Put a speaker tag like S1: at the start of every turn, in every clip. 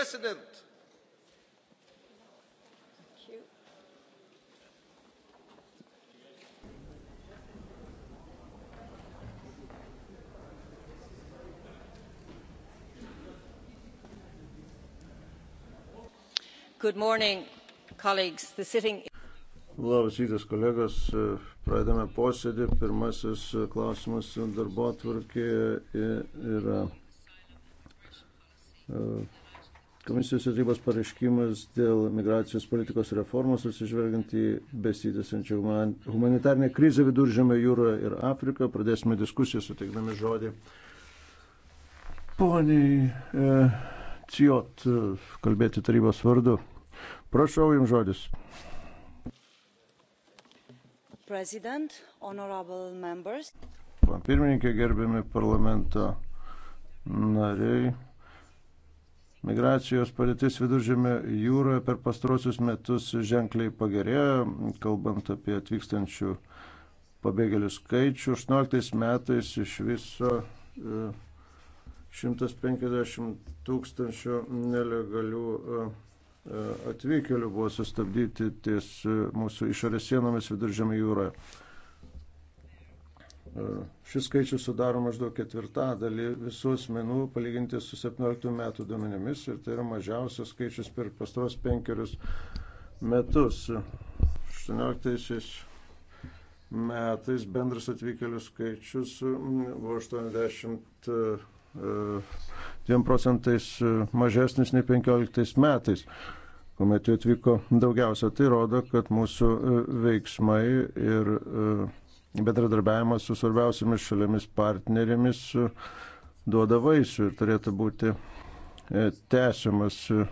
S1: president
S2: Morning, sitting...
S1: Labas rytas, kolegos. Pradedame posėdį. Pirmasis klausimas darbo atvarkėje yra. Uh, Komisijos atrybos pareiškimas dėl migracijos politikos reformos, atsižvelgiant į besitęsiančią humanitarnę krizę viduržėme jūroje ir Afrikoje. Pradėsime diskusiją, suteikdami žodį. Poniai e, Cijot, kalbėti tarybos vardu. Prašau, jums žodis. Pirmininkė, gerbiami parlamento nariai. Migracijos padėtis viduržėme jūroje per pastarosius metus ženkliai pagerėjo, kalbant apie atvykstančių pabėgėlių skaičių. 18 metais iš viso 150 e, tūkstančių nelegalių e, e, atvykėlių buvo sustabdyti ties mūsų išorės sienomis viduržėme jūroje. E, šis skaičius sudaro maždaug ketvirtadalį visų asmenų palyginti su 17 metų duomenimis ir tai yra mažiausias skaičius per pastaros penkerius metus. 18 metais bendras atvykėlių skaičius buvo 82 e, procentais e, mažesnis nei 15 metais kuomet jų atvyko daugiausia. Tai rodo, kad mūsų veiksmai ir bedradarbiavimas su svarbiausiamis šalimis partnerėmis e, duoda vaisių ir turėtų būti e, tęsiamas. E,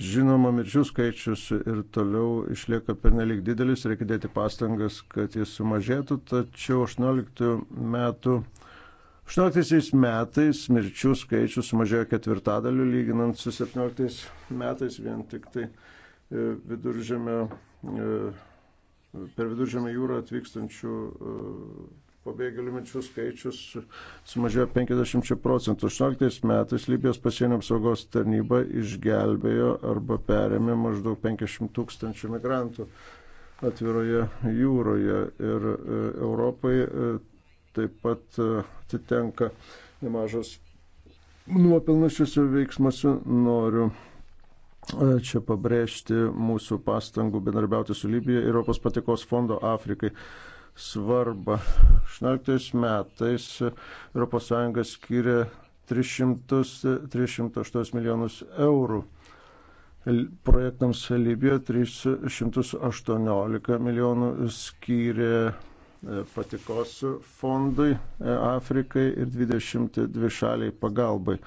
S1: žinoma, mirčių skaičius ir toliau išlieka pernelik didelis, reikia dėti pastangas, kad jis sumažėtų, tačiau 18 metų 18 metais mirčių skaičius sumažėjo ketvirtadaliu lyginant su 17 metais vien tik tai viduržėmio per viduržėmę jūrą atvykstančių e, pabėgėlių minčių skaičius sumažėjo 50 procentų. 18 metais Libijos pasienio apsaugos tarnyba išgelbėjo arba perėmė maždaug 50 tūkstančių migrantų atviroje jūroje ir e, Europai e, taip pat atitenka nemažas nuopelnas šiuose veiksmuose. Noriu E, čia pabrėžti mūsų pastangų bendarbiauti su Libija ir Europos patikos fondo Afrikai svarbą. 18 metais ES skiria 300, 308 milijonus eurų. Projektams Libija 318 milijonų skyrė e, patikos fondui e, Afrikai ir 22 šaliai pagalbai.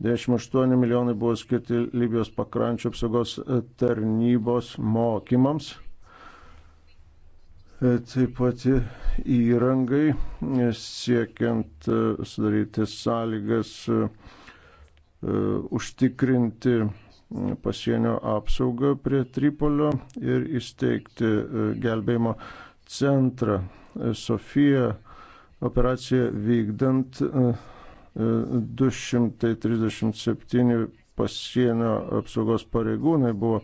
S1: 28 milijonai buvo skirti Libijos pakrančio apsaugos e, tarnybos mokymams. E, taip pat įrangai e, siekiant sudaryti sąlygas užtikrinti pasienio apsaugą prie Tripolio ir įsteigti gelbėjimo centrą. Sofija operaciją vykdant 237 pasienio apsaugos pareigūnai buvo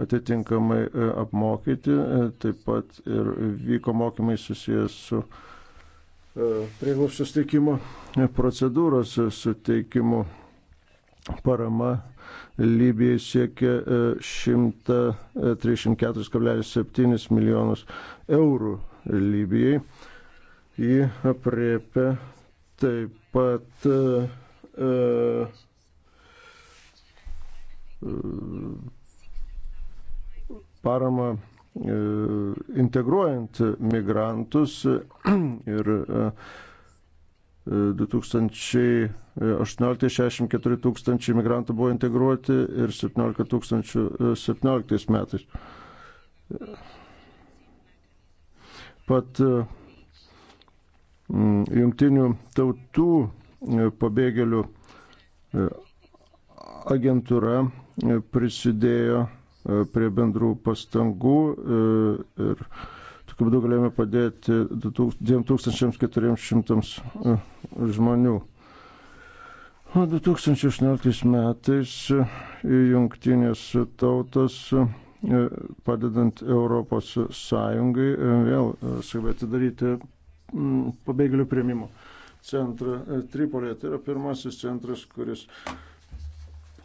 S1: atitinkamai e, apmokyti, e, taip pat ir vyko mokymai susijęs su e, prieglobščio steikimo procedūros suteikimu. Parama Libijai siekia 134,7 milijonus eurų Libijai. Ji apriepia taip pat e, e, parama e, integruojant migrantus ir 2018-64 tūkstančiai migrantų buvo integruoti ir 17 tūkstančių 17 metais. Pat Mm, jungtinių tautų e, pabėgėlių e, agentūra e, prisidėjo prie bendrų pastangų ir tokiu būdu galėjome padėti 2400 žmonių. O 2018 metais jungtinės tautos padedant Europos Sąjungai vėl sugebėti daryti Mm, pabėgėlių prieimimo centrą e, Tripolėje. Tai yra pirmasis centras, kuris,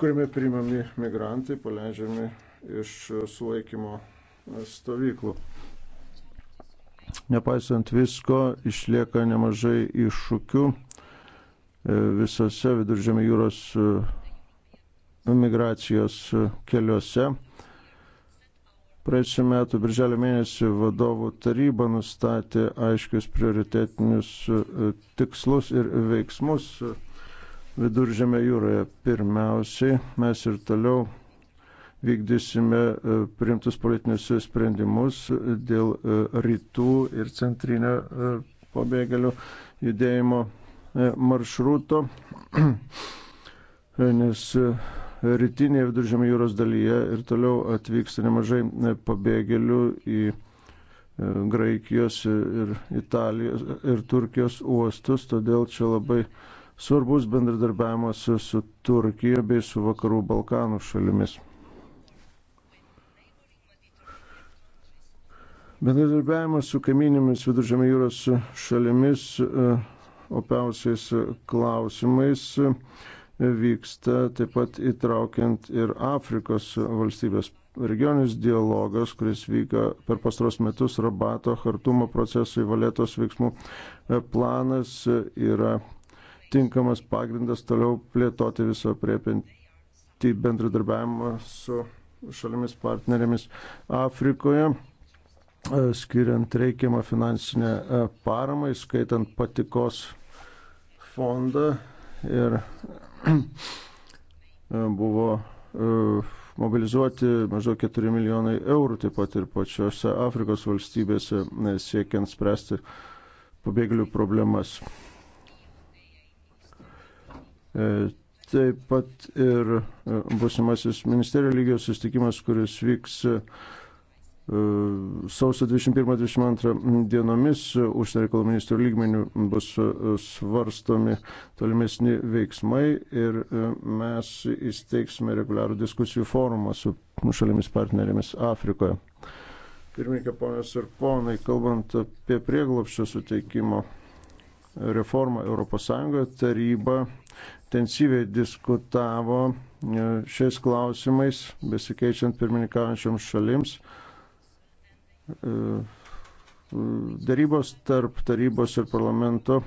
S1: kuriame priimami migrantai, paleidžiami iš sulaikymo e, stovyklų. Nepaisant visko, išlieka nemažai iššūkių e, visose viduržėmio jūros migracijos keliuose. Praėjusiu metu, birželio mėnesį, vadovų taryba nustatė aiškius prioritetinius e, tikslus ir veiksmus viduržėme jūroje. Pirmiausiai mes ir toliau vykdysime e, primtus politinius sprendimus dėl e, rytų ir centrinio pabėgėlių judėjimo maršruto, nes rytinėje viduržėmio jūros dalyje ir toliau atvyksta nemažai e, pabėgėlių į e, Graikijos ir Italijos ir Turkijos uostus, todėl čia labai svarbus bendradarbiavimas su Turkija bei su Vakarų Balkanų šalimis. Bendradarbiavimas su kaiminėmis Viduržėmio jūros šalimis e, opiausiais klausimais vyksta, taip pat įtraukiant ir Afrikos valstybės regioninis dialogas, kuris vyko per pastaros metus, rabato, hartumo procesai, valėtos veiksmų planas yra tinkamas pagrindas toliau plėtoti viso priepinti bendradarbiavimą su šalimis partnerėmis Afrikoje skiriant reikiamą finansinę e, paramą, skaitant patikos fondą ir buvo e, mobilizuoti maždaug 4 milijonai eurų, taip pat ir pačiose Afrikos valstybėse e, siekiant spręsti pabėgėlių problemas. E, taip pat ir busimasis ministerijų lygio sustikimas, kuris vyks sausio 21-22 dienomis užsienio reikalų ministrų lygmenių bus e, svarstomi tolimesni veiksmai ir e, mes įsteigsime reguliarų diskusijų forumą su šalimis partnerėmis Afrikoje. Pirmininkė, ponės ir ponai, kalbant apie prieglopščio suteikimo reformą ES, taryba intensyviai diskutavo e, šiais klausimais, besikeičiant pirmininkaujančiams šalims E, darybos tarp tarybos ir parlamento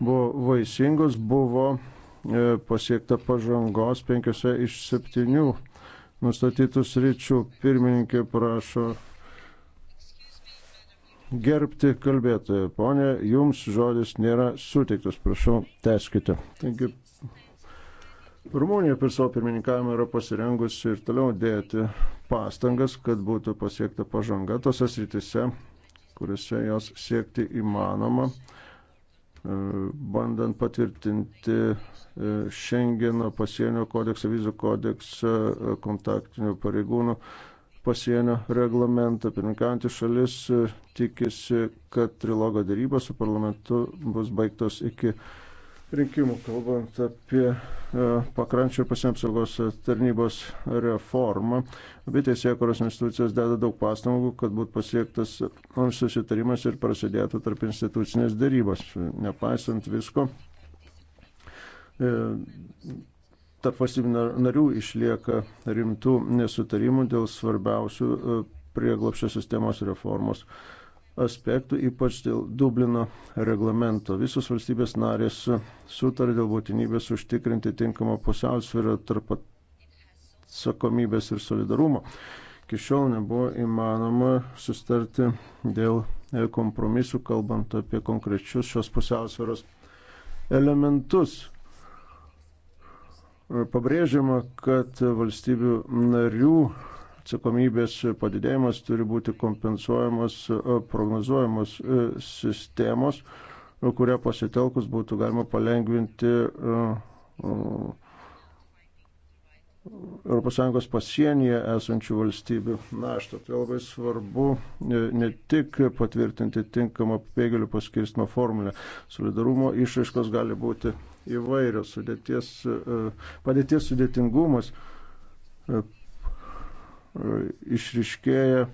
S1: buvo vaisingos, buvo e, pasiekta pažangos penkiose iš septynių nustatytus ryčių. Pirmininkė prašo gerbti kalbėtoją. Pone, jums žodis nėra suteiktas, prašau, teskite. Taigi, Rumunija per savo pirmininkavimą yra pasirengusi ir toliau dėti pastangas, kad būtų pasiekta pažanga tose sritise, kuriuose jos siekti įmanoma, e, bandant patvirtinti e, Šengeno pasienio kodeksą, vizų kodeksą, e, kontaktinių pareigūnų pasienio reglamentą. Pirminkantys šalis tikisi, kad trilogo dėrybos su parlamentu bus baigtos iki rinkimų, kalbant apie e, pakrančio pasienapsaugos tarnybos reformą. Abi teisėkuros institucijos deda daug pastangų, kad būtų pasiektas susitarimas ir prasidėtų tarp institucinės darybos. Nepaisant visko, e, tarp valstybių narių išlieka rimtų nesutarimų dėl svarbiausių e, prieglopščio sistemos reformos aspektų, ypač dėl Dublino reglamento. Visos valstybės narės sutarė dėl būtinybės užtikrinti tinkamą pusiausvyrą tarp atsakomybės ir solidarumo. Iki šiol nebuvo įmanoma sustarti dėl kompromisų, kalbant apie konkrečius šios pusiausvėros elementus. Pabrėžiama, kad valstybių narių atsakomybės padidėjimas turi būti kompensuojamos e, prognozuojamos e, sistemos, e, kurią pasitelkus būtų galima palengvinti ES pasienyje esančių valstybių naštą. Tai labai svarbu ne tik patvirtinti tinkamą pabėgėlių paskirstimo formulę. Solidarumo išaiškos gali būti įvairios. Sudėties, padėties sudėtingumas išriškėja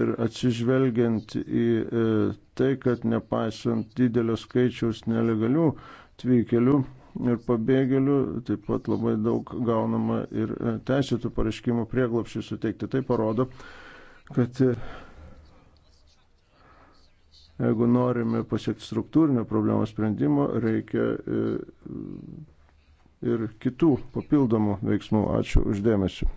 S1: ir atsižvelgiant į e, tai, kad nepaisant didelio skaičiaus nelegalių atvykėlių ir pabėgėlių, taip pat labai daug gaunama ir e, teisėtų pareiškimų prieglopšį suteikti. Tai parodo, kad e, jeigu norime pasiekti struktūrinio problemos sprendimo, reikia ir kitų papildomų veiksmų. Ačiū uždėmesi.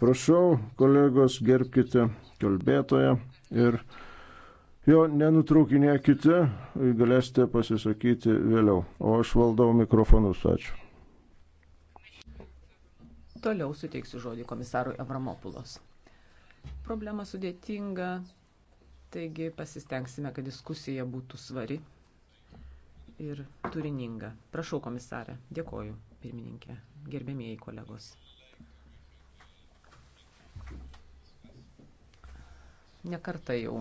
S1: Prašau, kolegos, gerbkite kalbėtoją ir jo nenutraukinėkite, galėsite pasisakyti vėliau. O aš valdau mikrofonus. Ačiū.
S3: Toliau suteiksiu žodį komisarui Avramopulos. Problema sudėtinga, taigi pasistengsime, kad diskusija būtų svari ir turininga. Prašau, komisarė. Dėkoju, pirmininkė. Gerbėmieji kolegos. Nekartą jau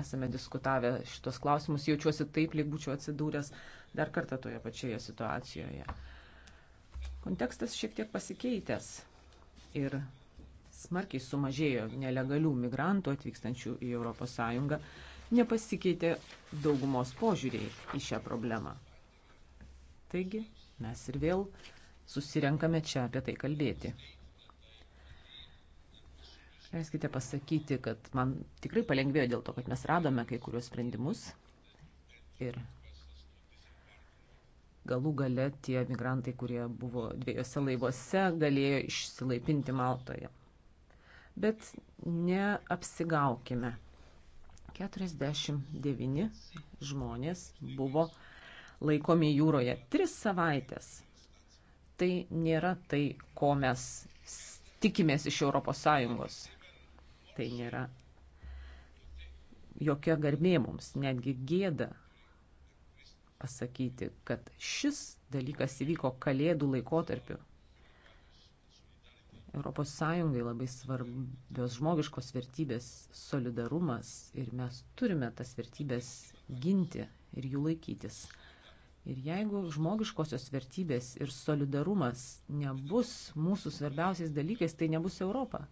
S3: esame diskutavę šitos klausimus. Jaučiuosi taip, lyg būčiau atsidūręs dar kartą toje pačioje situacijoje. Kontekstas šiek tiek pasikeitęs ir smarkiai sumažėjo nelegalių migrantų atvykstančių į ES nepasikeitė daugumos požiūriai į šią problemą. Taigi mes ir vėl susirenkame čia apie tai kalbėti. Leiskite pasakyti, kad man tikrai palengvėjo dėl to, kad mes radome kai kurios sprendimus ir galų gale tie migrantai, kurie buvo dviejose laivuose, galėjo išsilaipinti Maltoje. Bet neapsigaukime. 49 žmonės buvo laikomi jūroje tris savaitės. Tai nėra tai, ko mes tikimės iš ES. Tai nėra jokia garbė mums, netgi gėda pasakyti, kad šis dalykas įvyko kalėdų laikotarpiu. Europos Sąjungai labai svarbios žmogiškos vertybės - solidarumas ir mes turime tas vertybės ginti ir jų laikytis. Ir jeigu žmogiškosios vertybės ir solidarumas nebus mūsų svarbiausiais dalykais, tai nebus Europa.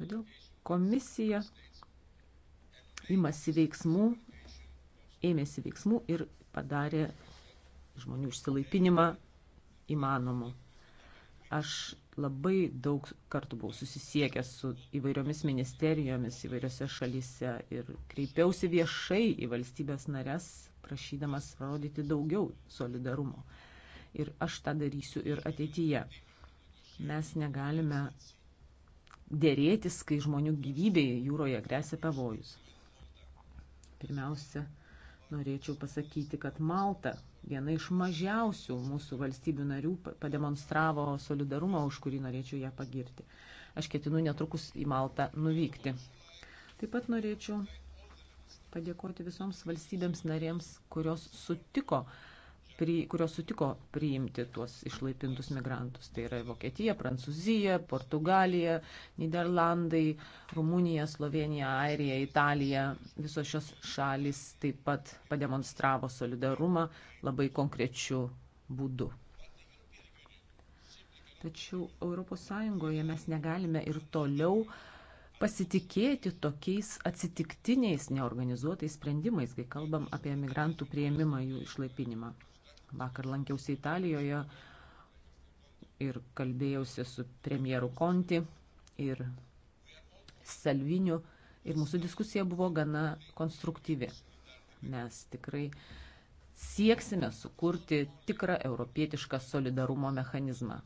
S3: Todėl komisija imasi veiksmų, ėmėsi veiksmų ir padarė žmonių išsilaipinimą įmanomu. Aš labai daug kartų buvau susisiekęs su įvairiomis ministerijomis įvairiose šalyse ir kreipiausi viešai į valstybės nares, prašydamas rodyti daugiau solidarumo. Ir aš tą darysiu ir ateityje. Mes negalime dėrėtis, kai žmonių gyvybėje jūroje grėsia pavojus. Pirmiausia, norėčiau pasakyti, kad Malta, viena iš mažiausių mūsų valstybių narių, pademonstravo solidarumą, už kurį norėčiau ją pagirti. Aš ketinu netrukus į Maltą nuvykti. Taip pat norėčiau padėkoti visoms valstybėms narėms, kurios sutiko uh, pri, kurios sutiko priimti tuos išlaipintus migrantus. Tai yra Vokietija, Prancūzija, Portugalija, Niderlandai, Rumunija, Slovenija, Airija, Italija. Visos šios šalis taip pat pademonstravo solidarumą labai konkrečiu būdu. Tačiau ES mes negalime ir toliau pasitikėti tokiais atsitiktiniais neorganizuotais sprendimais, kai kalbam apie migrantų prieimimą jų išlaipinimą. Vakar lankiausi Italijoje ir kalbėjausi su premjeru Konti ir Salviniu ir mūsų diskusija buvo gana konstruktyvi. Mes tikrai sieksime sukurti tikrą europietišką solidarumo mechanizmą.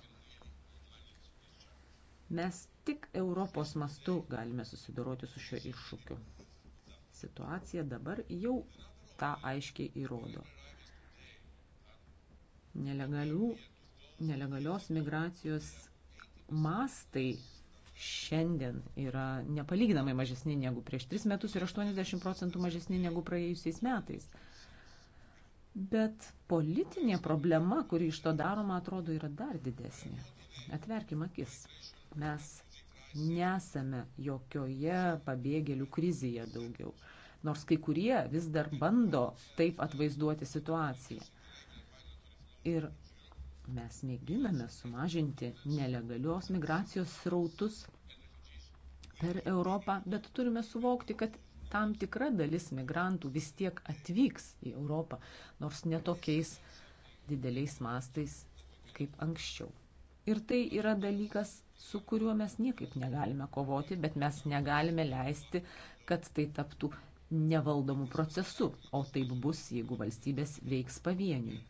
S3: Mes tik Europos mastu galime susidoroti su šiuo iššūkiu. Situacija dabar jau tą aiškiai įrodo. Nelegalių, nelegalios migracijos mastai šiandien yra nepalyginamai mažesni negu prieš 3 metus ir 80 procentų mažesni negu praėjusiais metais. Bet politinė problema, kuri iš to daroma, atrodo, yra dar didesnė. Atverkim akis. Mes nesame jokioje pabėgėlių krizėje daugiau. Nors kai kurie vis dar bando taip atvaizduoti situaciją. Ir mes mėginame sumažinti nelegalios migracijos srautus per Europą, bet turime suvokti, kad tam tikra dalis migrantų vis tiek atvyks į Europą, nors netokiais dideliais mastais kaip anksčiau. Ir tai yra dalykas, su kuriuo mes niekaip negalime kovoti, bet mes negalime leisti, kad tai taptų nevaldomų procesų, o taip bus, jeigu valstybės veiks pavieniui.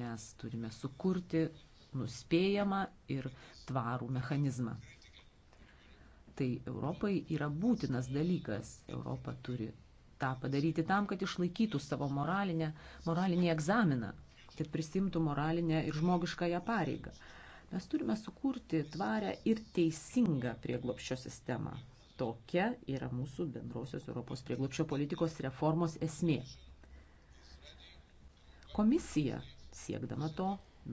S3: Mes turime sukurti nuspėjamą ir tvarų mechanizmą. Tai Europai yra būtinas dalykas. Europa turi tą padaryti tam, kad išlaikytų savo moralinę, moralinį egzaminą, kad prisimtų moralinę ir žmogiškąją pareigą. Mes turime sukurti tvarę ir teisingą prieglopščio sistemą. Tokia yra mūsų bendrosios Europos prieglopščio politikos reformos esmė. Komisija Siekdama to,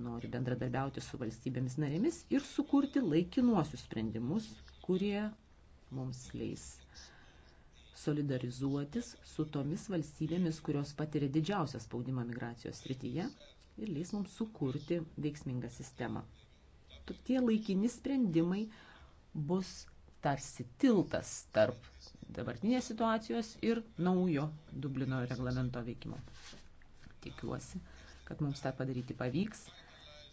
S3: nori bendradarbiauti su valstybėmis narėmis ir sukurti laikinuosius sprendimus, kurie mums leis solidarizuotis su tomis valstybėmis, kurios patiria didžiausią spaudimą migracijos srityje ir leis mums sukurti veiksmingą sistemą. Tie laikini sprendimai bus tarsi tiltas tarp dabartinės situacijos ir naujo Dublino reglamento veikimo. Tikiuosi, kad mums tą padaryti pavyks.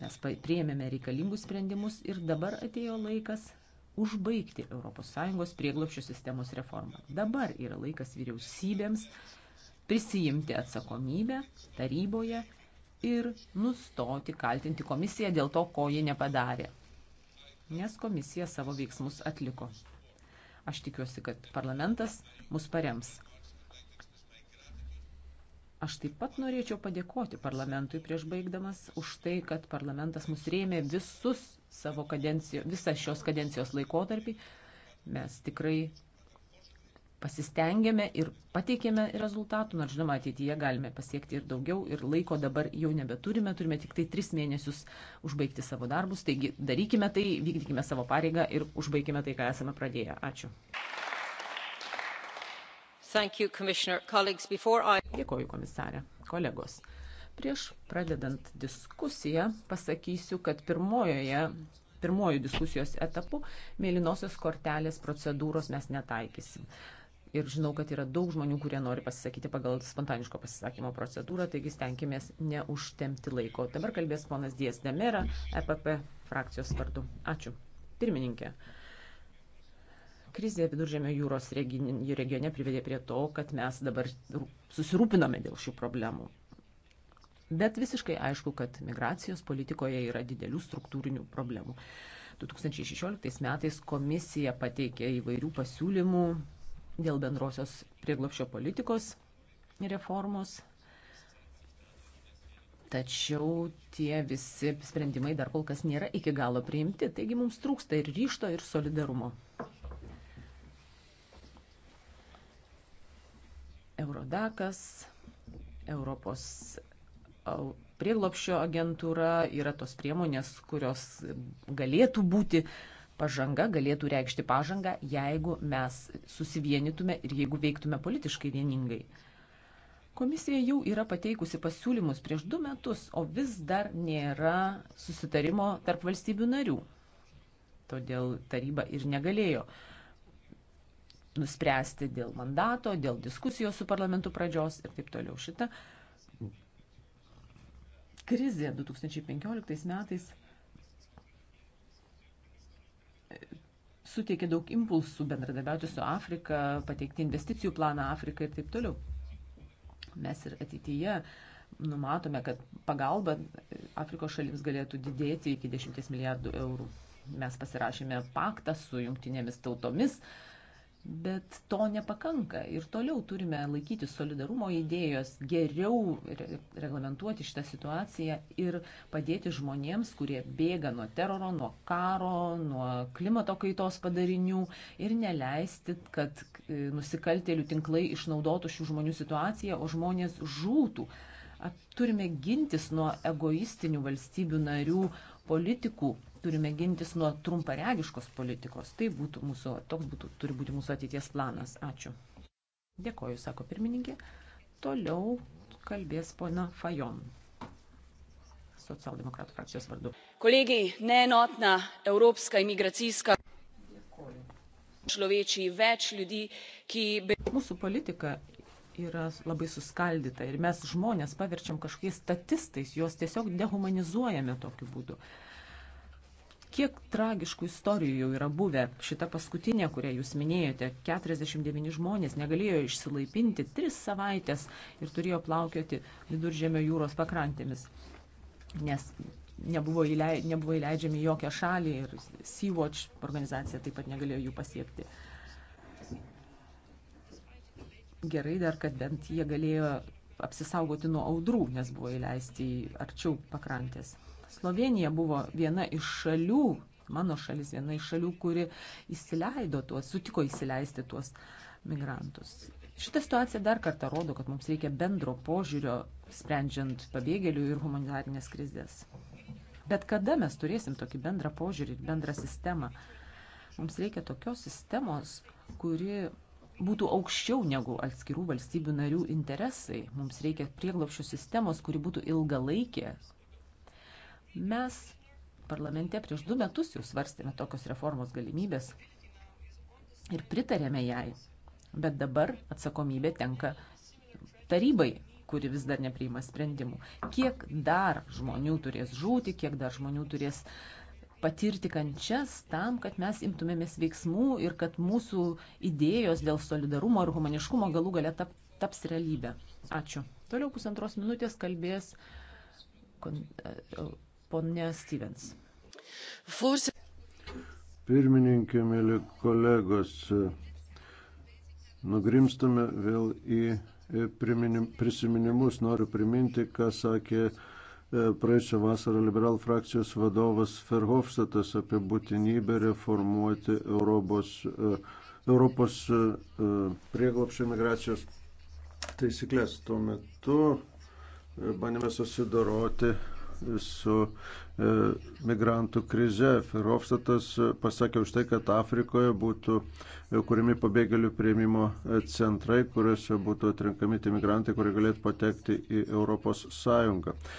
S3: Mes priėmėme reikalingus sprendimus ir dabar atėjo laikas užbaigti ES prieglopščio sistemos reformą. Dabar yra laikas vyriausybėms prisijimti atsakomybę taryboje ir nustoti kaltinti komisiją dėl to, ko ji nepadarė. Nes komisija savo veiksmus atliko. Aš tikiuosi, kad parlamentas mus parems. Aš taip pat norėčiau padėkoti parlamentui prieš baigdamas už tai, kad parlamentas mus rėmė visus savo kadencijo, visą šios kadencijos laikotarpį. Mes tikrai pasistengėme ir pateikėme rezultatų, nors žinoma, ateityje galime pasiekti ir daugiau ir laiko dabar jau nebeturime, turime tik tai tris mėnesius užbaigti savo darbus, taigi darykime tai, vykdykime savo pareigą ir užbaigime tai, ką esame pradėję. Ačiū. You, I... Dėkoju, komisarė. Kolegos, prieš pradedant diskusiją pasakysiu, kad pirmojoje pirmojų diskusijos etapu mėlynosios kortelės procedūros mes netaikysim. Ir žinau, kad yra daug žmonių, kurie nori pasisakyti pagal spontaniško pasisakymo procedūrą, taigi stenkimės neužtemti laiko. Dabar kalbės ponas Dies Demera, EPP frakcijos vardu. Ačiū. Pirmininkė. Uh, Krizė viduržėmio jūros regione privedė prie to, kad mes dabar susirūpinome dėl šių problemų. Bet visiškai aišku, kad migracijos politikoje yra didelių struktūrinių problemų. 2016 metais komisija pateikė įvairių pasiūlymų dėl bendrosios prieglopšio politikos reformos. Tačiau tie visi sprendimai dar kol kas nėra iki galo priimti, taigi mums trūksta ir ryšto, ir solidarumo. Eurodakas, Europos prieglopščio agentūra yra tos priemonės, kurios galėtų būti pažanga, galėtų reikšti pažangą, jeigu mes susivienytume ir jeigu veiktume politiškai vieningai. Komisija jau yra pateikusi pasiūlymus prieš du metus, o vis dar nėra susitarimo tarp valstybių narių. Todėl taryba ir negalėjo uh, nuspręsti dėl mandato, dėl diskusijos su parlamentu pradžios ir taip toliau. Šita krizė 2015 metais e, suteikė daug impulsų bendradarbiauti su Afrika, pateikti investicijų planą Afrikai ir taip toliau. Mes ir ateityje numatome, kad pagalba Afrikos šalims galėtų didėti iki 10 milijardų eurų. Mes pasirašėme paktą su jungtinėmis tautomis, uh, Bet to nepakanka ir toliau turime laikyti solidarumo idėjos, geriau reglamentuoti šitą situaciją ir padėti žmonėms, kurie bėga nuo teroro, nuo karo, nuo klimato kaitos padarinių ir neleisti, kad e, nusikaltėlių tinklai išnaudotų šių žmonių situaciją, o žmonės žūtų. Turime gintis nuo egoistinių valstybių narių politikų turime gintis nuo trumparegiškos politikos. Tai būtų mūsų, toks būtų, turi būti mūsų ateities planas. Ačiū. Dėkoju, sako pirmininkė. Toliau kalbės pona Fajon. Socialdemokratų frakcijos vardu.
S2: Kolegiai, neenotna
S3: europska imigracijska. Človečiai, več ljudi, ki. Mūsų politika yra labai suskaldyta ir mes žmonės paverčiam kažkokiais statistais, juos tiesiog dehumanizuojame tokiu būdu. Kiek tragiškų istorijų jau yra buvę. Šita paskutinė, kurią jūs minėjote, 49 žmonės negalėjo išsilaipinti tris savaitės ir turėjo plaukioti viduržėmio jūros pakrantėmis, nes nebuvo, įlei, nebuvo įleidžiami jokią šalį ir Sea-Watch organizacija taip pat negalėjo jų pasiekti. Gerai dar, kad bent jie galėjo apsisaugoti nuo audrų, nes buvo įleisti arčiau pakrantės. Slovenija buvo viena iš šalių, mano šalis viena iš šalių, kuri įsileido tuos, sutiko įsileisti tuos migrantus. Šitą situaciją dar kartą rodo, kad mums reikia bendro požiūrio sprendžiant pabėgėlių ir humanitarinės krizės. Bet kada mes turėsim tokį bendrą požiūrį ir bendrą sistemą? Mums reikia tokios sistemos, kuri būtų aukščiau negu atskirų valstybių narių interesai. Mums reikia prieglopšio sistemos, kuri būtų ilgalaikė, Mes parlamente prieš du metus jau svarstėme tokios reformos galimybės ir pritarėme jai. Bet dabar atsakomybė tenka tarybai, kuri vis dar nepriima sprendimų. Kiek dar žmonių turės žūti, kiek dar žmonių turės patirti kančias tam, kad mes imtumėmės veiksmų ir kad mūsų idėjos dėl solidarumo ir humaniškumo galų gale tap, taps realybę. Ačiū. Toliau pusantros minutės kalbės kon, Ponė Stevens.
S1: Pirmininkė, mėly kolegos, nugrimstame vėl į prisiminimus. Noriu priminti, ką sakė e, praėjusią vasarą liberal frakcijos vadovas Ferhofstatas apie būtinybę reformuoti Europos, e, Europos e, prieglopšio migracijos taisyklės. Tuo metu bandėme susidoroti su e, migrantų krize. Ferhofstatas e, pasakė už tai, kad Afrikoje būtų e, kūrimi pabėgėlių prieimimo centrai, kuriuose būtų atrenkami tie migrantai, kurie galėtų patekti į ES.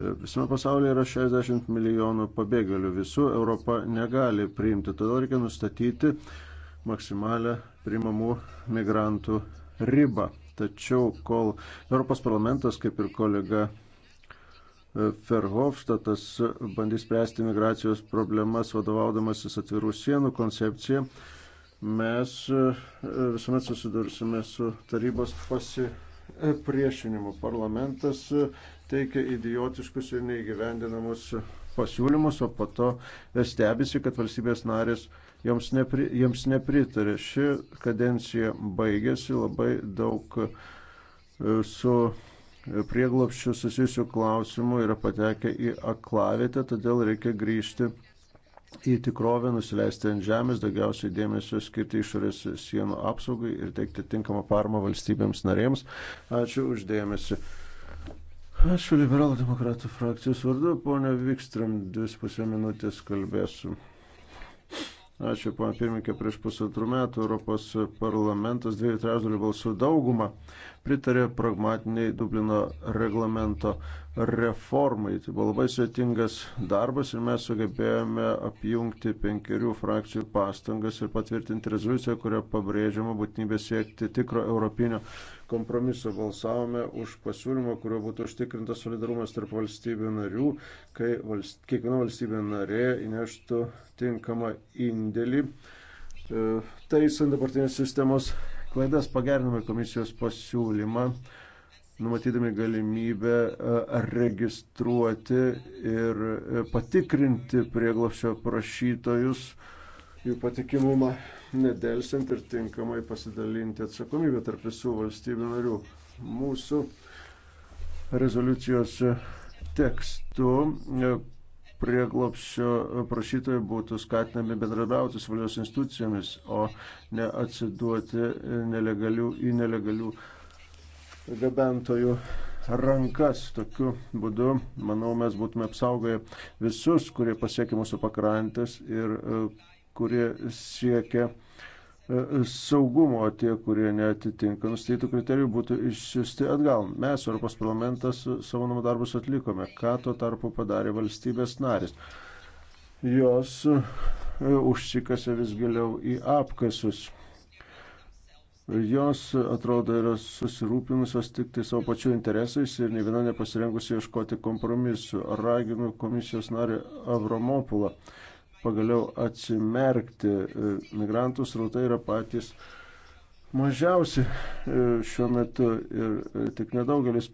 S1: Visame pasaulyje yra 60 milijonų pabėgėlių, visų Europa negali priimti, todėl reikia nustatyti maksimalę priimamų migrantų ribą. Tačiau kol Europos parlamentas, kaip ir kolega Ferhofštatas bandys spręsti migracijos problemas vadovaudamasis atvirų sienų koncepcija, mes e, visuomet susidursime su tarybos pasipriešinimu. Parlamentas e, teikia idiotiškus ir neįgyvendinamus pasiūlymus, o po to stebisi, kad valstybės narės joms, nepri, joms nepritarė. Ši kadencija baigėsi labai daug e, su prieglopščių susijusių klausimų yra patekę į aklavietę, todėl reikia grįžti į tikrovę, nusileisti ant žemės, daugiausiai dėmesio skirti išorės sienų apsaugai ir teikti tinkamą paramą valstybėms narėms. Ačiū uždėmesi. Ačiū liberalų demokratų frakcijos vardu, ponia Vikstram, dvi pusę minutės kalbėsiu. Ačiū, pana pirmininkė, prieš pusantrų metų Europos parlamentas dviejų trečdalių balsų daugumą pritarė pragmatiniai Dublino reglamento reformai. Tai buvo labai sėtingas darbas ir mes sugebėjome apjungti penkerių frakcijų pastangas ir patvirtinti rezoliuciją, kurioje pabrėžiama būtinybė siekti tikro europinio kompromiso balsavome už pasiūlymą, kuriuo būtų užtikrintas solidarumas tarp valstybių narių, kai valst, kiekviena valstybė narė įneštų tinkamą indėlį. E, taisant dabartinės sistemos klaidas pagerinome komisijos pasiūlymą, numatydami galimybę e, registruoti ir e, patikrinti prieglopšio prašytojus jų patikimumą nedelsiant ir tinkamai pasidalinti atsakomybę tarp visų valstybių narių. Mūsų rezoliucijos tekstu e, prieglopščio prašytojai būtų skatinami bendradarbiauti su valios institucijomis, o ne atsiduoti nelegalių, į nelegalių gabentojų rankas. Tokiu būdu, manau, mes būtume apsaugoję visus, kurie pasiekė mūsų pakrantės ir e, kurie siekia e, saugumo, tie, kurie netitinka nustatytų kriterijų, būtų išsiusti atgal. Mes, Europos parlamentas, savo namų darbus atlikome. Ką tuo tarpu padarė valstybės narės? Jos e, užsikasi vis giliau į apkasus. Jos atrodo yra susirūpinusios tik tai savo pačių interesais ir ne viena nepasirengusi ieškoti kompromisų. Raginu komisijos narį Avromopulą pagaliau atsimerkti. E, migrantų srautai yra patys mažiausi e, šiuo metu ir e, tik nedaugelis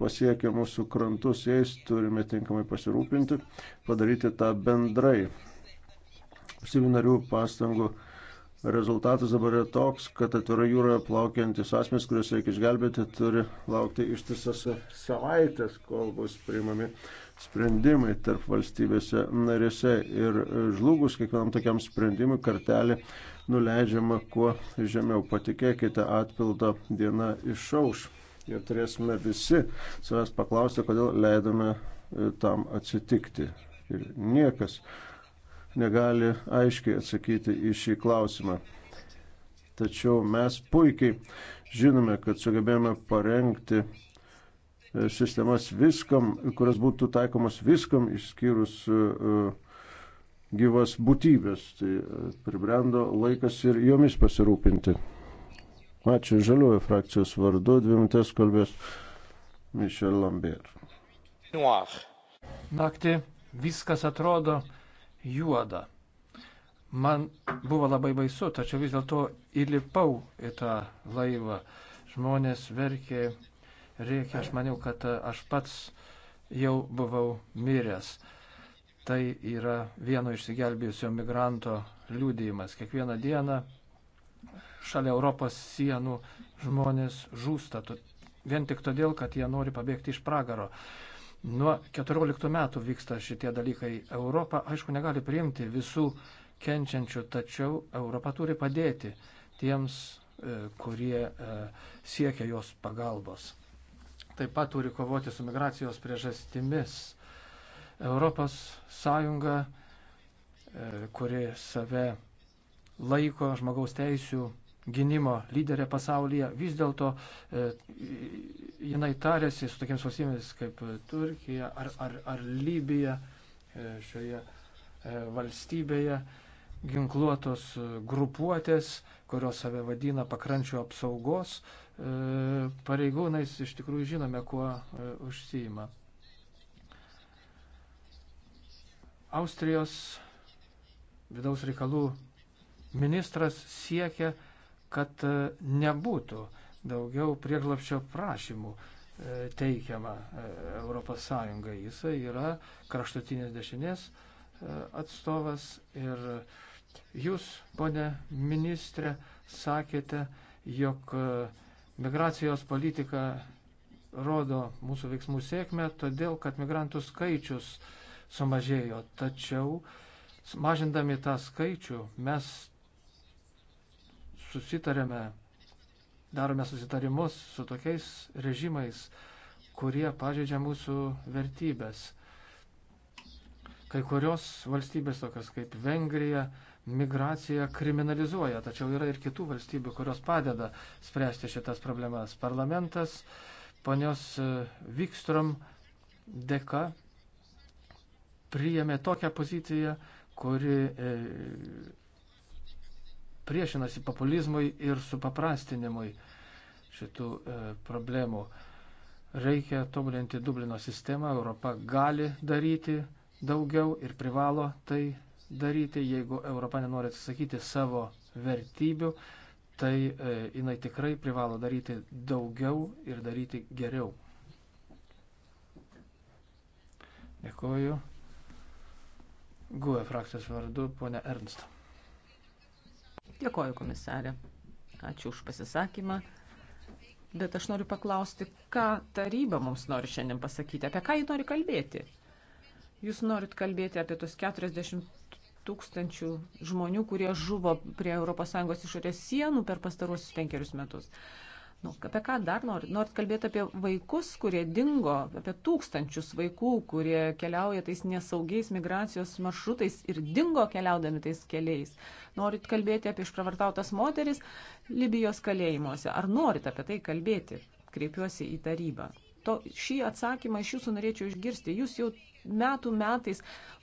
S1: pasiekia mūsų krantus, jais turime tinkamai pasirūpinti, padaryti tą bendrai. Seminarių pastangų rezultatas dabar yra toks, kad atvira jūroje plaukiantis asmenys, kuriuos reikia išgelbėti, turi laukti ištisas savaitės, kol bus priimami sprendimai tarp valstybėse narėse ir žlugus kiekvienam tokiam sprendimui kartelė nuleidžiama kuo žemiau. Patikėkite, atpildo diena išauš ir turėsime visi savęs paklausti, kodėl leidome e, tam atsitikti. Ir niekas negali aiškiai atsakyti į šį klausimą. Tačiau mes puikiai žinome, kad sugebėjome parengti sistemas viskam, kurios būtų taikomas viskam išskyrus e, e, gyvas būtybės. Tai e, pribrendo laikas ir jomis pasirūpinti. Ačiū žaliuoju frakcijos vardu, dvi minutės kalbės Mišel Lambert.
S4: Noir. Naktį viskas atrodo juoda. Man buvo labai baisu, tačiau vis dėlto įlipau į tą laivą. Žmonės verkė reikia, aš maniau, kad e, aš pats jau buvau miręs. Tai yra vieno išsigelbėjusio migranto liūdėjimas. Kiekvieną dieną šalia Europos sienų žmonės žūsta vien tik todėl, kad jie nori pabėgti iš pragaro. Nuo 14 metų vyksta šitie dalykai. Europa, aišku, negali priimti visų kenčiančių, tačiau Europa turi padėti tiems, e, kurie e, siekia jos pagalbos taip pat turi kovoti su migracijos priežastimis. Europos Sąjunga, e, kuri save laiko žmogaus teisų gynimo lyderė pasaulyje, vis dėlto e, jinai tarėsi su tokiams valstybėmis kaip Turkija ar, ar, ar Libija e, šioje valstybėje ginkluotos grupuotės, kurios save vadina pakrančių apsaugos E, pareigūnais iš tikrųjų žinome, kuo e, užsijima. Austrijos vidaus reikalų ministras siekia, kad e, nebūtų daugiau prieglapščio prašymų teikiama ES. Jisai yra kraštutinės dešinės atstovas ir jūs, ponė ministrė, sakėte, jog uh, Migracijos politika rodo mūsų veiksmų sėkmę, todėl kad migrantų skaičius sumažėjo. Tačiau, mažindami tą skaičių, mes susitarėme, darome susitarimus su tokiais režimais, kurie pažeidžia mūsų vertybės. Kai kurios valstybės, tokios kaip Vengrija, migraciją kriminalizuoja, tačiau yra ir kitų valstybių, kurios padeda spręsti šitas problemas. Parlamentas ponios Vikstrom e, dėka priėmė tokią poziciją, kuri e, priešinasi populizmui ir supaprastinimui šitų e, problemų. Reikia tobulinti Dublino sistemą, Europa gali daryti daugiau ir privalo tai daryti, jeigu Europa nenori atsisakyti savo vertybių, tai e, jinai tikrai privalo daryti daugiau ir daryti geriau. Dėkuoju. GUE frakcijos
S3: vardu, ponė Ernst. Dėkuoju, komisarė. Ačiū už pasisakymą. Bet aš noriu paklausti, ką taryba mums nori šiandien pasakyti, apie ką ji nori kalbėti. Jūs norit kalbėti apie tos 40 tūkstančių žmonių, kurie žuvo prie ES išorės sienų per pastarosius penkerius metus. Nu, apie ką dar norit? Norit kalbėti apie vaikus, kurie dingo, apie tūkstančius vaikų, kurie keliauja tais nesaugiais migracijos maršrutais ir dingo keliaudami tais keliais. Norit kalbėti apie išpravartautas moteris Libijos kalėjimuose. Ar norit apie tai kalbėti? Kreipiuosi į tarybą. To, šį atsakymą iš jūsų norėčiau išgirsti. Jūs jau metų metais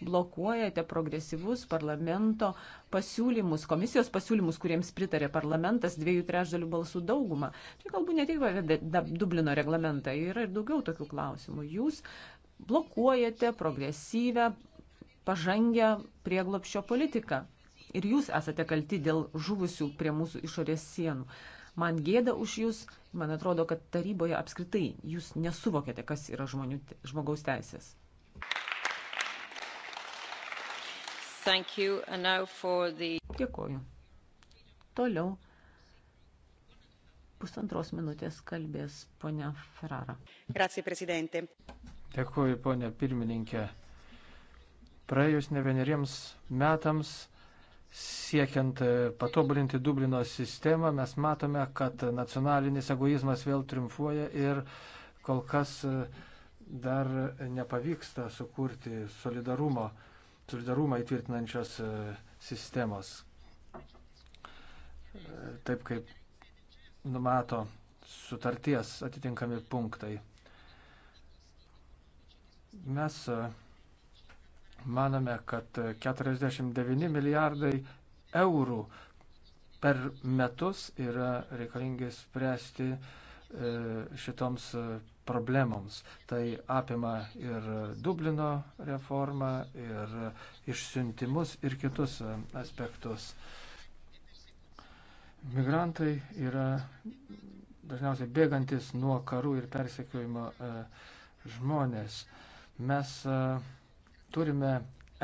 S3: blokuojate progresyvus parlamento pasiūlymus, komisijos pasiūlymus, kuriems pritarė parlamentas dviejų trešdalių balsų daugumą. Čia kalbu ne tik apie Dublino reglamentą, yra ir daugiau tokių klausimų. Jūs blokuojate progresyvę, pažangę prieglopščio politiką. Ir jūs esate kalti dėl žuvusių prie mūsų išorės sienų. Man gėda už jūs, man atrodo, kad taryboje apskritai jūs nesuvokėte, kas yra žmonių, žmogaus teisės. The... Dėkoju. Toliau pusantros minutės kalbės ponia Ferrara.
S2: Grazie, prezidente.
S4: Dėkuoju, ponia pirmininkė. Praėjus
S3: ne vieneriems
S4: metams siekiant e, patobulinti Dublino sistemą, mes matome, kad nacionalinis egoizmas vėl triumfuoja ir kol kas uh, dar nepavyksta sukurti solidarumo, solidarumą įtvirtinančios e, sistemos, e, taip kaip numato sutarties atitinkami punktai. Mes e, manome, kad 49 milijardai eurų per metus yra reikalingi spręsti šitoms problemoms. Tai apima ir Dublino reformą, ir išsiuntimus, ir kitus aspektus. Migrantai yra dažniausiai bėgantis nuo karų ir persekiojimo e, žmonės. Mes e, turime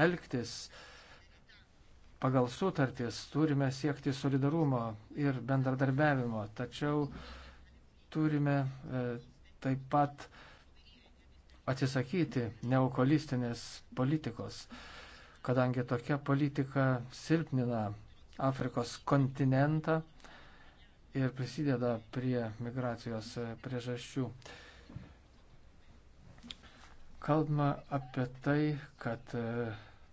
S4: elgtis pagal sutartis, turime siekti solidarumo ir bendradarbiavimo, tačiau turime e, taip pat atsisakyti neokolistinės politikos, kadangi tokia politika silpnina Afrikos kontinentą ir prisideda prie migracijos priežasčių. Kalbama apie tai, kad e,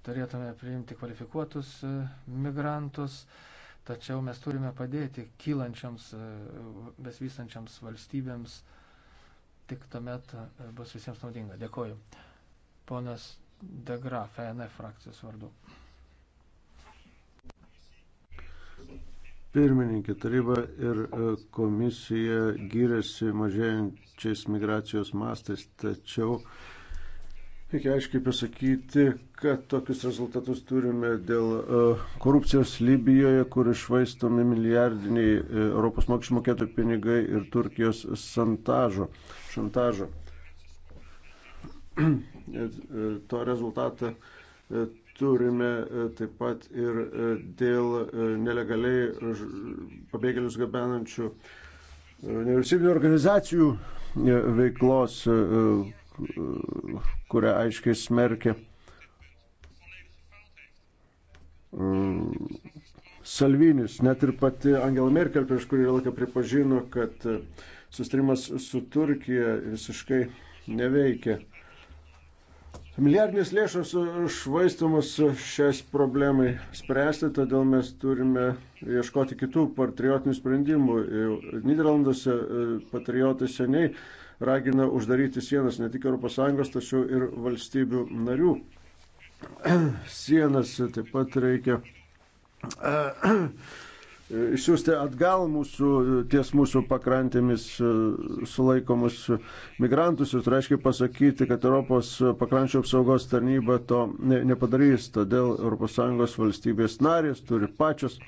S4: turėtume priimti kvalifikuotus e, migrantus, tačiau mes turime padėti kylančiams, e, besvystančiams valstybėms tik tuomet e, bus visiems naudinga. Dėkoju. Ponas Degraf, ENF frakcijos vardu.
S1: Pirmininkė taryba ir e, komisija gyrėsi mažėjančiais migracijos mastais, tačiau uh, Reikia aiškiai pasakyti, kad tokius rezultatus turime dėl e, korupcijos Libijoje, kur išvaistomi milijardiniai e, Europos mokesčių mokėtojų pinigai ir Turkijos santažo, šantažo. E, to rezultatą turime taip pat ir dėl nelegaliai pabėgėlius gabenančių nevyriausybinio organizacijų veiklos, kurią aiškiai smerkė e, Salvinis. Net ir pati Angela Merkel prieš kurį laiką pripažino, kad e, sustrimas su Turkija visiškai neveikia. Milijardinės lėšos švaistamos šiais problemai spręsti, todėl mes turime ieškoti kitų patriotinių sprendimų. Niderlanduose e, patriotai seniai ragina uždaryti sienas ne tik ES, tačiau ir valstybių narių sienas. Taip pat reikia išsiųsti atgal mūsų, ties mūsų pakrantėmis e, sulaikomus migrantus ir tai reiškia pasakyti, kad Europos pakrančio apsaugos tarnyba to nepadarys. Todėl ES valstybės narės turi pačios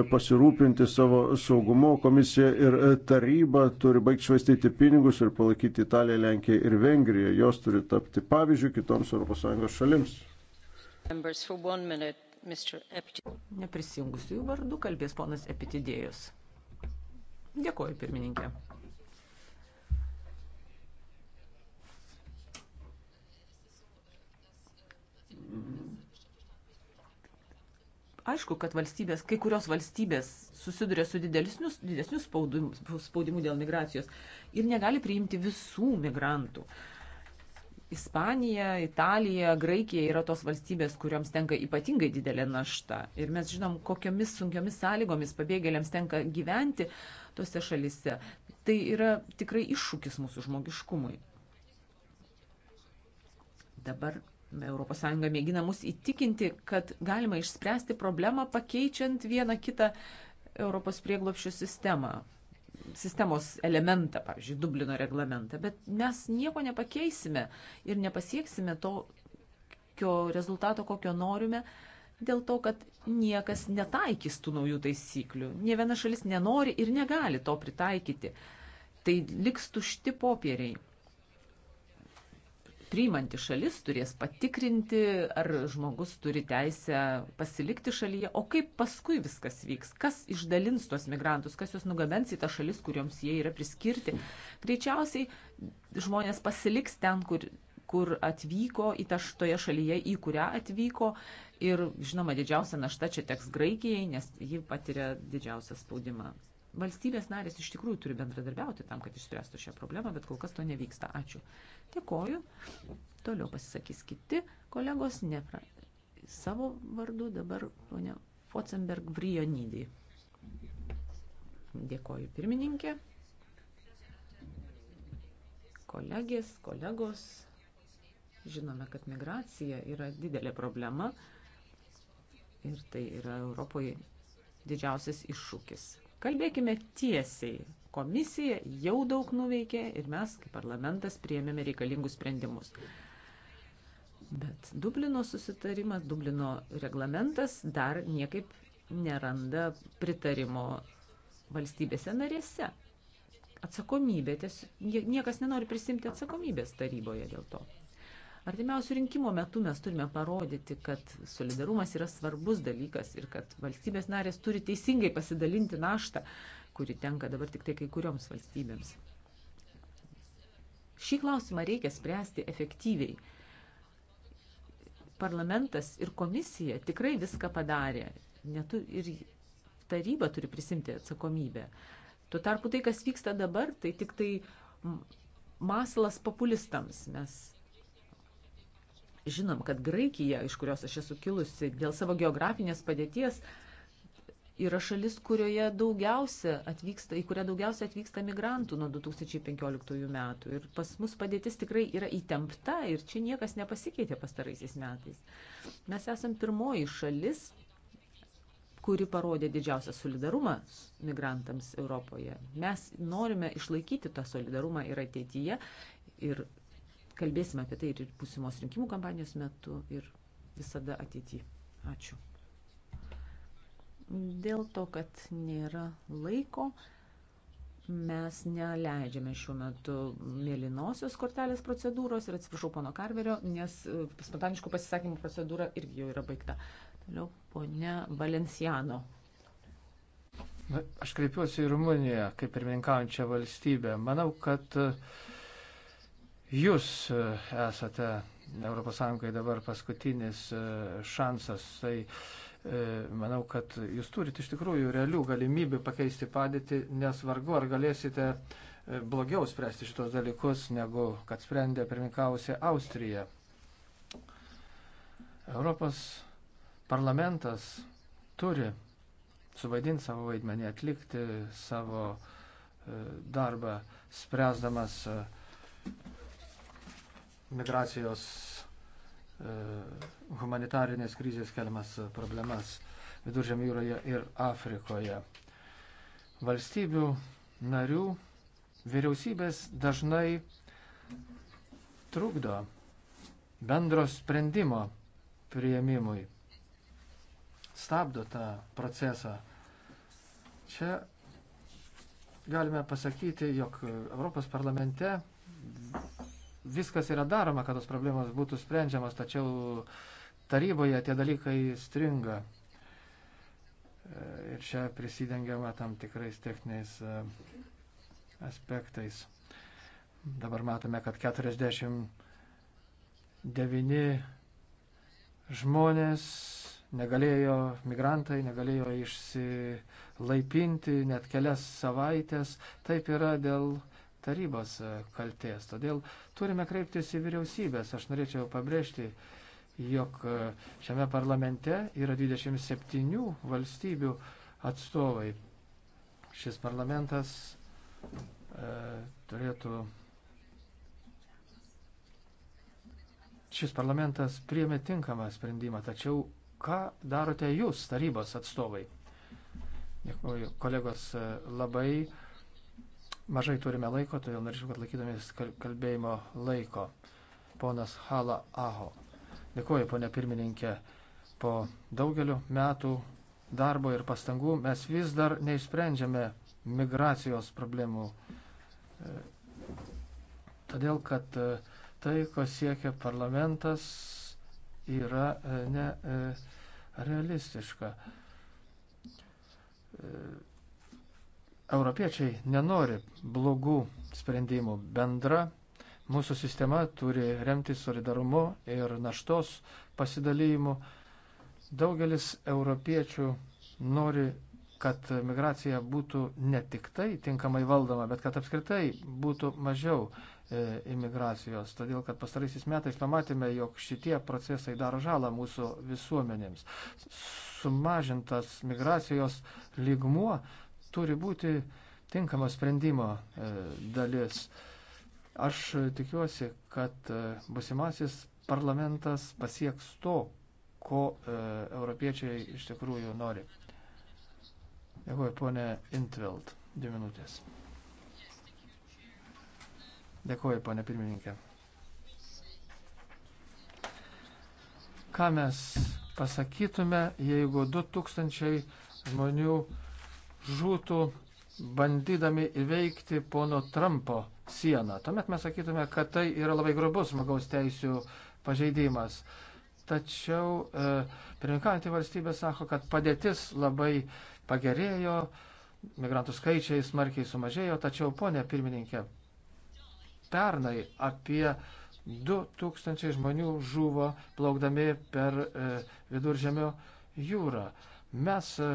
S1: pasirūpinti savo saugumu. Komisija ir taryba turi baigti švaistyti pinigus ir palaikyti Italiją, Lenkiją ir Vengriją. Jos turi tapti pavyzdžių kitoms ES šalims.
S3: Neprisijungusiųjų vardu kalbės ponas Epitidėjus. Dėkuoju, pirmininkė. Mm Aišku, kad valstybės, kai kurios valstybės susiduria su didesniu, didesniu spaudimu, spaudimu dėl migracijos ir negali priimti visų migrantų. Ispanija, Italija, Graikija yra tos valstybės, kuriuoms tenka ypatingai didelė našta. Ir mes žinom, kokiomis sunkiomis sąlygomis pabėgėliams tenka gyventi tose šalise. Tai yra tikrai iššūkis mūsų žmogiškumui. Dabar ES mėgina mus įtikinti, kad galima išspręsti problemą pakeičiant vieną kitą Europos prieglopščių sistemą, sistemos elementą, pavyzdžiui, Dublino reglamentą. Bet mes nieko nepakeisime ir nepasieksime to rezultato, kokio norime, dėl to, kad niekas netaikys tų naujų taisyklių. Nė viena šalis nenori ir negali to pritaikyti. Tai liks tušti popieriai priimanti šalis turės patikrinti, ar žmogus turi teisę pasilikti šalyje, o kaip paskui viskas vyks, kas išdalins tuos migrantus, kas juos nugabens į tą šalis, kuriuoms jie yra priskirti. Greičiausiai žmonės pasiliks ten, kur kur atvyko į tą toje šalyje, į kurią atvyko. Ir, žinoma, didžiausia našta čia teks Graikijai, nes ji patiria didžiausią spaudimą valstybės narės iš tikrųjų turi bendradarbiauti tam, kad išspręstų šią problemą, bet kol kas to nevyksta. Ačiū. Dėkoju. Toliau pasisakys kiti kolegos, ne savo vardu dabar ponia Focenberg Vrionidį. Dėkoju pirmininkė, kolegės, kolegos. Žinome, kad migracija yra didelė problema ir tai yra Europoje didžiausias iššūkis. Kalbėkime tiesiai, Komisija jau daug nuveikė ir mes, kaip parlamentas, priėmėme reikalingus sprendimus. Bet Dublino susitarimas, Dublino reglamentas dar niekaip neranda pritarimo valstybėse narėse. Atsakomybė, tiesiog niekas nenori prisimti atsakomybės taryboje dėl to. Artimiausių rinkimo metu mes turime parodyti, kad solidarumas yra svarbus dalykas ir kad valstybės narės turi teisingai pasidalinti naštą kuri tenka dabar tik tai kai kurioms valstybėms. Šį klausimą reikia spręsti efektyviai. Parlamentas ir komisija tikrai viską padarė. Netu, ir taryba turi prisimti atsakomybę. Tuo tarpu tai, kas vyksta dabar, tai tik tai masalas populistams. Mes žinom, kad Graikija, iš kurios aš esu kilusi, dėl savo geografinės padėties, uh, yra šalis, kurioje daugiausia atvyksta, į kurią daugiausia atvyksta migrantų nuo 2015 metų. Ir pas mus padėtis tikrai yra įtempta ir čia niekas nepasikeitė pastaraisiais metais. Mes esam pirmoji šalis, kuri parodė didžiausią solidarumą migrantams Europoje. Mes norime išlaikyti tą solidarumą ir ateityje. Ir kalbėsime apie tai ir būsimos rinkimų kampanijos metu ir visada ateityje. Ačiū. Dėl to, kad nėra laiko, mes neleidžiame šiuo metu mėlynosios kortelės procedūros ir atsiprašau pono Karverio, nes e, spontaniškų pasisakymų procedūra irgi jau yra baigta. Toliau ponia Valenciano.
S4: Na, aš kreipiuosi į Rumuniją kaip pirmininkaujančią valstybę. Manau, kad e, jūs e, esate ES dabar paskutinis šansas. Tai E, manau, kad jūs turite iš tikrųjų realių galimybių pakeisti padėtį, nes vargu ar galėsite e, blogiau spręsti šitos dalykus, negu kad sprendė pirminkausia Austrija. Europos parlamentas turi suvaidinti savo vaidmenį, atlikti savo e, darbą, spręsdamas migracijos humanitarinės krizės keliamas problemas Viduržėmio jūroje ir Afrikoje. Valstybių narių vyriausybės dažnai trukdo bendro sprendimo prieimimui, stabdo tą procesą. Čia galime pasakyti, jog Europos parlamente viskas yra daroma, kad tos problemos būtų sprendžiamas, tačiau taryboje tie dalykai stringa. E, ir čia prisidengiama tam tikrais techniniais e, aspektais. Dabar matome, kad 49 žmonės negalėjo, migrantai negalėjo išsilaipinti net kelias savaitės. Taip yra dėl tarybos e, kalties. Todėl turime kreiptis į vyriausybės. Aš norėčiau pabrėžti, jog e, šiame parlamente yra 27 valstybių atstovai. Šis parlamentas e, turėtų. Šis parlamentas priemė tinkamą sprendimą, tačiau ką darote jūs, tarybos atstovai? Dėkuoju, kolegos, e, labai Mažai turime laiko, todėl norėčiau, kad laikydomės kalbėjimo laiko. Ponas Hala Aho. Dėkuoju, ponė pirmininkė. Po daugeliu metų darbo ir pastangų mes vis dar neišsprendžiame migracijos problemų. Todėl, kad tai, ko siekia parlamentas, yra nerealistiška. E, Europiečiai nenori blogų sprendimų. Bendra mūsų sistema turi remti solidarumu ir naštos pasidalymu. Daugelis europiečių nori, kad migracija būtų ne tik tai tinkamai valdoma, bet kad apskritai būtų mažiau e, imigracijos. Todėl, kad pastaraisiais metais pamatėme, jog šitie procesai daro žalą mūsų visuomenėms. Sumažintas migracijos lygmuo turi būti tinkamo sprendimo e, dalis. Aš tikiuosi, kad e, busimasis parlamentas pasieks to, ko e, europiečiai iš tikrųjų nori. Dėkuoju, ponė Intveld, dvi minutės. Dėkuoju, ponė pirmininkė. Ką mes pasakytume, jeigu 2000 žmonių žūtų bandydami įveikti pono Trumpo sieną. Tuomet mes sakytume, kad tai yra labai grubus žmogaus teisų pažeidimas. Tačiau e, pirmininkaujantį valstybę sako, kad padėtis labai pagerėjo, migrantų skaičiai smarkiai sumažėjo, tačiau ponė pirmininkė, pernai apie 2000 žmonių žuvo plaukdami per e, viduržemio jūrą. Mes e,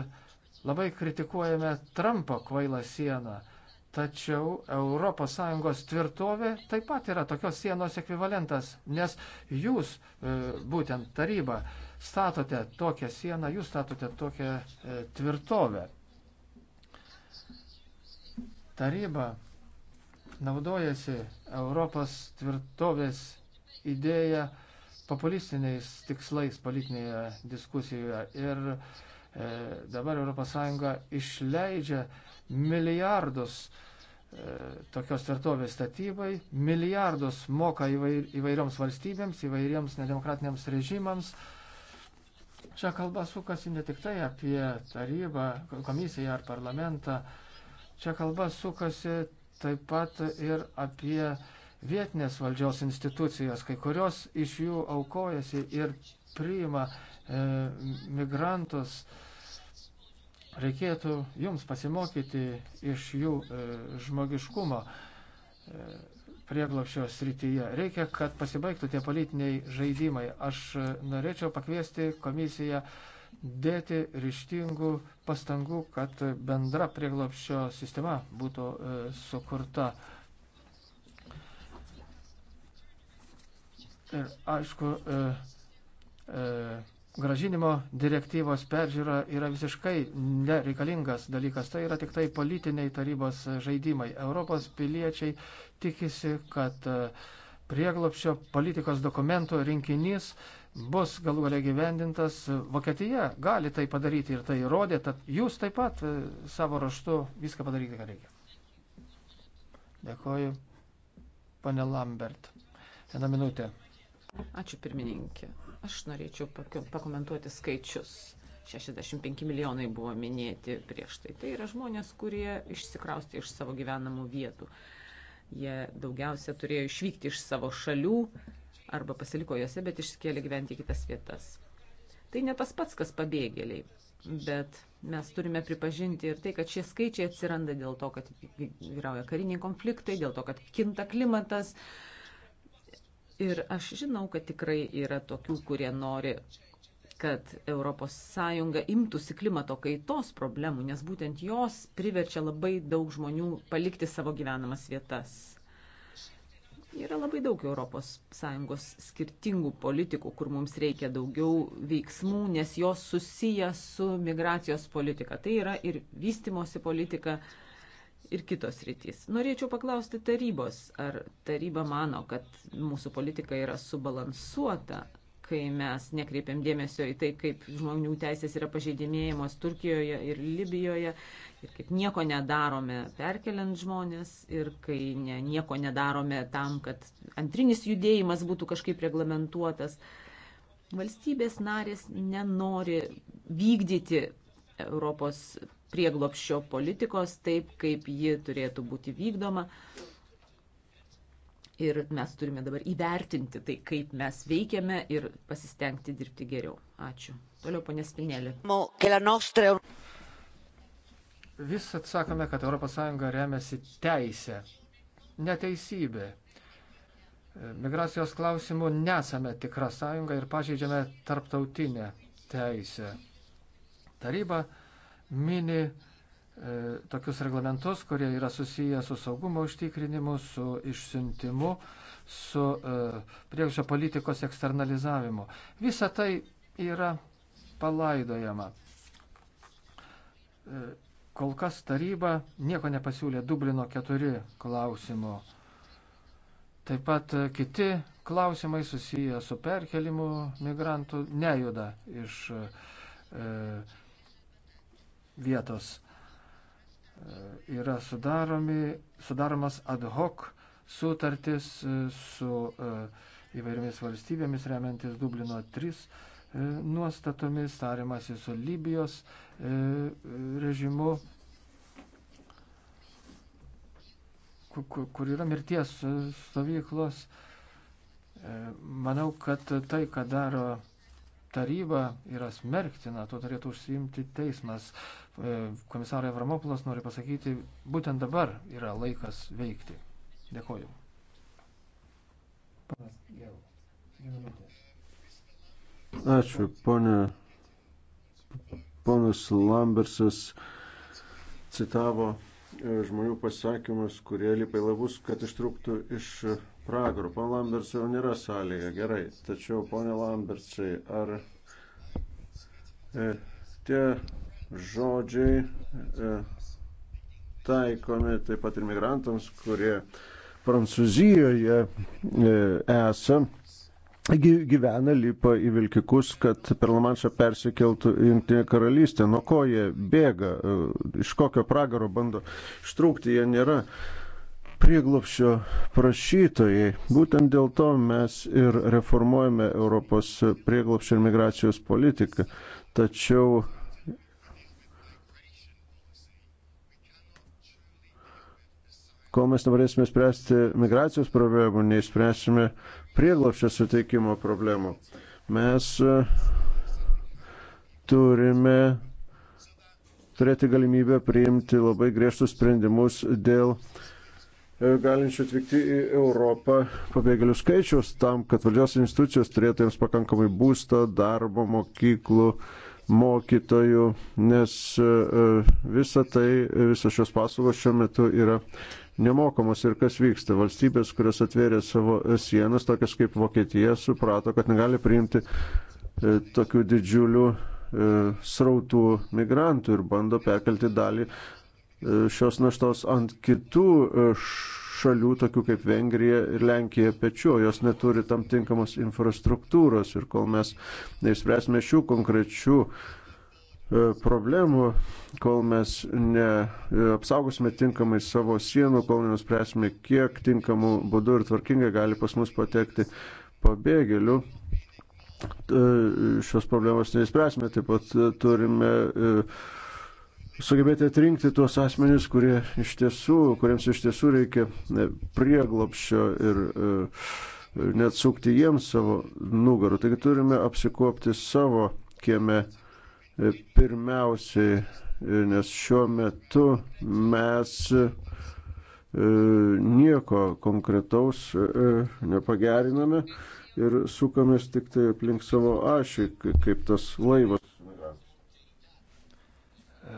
S4: Labai kritikuojame Trumpo kvailą sieną, tačiau ES tvirtovė taip pat yra tokios sienos ekvivalentas, nes jūs, e, būtent taryba, statote tokią sieną, jūs statote tokią e, tvirtovę. Taryba naudojasi Europos tvirtovės idėja populistiniais tikslais politinėje diskusijoje. Ir E, dabar ES išleidžia milijardus e, tokios tvirtovės statybai, milijardus moka įvairioms valstybėms, įvairiems nedemokratiniams režimams. Čia kalba sukasi ne tik tai apie tarybą, komisiją ar parlamentą. Čia kalba sukasi taip pat ir apie vietinės valdžios institucijas. Kai kurios iš jų aukojasi ir priima e, migrantus. E, Reikėtų jums pasimokyti iš jų e, žmogiškumo e, prieglopšio srityje. Reikia, kad pasibaigtų tie politiniai žaidimai. Aš e, norėčiau pakviesti komisiją dėti ryštingų pastangų, kad bendra prieglopščio sistema būtų e, sukurta. Ir aišku, e, e, gražinimo direktyvos peržiūra yra visiškai nereikalingas dalykas. Tai yra tik tai politiniai tarybos žaidimai. Europos piliečiai tikisi, kad e, prieglopščio politikos dokumentų rinkinys bus galų galia gyvendintas. Vokietija gali tai padaryti ir tai įrodė, tad jūs taip pat e, savo raštu viską padaryti, ką reikia.
S3: Dėkoju, pane Lambert. Viena minutė. Ačiū pirmininkė. Aš norėčiau pakomentuoti skaičius. 65 milijonai buvo minėti prieš tai. Tai yra žmonės, kurie išsikraustė iš savo gyvenamų vietų. Jie daugiausia turėjo išvykti iš savo šalių arba pasiliko juose, bet išsikėlė gyventi į kitas vietas. Tai ne tas pats, kas pabėgėliai, bet mes turime pripažinti ir tai, kad šie skaičiai atsiranda dėl to, kad vyrauja kariniai konfliktai, dėl to, kad kinta klimatas, uh, Ir aš žinau, kad tikrai yra tokių, kurie nori, kad ES imtųsi klimato kaitos problemų, nes būtent jos priverčia labai daug žmonių palikti savo gyvenamas vietas. Yra labai daug ES skirtingų politikų, kur mums reikia daugiau veiksmų, nes jos susiję su migracijos politika. Tai yra ir vystimosi politika, ir kitos rytis. Norėčiau paklausti tarybos, ar taryba mano, kad mūsų politika yra subalansuota, kai mes nekreipiam dėmesio į tai, kaip žmonių teisės yra pažeidinėjamos Turkijoje ir Libijoje, ir kaip nieko nedarome perkeliant žmonės, ir kai ne, nieko nedarome tam, kad antrinis judėjimas būtų kažkaip reglamentuotas. Valstybės narės nenori vykdyti Europos prieglopščio politikos taip, kaip ji turėtų būti vykdoma. Ir mes turime dabar įvertinti tai, kaip mes veikiame ir pasistengti dirbti geriau. Ačiū. Toliau, ponė Spinėlė.
S4: Vis atsakome, kad ES remiasi teisė, neteisybė. Migracijos klausimų nesame tikra sąjunga ir pažeidžiame tarptautinę teisę. Taryba mini e, tokius reglamentus, kurie yra susiję su saugumo užtikrinimu, su išsiuntimu, su e, priekšio politikos eksternalizavimu. Visa tai yra palaidojama. E, kol kas taryba nieko nepasiūlė Dublino 4 klausimo. Taip pat e, kiti klausimai susiję su perkelimu migrantų nejuda iš e, vietos. E, yra sudaromi, sudaromas ad hoc sutartis e, su e, įvairiomis valstybėmis, remiantis Dublino 3 nuostatomis, tariamasi su Libijos režimu, kur yra mirties stovyklos. Manau, kad tai, ką daro taryba, yra smerktina, to turėtų užsiimti teismas. E, komisarai Avramopulas nori pasakyti, būtent dabar yra laikas veikti. Dėkoju.
S1: Ačiū, ponė. Ponas Lambersas citavo e, žmonių pasakymus, kurie lipa į lavus, kad ištrūktų iš pragaro. Pana Lambertsai jau nėra salėje, gerai. Tačiau, ponė Lambertsai, ar e, tie žodžiai e, taikomi taip pat ir migrantams, kurie Prancūzijoje e, esą gyvena, lipa į Vilkikus, kad per Lamanšą persikeltų į Junktinę karalystę. Nuo ko jie bėga, e, iš kokio pragaro bando ištrūkti, jie nėra prieglopščio prašytojai. Būtent dėl to mes ir reformuojame Europos prieglopščio ir migracijos politiką. Tačiau Kol mes nenorėsime spręsti migracijos problemų, neįspręsime prieglopščio suteikimo problemų. Mes e, turime turėti galimybę priimti labai griežtus sprendimus dėl e, galinčių atvykti į Europą pabėgėlių skaičius tam, kad valdžios institucijos turėtų jiems pakankamai būsto, darbo, mokyklų, mokytojų, nes e, visa tai, visos šios paslaugos šiuo metu yra nemokamos ir kas vyksta. Valstybės, kurios atvėrė savo sienas, tokias kaip Vokietija, suprato, kad negali priimti e, tokių didžiulių e, srautų migrantų ir bando perkelti dalį e, šios naštos ant kitų šalių, tokių kaip Vengrija ir Lenkija pečiu, jos neturi tam tinkamos infrastruktūros ir kol mes neišspręsime šių konkrečių uh, E, problemų, kol mes neapsaugosime tinkamai savo sienų, kol nenuspręsime, kiek tinkamų būdų ir tvarkingai gali pas mus patekti pabėgėlių. E, šios problemos neįspręsime, taip pat turime e, sugebėti atrinkti tuos asmenys, kurie iš tiesų, kuriems iš tiesų reikia prieglopščio ir net sukti jiems savo nugarų. Taigi turime apsikopti savo kieme pirmiausiai, nes šiuo metu mes e, nieko konkretaus e, nepageriname ir sukamės tik tai aplink savo ašį, kaip tas laivas.
S4: E,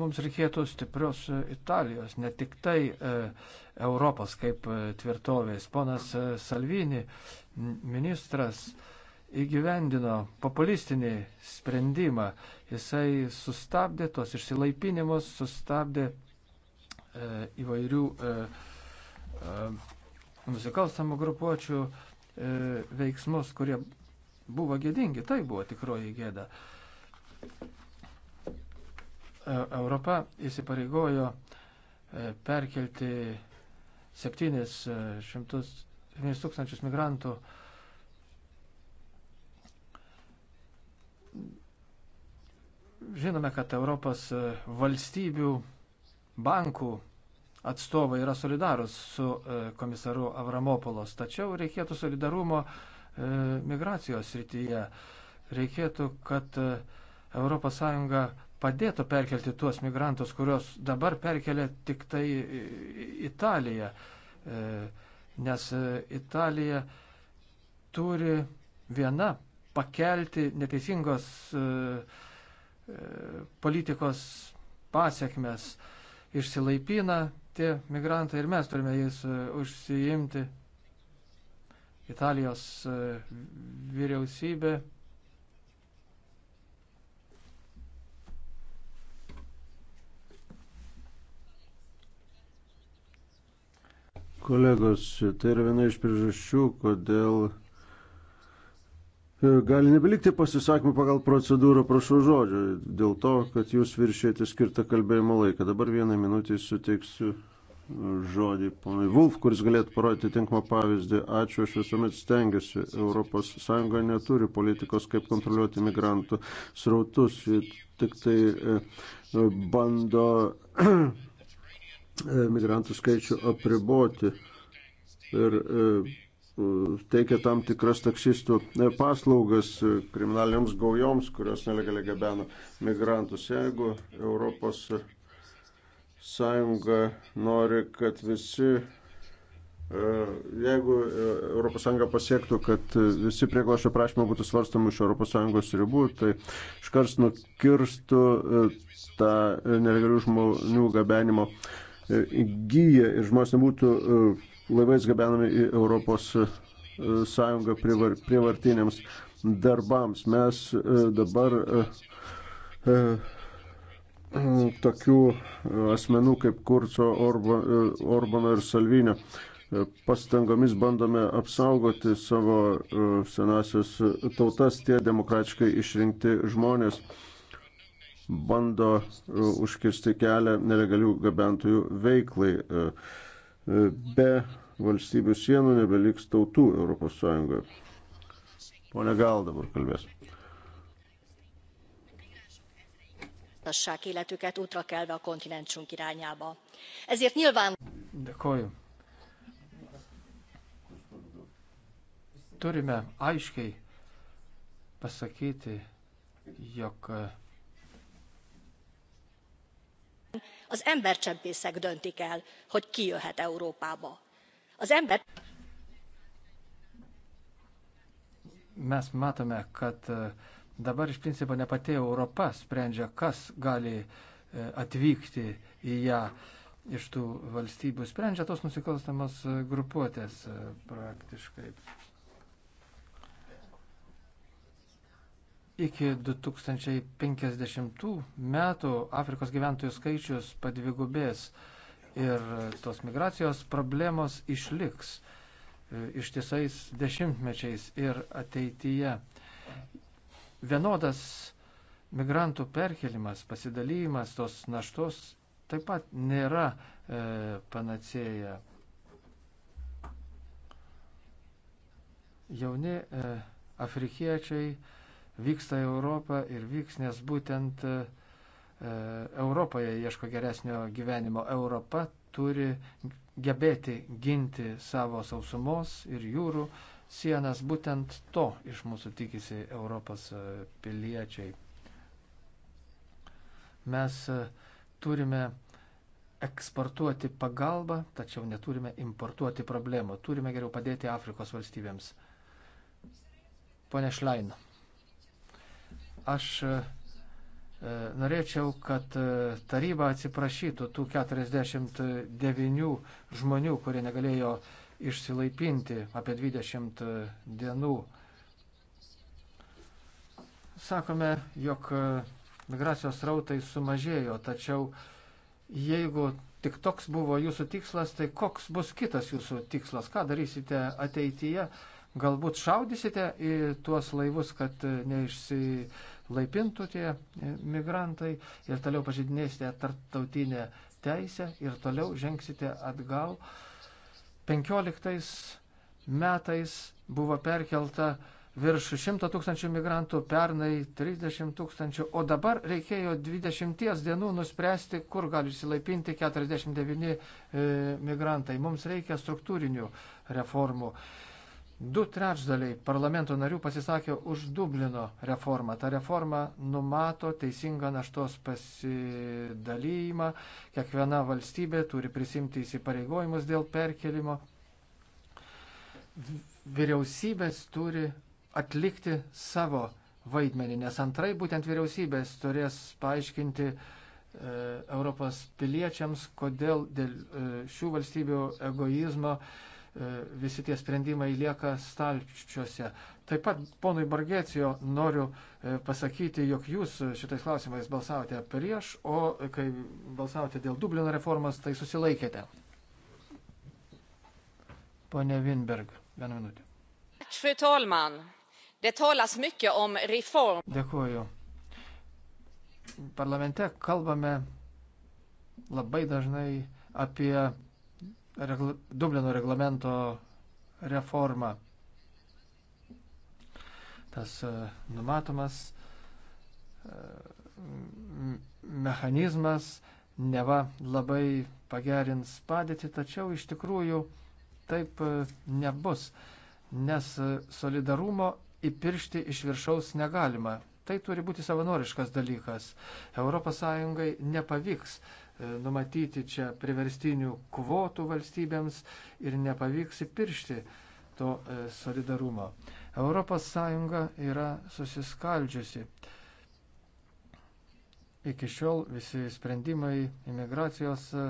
S4: mums reikėtų stiprios Italijos, ne tik tai Europos kaip tvirtovės. Ponas Salvini, ministras, įgyvendino populistinį sprendimą. Jisai sustabdė tos išsilaipinimus, sustabdė e, įvairių e, e, nusikalstamų grupuočių e, veiksmus, kurie buvo gėdingi. Tai buvo tikroji gėda. E, Europa įsipareigojo e, perkelti 700 e, tūkstančius migrantų Žinome, kad Europos e, valstybių bankų atstovai yra solidarus su e, komisaru Avramopolos, tačiau reikėtų solidarumo e, migracijos srityje. Reikėtų, kad ES padėtų perkelti tuos migrantus, kuriuos dabar perkelia tik tai Italija, nes Italija turi viena pakelti neteisingos e, e, politikos pasiekmes. Išsilaipina tie migrantai ir mes turime jais e, užsiimti. Italijos vyriausybė
S1: Kolegos, tai yra viena iš priežasčių, kodėl E, gali nebelikti pasisakymų pagal procedūrą, prašau žodžio, dėl to, kad jūs viršėjate skirtą kalbėjimo laiką. Dabar vieną minutę suteiksiu e, žodį ponui Vulf, kuris galėtų parodyti tinkamą pavyzdį. Ačiū, aš visuomet stengiuosi. ES neturi politikos, kaip kontroliuoti migrantų srautus. Ji tik tai e, bando migrantų skaičių apriboti. Ir teikia tam tikras taksistų paslaugas kriminaliniams gaujoms, kurios nelegaliai gabena migrantus. Jeigu Europos Sąjunga nori, kad visi, e, jeigu ES pasiektų, kad visi prieglošio prašymai būtų svarstami iš ES ribų, tai iškars nukirstų e, tą nelegalių žmonių gabenimo e, gyja ir žmonės nebūtų laivais gabenami į Europos e, Sąjungą prievar, prievartiniams darbams. Mes e, dabar e, tokių asmenų kaip Kurco, Orba, Orbano ir Salvinio pastangomis bandome apsaugoti savo senasias tautas, tie demokratiškai išrinkti žmonės bando užkirsti kelią nelegalių gabentojų veiklai. Be valstybių sienų, nebeliks tautų Europos Sąjungoje. Pone Gal dabar kalbės.
S3: életüket útra kelve a kontinensünk irányába. Ezért nyilván...
S4: Dėkoju. Turime aiškiai pasakyti, jog
S3: az embercsempészek döntik el,
S1: hogy ki jöhet Európába Az ember...
S4: Mes matome, kad e, dabar iš principo ne pati Europa sprendžia, kas gali e, atvykti į ją iš tų valstybių. Sprendžia tos nusikalstamos e, grupuotės praktiškai. Iki 2050 metų Afrikos gyventojų skaičius padvigubės ir tos migracijos problemos išliks e, ištisais dešimtmečiais ir ateityje. Vienodas migrantų perkelimas, pasidalymas tos naštos taip pat nėra e, panacėja. Jauni e, afrikiečiai vyksta į Europą ir vyks, nes būtent e, E, Europoje ieško geresnio gyvenimo. Europa turi gebėti ginti savo sausumos ir jūrų sienas. Būtent to iš mūsų tikisi Europos e, piliečiai. Mes e, turime eksportuoti pagalbą, tačiau neturime importuoti problemų. Turime geriau padėti Afrikos valstybėms. Pone Šlein, aš E, norėčiau, kad e, taryba atsiprašytų tų 49 žmonių, kurie negalėjo išsilaipinti apie 20 e, dienų. Sakome, jog migracijos rautai sumažėjo, tačiau jeigu tik toks buvo jūsų tikslas, tai koks bus kitas jūsų tikslas, ką darysite ateityje, Galbūt šaudysite į tuos laivus, kad e, neišsilaipintų tie e, migrantai ir toliau pažydinėsite tarptautinę teisę ir toliau žengsite atgal. 15 metais buvo perkelta virš 100 tūkstančių migrantų, pernai 30 tūkstančių, o dabar reikėjo 20 dienų nuspręsti, kur gali išsilaipinti 49 e, migrantai. Mums reikia struktūrinių reformų. E, Du trečdaliai parlamento narių pasisakė už Dublino reformą. Ta reforma numato teisingą naštos pasidalymą, kiekviena valstybė turi prisimti įsipareigojimus dėl perkelimo. Vyriausybės turi atlikti savo vaidmenį, nes antrai būtent vyriausybės turės paaiškinti e, Europos piliečiams, kodėl dėl e, šių valstybių egoizmo e, E, visi tie sprendimai lieka stalčiuose. Taip pat ponui Bargėcijo noriu e, pasakyti, jog jūs šitais klausimais balsavote prieš, o kai balsavote dėl Dublino reformos, tai susilaikėte. Pane Winberg, vieną minutę.
S2: Fru talman, det talas mycket om reform.
S4: Dėkuoju. Parlamente kalbame labai dažnai apie regl Dublino reglamento reforma. Tas e, numatomas e, mechanizmas neva labai pagerins padėtį, tačiau iš tikrųjų taip e, nebus, nes solidarumo įpiršti iš viršaus negalima. Tai turi būti savanoriškas dalykas. ES nepavyks E, numatyti čia priverstinių kvotų valstybėms ir nepavyks įpiršti to e, solidarumo. ES yra susiskaldžiusi. Iki šiol visi sprendimai imigracijos e,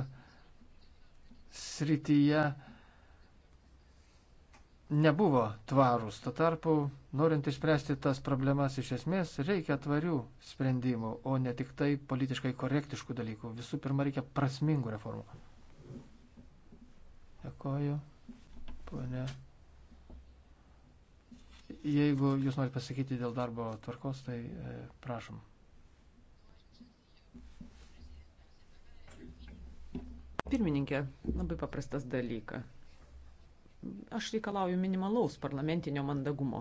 S4: srityje nebuvo tvarūs. Tuo tarpu, norint išspręsti tas problemas iš esmės, reikia tvarių sprendimų, o ne tik tai politiškai korektiškų dalykų. Visų pirma, reikia prasmingų reformų. Dėkoju, ponė. Jeigu jūs norite pasakyti dėl darbo tvarkos, tai e, prašom.
S3: Pirmininkė, labai paprastas dalykas Aš reikalauju minimalaus parlamentinio mandagumo.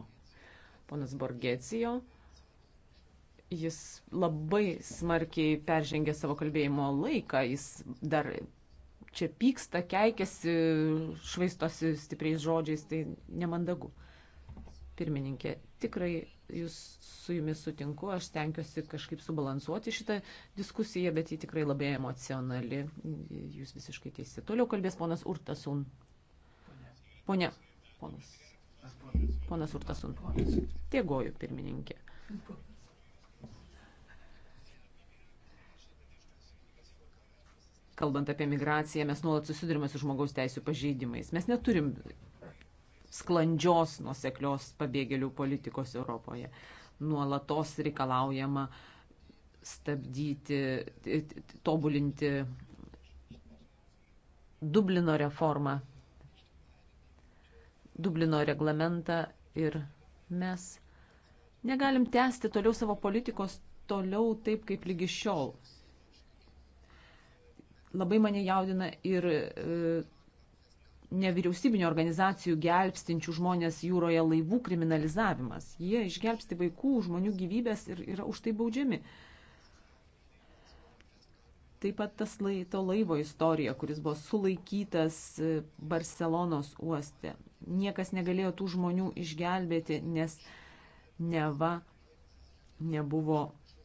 S3: Ponas Borgecijo, jis labai smarkiai peržengė savo kalbėjimo laiką, jis dar čia pyksta, keikiasi, švaistosi stipriais žodžiais, tai nemandagu. Pirmininkė, tikrai jūs, su jumis sutinku, aš tenkiuosi kažkaip subalansuoti šitą diskusiją, bet ji tikrai labai emocionali, jūs visiškai teisi. Toliau kalbės ponas Urtasun. Pone, ponas. Ponas Urtasun. Dėkoju, pirmininkė. Kalbant apie migraciją, mes nuolat susidurime su žmogaus teisų pažeidimais. Mes neturim sklandžios nuseklios pabėgėlių politikos Europoje. Nuolatos reikalaujama stabdyti, tobulinti Dublino reformą, Dublino reglamentą ir mes negalim tęsti toliau savo politikos toliau taip kaip lygi šiol. Labai mane jaudina ir e, nevyriausybinio organizacijų gelbstinčių žmonės jūroje laivų kriminalizavimas. Jie išgelbsti vaikų, žmonių gyvybės ir yra už tai baudžiami. Taip pat tas lai, to laivo istorija, kuris buvo sulaikytas e, Barcelonos uoste. Niekas negalėjo tų žmonių išgelbėti, nes neva nebuvo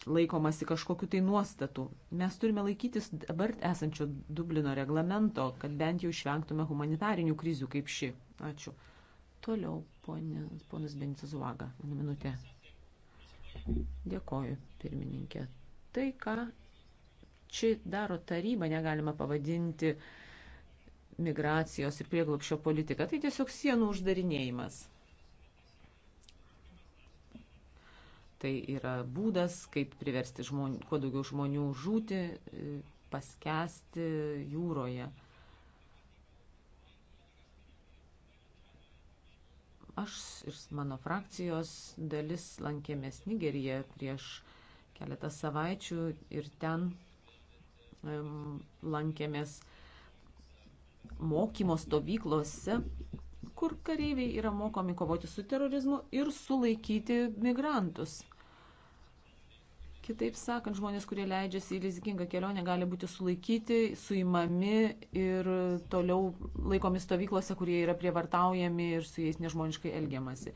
S3: laikomasi kažkokiu tai nuostatu. Mes turime laikytis dabar esančio Dublino reglamento, kad bent jau išvengtume humanitarinių krizių kaip ši. Ačiū. Toliau, ponas, ponas Benicas Vaga, vieną minutę. Dėkoju, pirmininkė. Tai, ką čia daro taryba, negalima pavadinti uh, migracijos ir prieglopšio politiką. Tai tiesiog sienų uždarinėjimas. Tai yra būdas, kaip priversti žmonių, kuo daugiau žmonių žūti, paskesti jūroje. Aš ir mano frakcijos dalis lankėmės Nigeriją prieš keletą savaičių ir ten um, lankėmės uh, mokymo stovyklose, kur kareiviai yra mokomi kovoti su terorizmu ir sulaikyti migrantus. Kitaip sakant, žmonės, kurie leidžiasi į rizikingą kelionę, gali būti sulaikyti, suimami ir toliau laikomi stovyklose, kurie yra prievartaujami ir su jais nežmoniškai elgiamasi.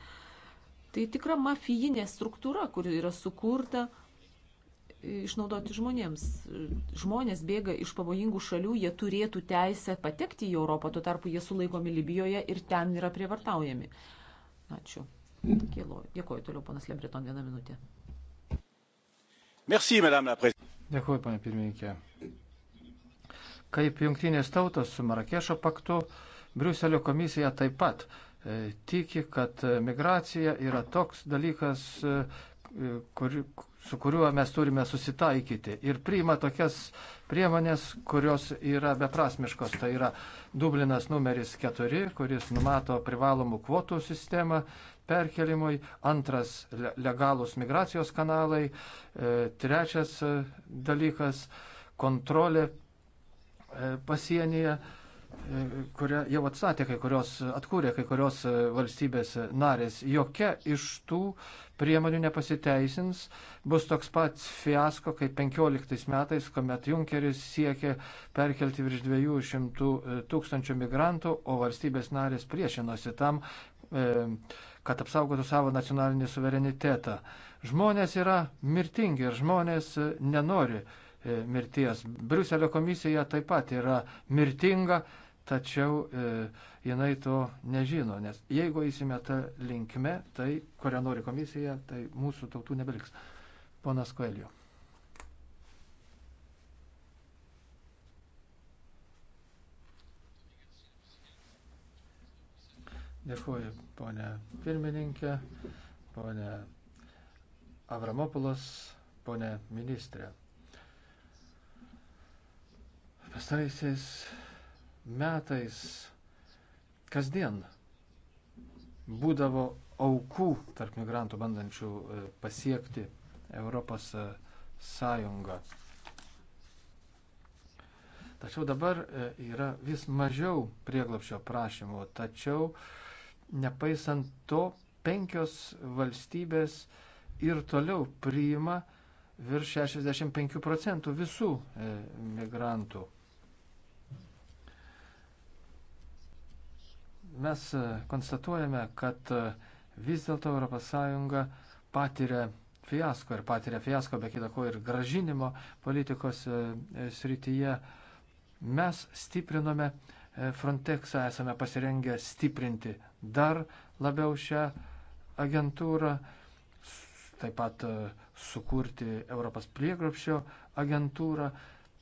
S3: Tai tikra mafijinė struktūra, kuri yra sukurta išnaudoti žmonėms. Žmonės bėga iš pavojingų šalių, jie turėtų teisę patekti į Europą, tuo tarpu jie sulaikomi Libijoje ir ten yra prievartaujami. Ačiū. Kėlo. Dėkuoju toliau, ponas Lebreton, vieną minutę.
S2: Merci, madame la
S3: prezidente.
S4: Dėkuoju, panė pirmininkė. Kaip jungtinės tautos su Marakešo paktu, Briuselio komisija taip pat e, tiki, kad migracija yra toks dalykas, e, kur, su kuriuo mes turime susitaikyti ir priima tokias priemonės, kurios yra beprasmiškos. Tai yra Dublinas numeris 4, kuris numato privalomų kvotų sistemą perkelimui, antras legalūs migracijos kanalai, e, trečias e, dalykas kontrolė e, pasienyje kurią jau atstatė kai kurios, atkūrė kai kurios valstybės narės. Jokia iš tų priemonių nepasiteisins, bus toks pat fiasko kaip 15 metais, kuomet Junkeris siekė perkelti virš 200 e, tūkstančių migrantų, o valstybės narės priešinosi tam, e, kad apsaugotų savo nacionalinį suverenitetą. Žmonės yra mirtingi ir žmonės e, nenori mirties. Briuselio komisija taip pat yra mirtinga tačiau e, jinai to nežino, nes jeigu eisime tą linkme, tai, kurią nori komisija, tai mūsų tautų nebeliks. Ponas Koelio. Dėkuoju, ponė pirmininkė, ponė Avramopulos, ponė ministrė. Pastaraisiais metais kasdien būdavo aukų tarp migrantų bandančių e, pasiekti Europos e, Sąjungą. Tačiau dabar e, yra vis mažiau prieglapšio prašymų, tačiau nepaisant to penkios valstybės ir toliau priima virš 65 procentų visų migrantų. mes e, konstatuojame, kad e, vis dėlto ES patiria fiasko ir patiria fiasko be kitako ir gražinimo politikos e, srityje. Mes stiprinome Frontexą, esame pasirengę stiprinti dar labiau šią agentūrą, taip pat sukurti Europos prieglopščio agentūrą.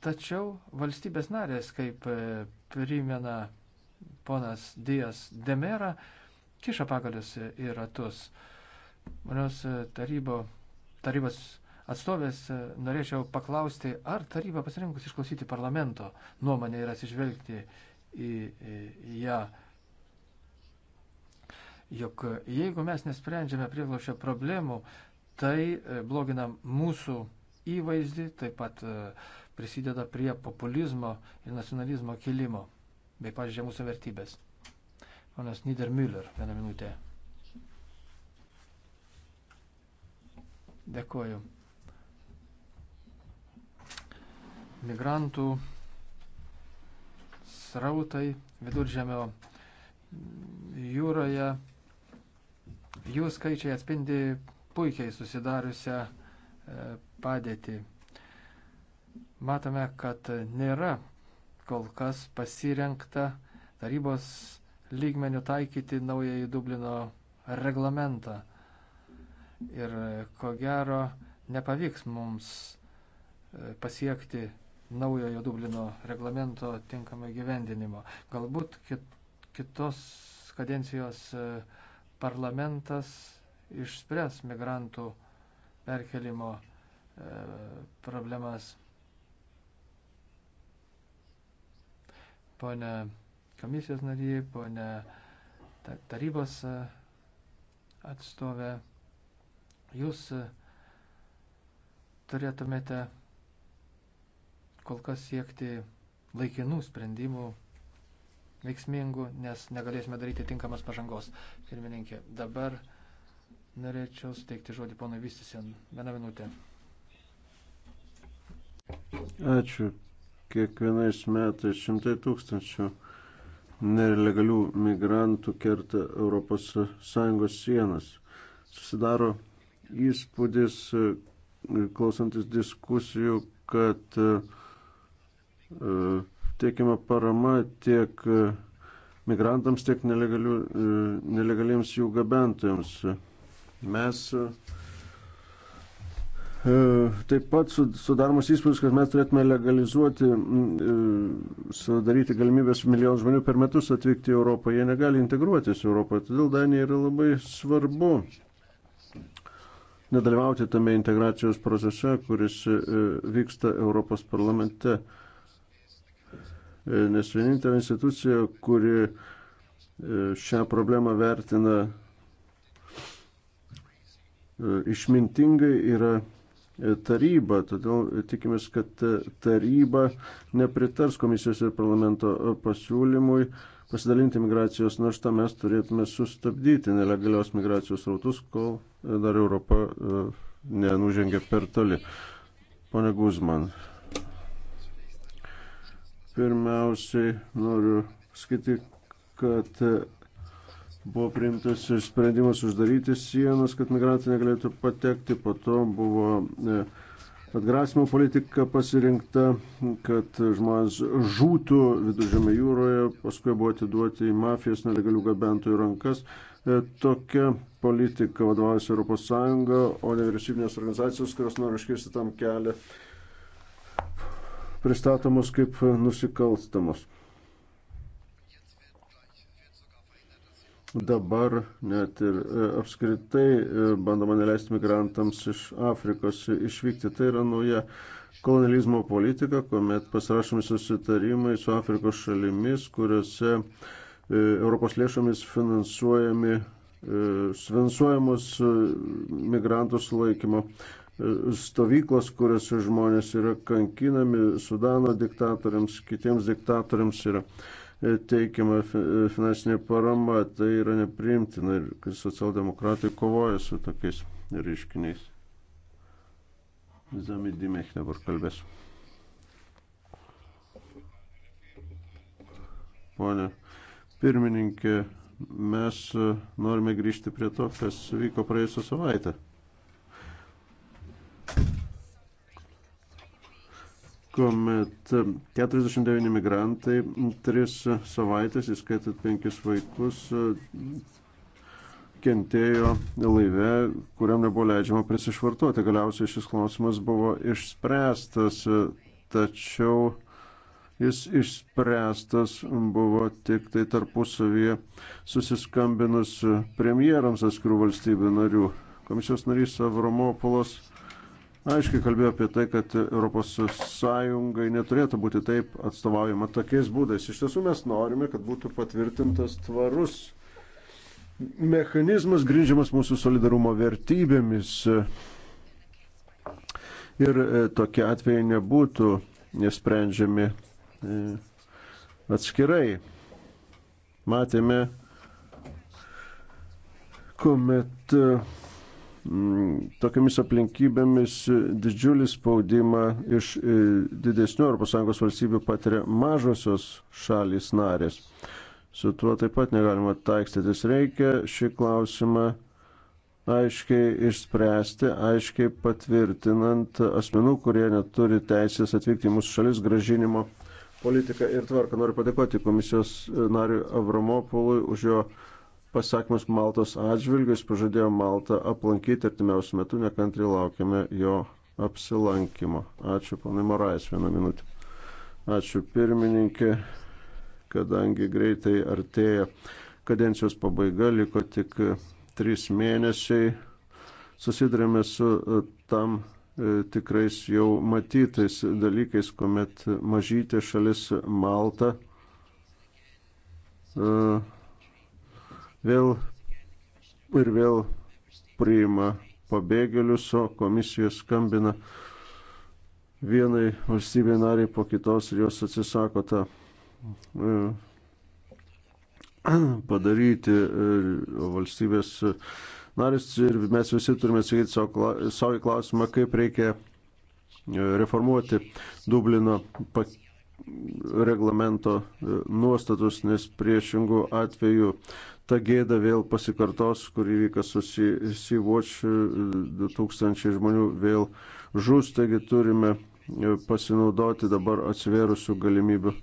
S4: Tačiau valstybės narės, kaip primena ponas Dijas Demera kiša pagalius į ratus. Manos e, tarybo, tarybos atstovės e, norėčiau paklausti, ar taryba pasirinkus išklausyti parlamento nuomonę ir atsižvelgti į, į, į ją. Juk jeigu mes nesprendžiame prieglošio problemų, tai e, blogina mūsų įvaizdį, taip pat prisideda prie populizmo ir nacionalizmo kilimo bei pažeidžia mūsų vertybės. Ponas Niedermüller, vieną minutę. Dėkoju. Migrantų srautai viduržėmio jūroje, jų skaičiai atspindi puikiai susidariusią e, padėtį. Matome, kad nėra kol kas pasirenkta tarybos lygmenių taikyti naująjį Dublino reglamentą. Ir ko gero nepavyks mums e, pasiekti naujojo Dublino reglamento tinkamą gyvendinimo. Galbūt kitos kadencijos e, parlamentas išspręs migrantų perkelimo e, problemas. ponė komisijos narį, ponė tarybos e, atstovę. Jūs e, turėtumėte kol kas siekti laikinų sprendimų, veiksmingų, nes negalėsime daryti tinkamas pažangos. Pirmininkė, dabar norėčiau suteikti žodį ponui Vistisen. Vieną minutę.
S1: Ačiū, kiekvienais metais šimtai tūkstančių nelegalių migrantų kerta ES sienas. Susidaro įspūdis, klausantis diskusijų, kad e, tiekiama parama tiek migrantams, tiek e, nelegaliems jų gabentojams. Mes E, taip pat sudaromas įspūdis, kad mes turėtume legalizuoti, e, sudaryti galimybės milijonų žmonių per metus atvykti į Europą. Jie negali integruotis Europoje, todėl Danija yra labai svarbu nedalyvauti tame integracijos procese, kuris e, vyksta Europos parlamente. Nes vienintelė institucija, kuri šią problemą vertina išmintingai, yra taryba, todėl tikimės, kad taryba nepritars komisijos ir parlamento pasiūlymui pasidalinti migracijos naštą, mes turėtume sustabdyti nelegalios migracijos rautus, kol dar Europa e, nenužengia per toli. Pone Guzman, pirmiausiai noriu sakyti, kad Buvo priimtas sprendimas uždaryti sienas, kad migrantai negalėtų patekti, po to buvo e, atgrasimo politika pasirinkta, kad žmonės žūtų viduržėme jūroje, paskui buvo atiduoti į mafijos nelegalių gabentojų rankas. E, tokia politika vadovaujasi ES, o nevyriausybinės organizacijos, kurios nori iškirsti tam kelią, pristatomos kaip nusikalstamos. dabar net ir e, apskritai e, bandoma neleisti migrantams iš Afrikos išvykti. Tai yra nauja kolonializmo politika, kuomet pasirašomi susitarimai su Afrikos šalimis, kuriuose e, Europos lėšomis finansuojami finansuojamos migrantų sulaikymo stovyklos, kuriuose žmonės yra kankinami Sudano diktatoriams, kitiems diktatoriams yra E, teikiama e, finansinė parama, tai yra nepriimtina ir kad socialdemokratai kovoja su tokiais reiškiniais. Zamidimėk dabar kalbės. Pone pirmininkė, mes e, norime grįžti prie to, kas vyko praėjusią savaitę. kuomet 49 migrantai, 3 savaitės, įskaitant 5 vaikus, kentėjo laive, kuriam nebuvo leidžiama prisišvartuoti. Galiausiai šis klausimas buvo išspręstas, tačiau jis išspręstas buvo tik tai tarpusavyje susiskambinus premjerams atskirų valstybių narių. Komisijos narys Avromopolos aiškiai kalbėjo apie tai, kad ES neturėtų būti taip atstovaujama tokiais būdais. Iš tiesų mes norime, kad būtų patvirtintas tvarus mechanizmas grindžiamas mūsų solidarumo vertybėmis. Ir e, tokie atvejai nebūtų nesprendžiami e, atskirai. Matėme, kuomet uh, Mm, tokiamis aplinkybėmis didžiulį spaudimą iš e, didesnių ES valstybių patiria mažosios šalys narės. Su tuo taip pat negalima taikstytis. Reikia šį klausimą aiškiai išspręsti, aiškiai patvirtinant asmenų, kurie neturi teisės atvykti į mūsų šalis gražinimo politiką ir tvarką. Noriu padėkoti komisijos e, nariui Avramopului už jo pasakymus Maltos atžvilgiu, jis pažadėjo Maltą aplankyti artimiausių metų, nekantriai laukiame jo apsilankimo. Ačiū, ponai Morais, vieną minutę. Ačiū pirmininkė, kadangi greitai artėja kadencijos pabaiga, liko tik e, trys mėnesiai, susidurėme su e, tam e, tikrais jau matytais dalykais, kuomet mažytė šalis Malta. Uh, vėl ir vėl priima pabėgėlius, o komisija skambina vienai valstybei nariai po kitos ir jos atsisako tą e, padaryti e, valstybės narys ir mes visi turime atsakyti savo į klausimą, kaip reikia e, reformuoti Dublino pakeitimą reglamento e, nuostatus, nes priešingų atveju ta gėda vėl pasikartos, kur įvyka su Sea-Watch, 2000 e, žmonių vėl žus, taigi turime e, pasinaudoti dabar atsivėrusių galimybių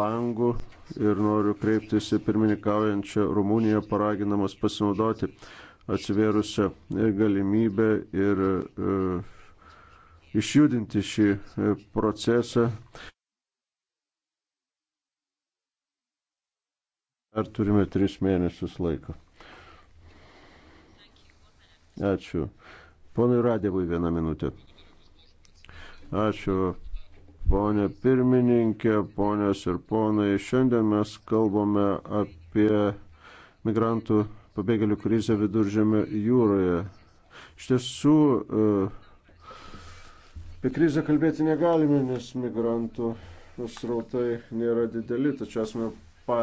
S1: langų ir noriu kreiptis į pirmininkaujančią Rumuniją, paraginamas pasinaudoti atsivėrusią galimybę ir e, išjudinti šį procesą. Ar turime tris mėnesius laiko? Ačiū. Ponui Radėvui vieną minutę. Ačiū. Pone pirmininkė, ponios ir ponai, šiandien mes kalbame apie migrantų pabėgėlių krizę viduržėme jūroje. Iš tiesų, e, apie krizę kalbėti negalime, nes migrantų srautai nėra dideli, tačiau esame pa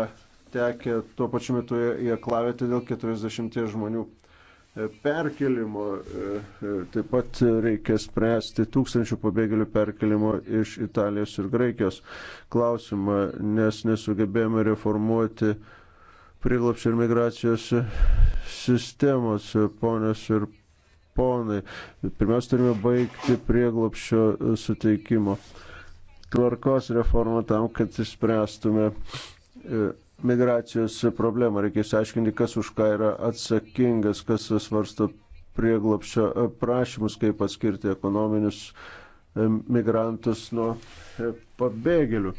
S1: tekę tuo pačiu metu į aklavietę dėl 40 žmonių e, perkelimo. E, e, taip pat reikia spręsti tūkstančių pabėgėlių perkelimo iš Italijos ir Graikijos klausimą, nes nesugebėjome reformuoti priglapšio ir migracijos sistemos, ponios ir ponai. Pirmiausia, turime baigti prieglopšio suteikimo tvarkos reformą tam, kad išspręstume migracijos problemą. Reikia išsiaiškinti, kas už ką yra atsakingas, kas svarsto prieglapščio prašymus, kaip atskirti ekonominius e, migrantus nuo e, pabėgėlių.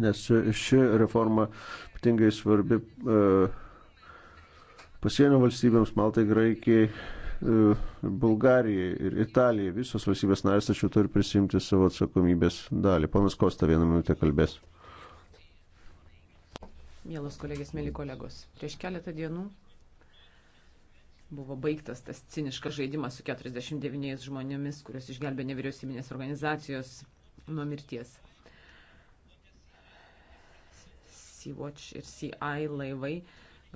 S1: Nes ši reforma ypatingai svarbi e, pasienio valstybėms Maltai, Graikijai, Bulgarijai ir Italijai. Visos valstybės narės tačiau turi prisimti savo atsakomybės dalį. Ponas Kosta vieną minutę kalbės.
S3: Mielos kolegės, mėly kolegos, prieš keletą dienų buvo baigtas tas ciniškas žaidimas su 49 žmonėmis, kuriuos išgelbė nevyriausybinės organizacijos nuo mirties. Sea-Watch ir CI laivai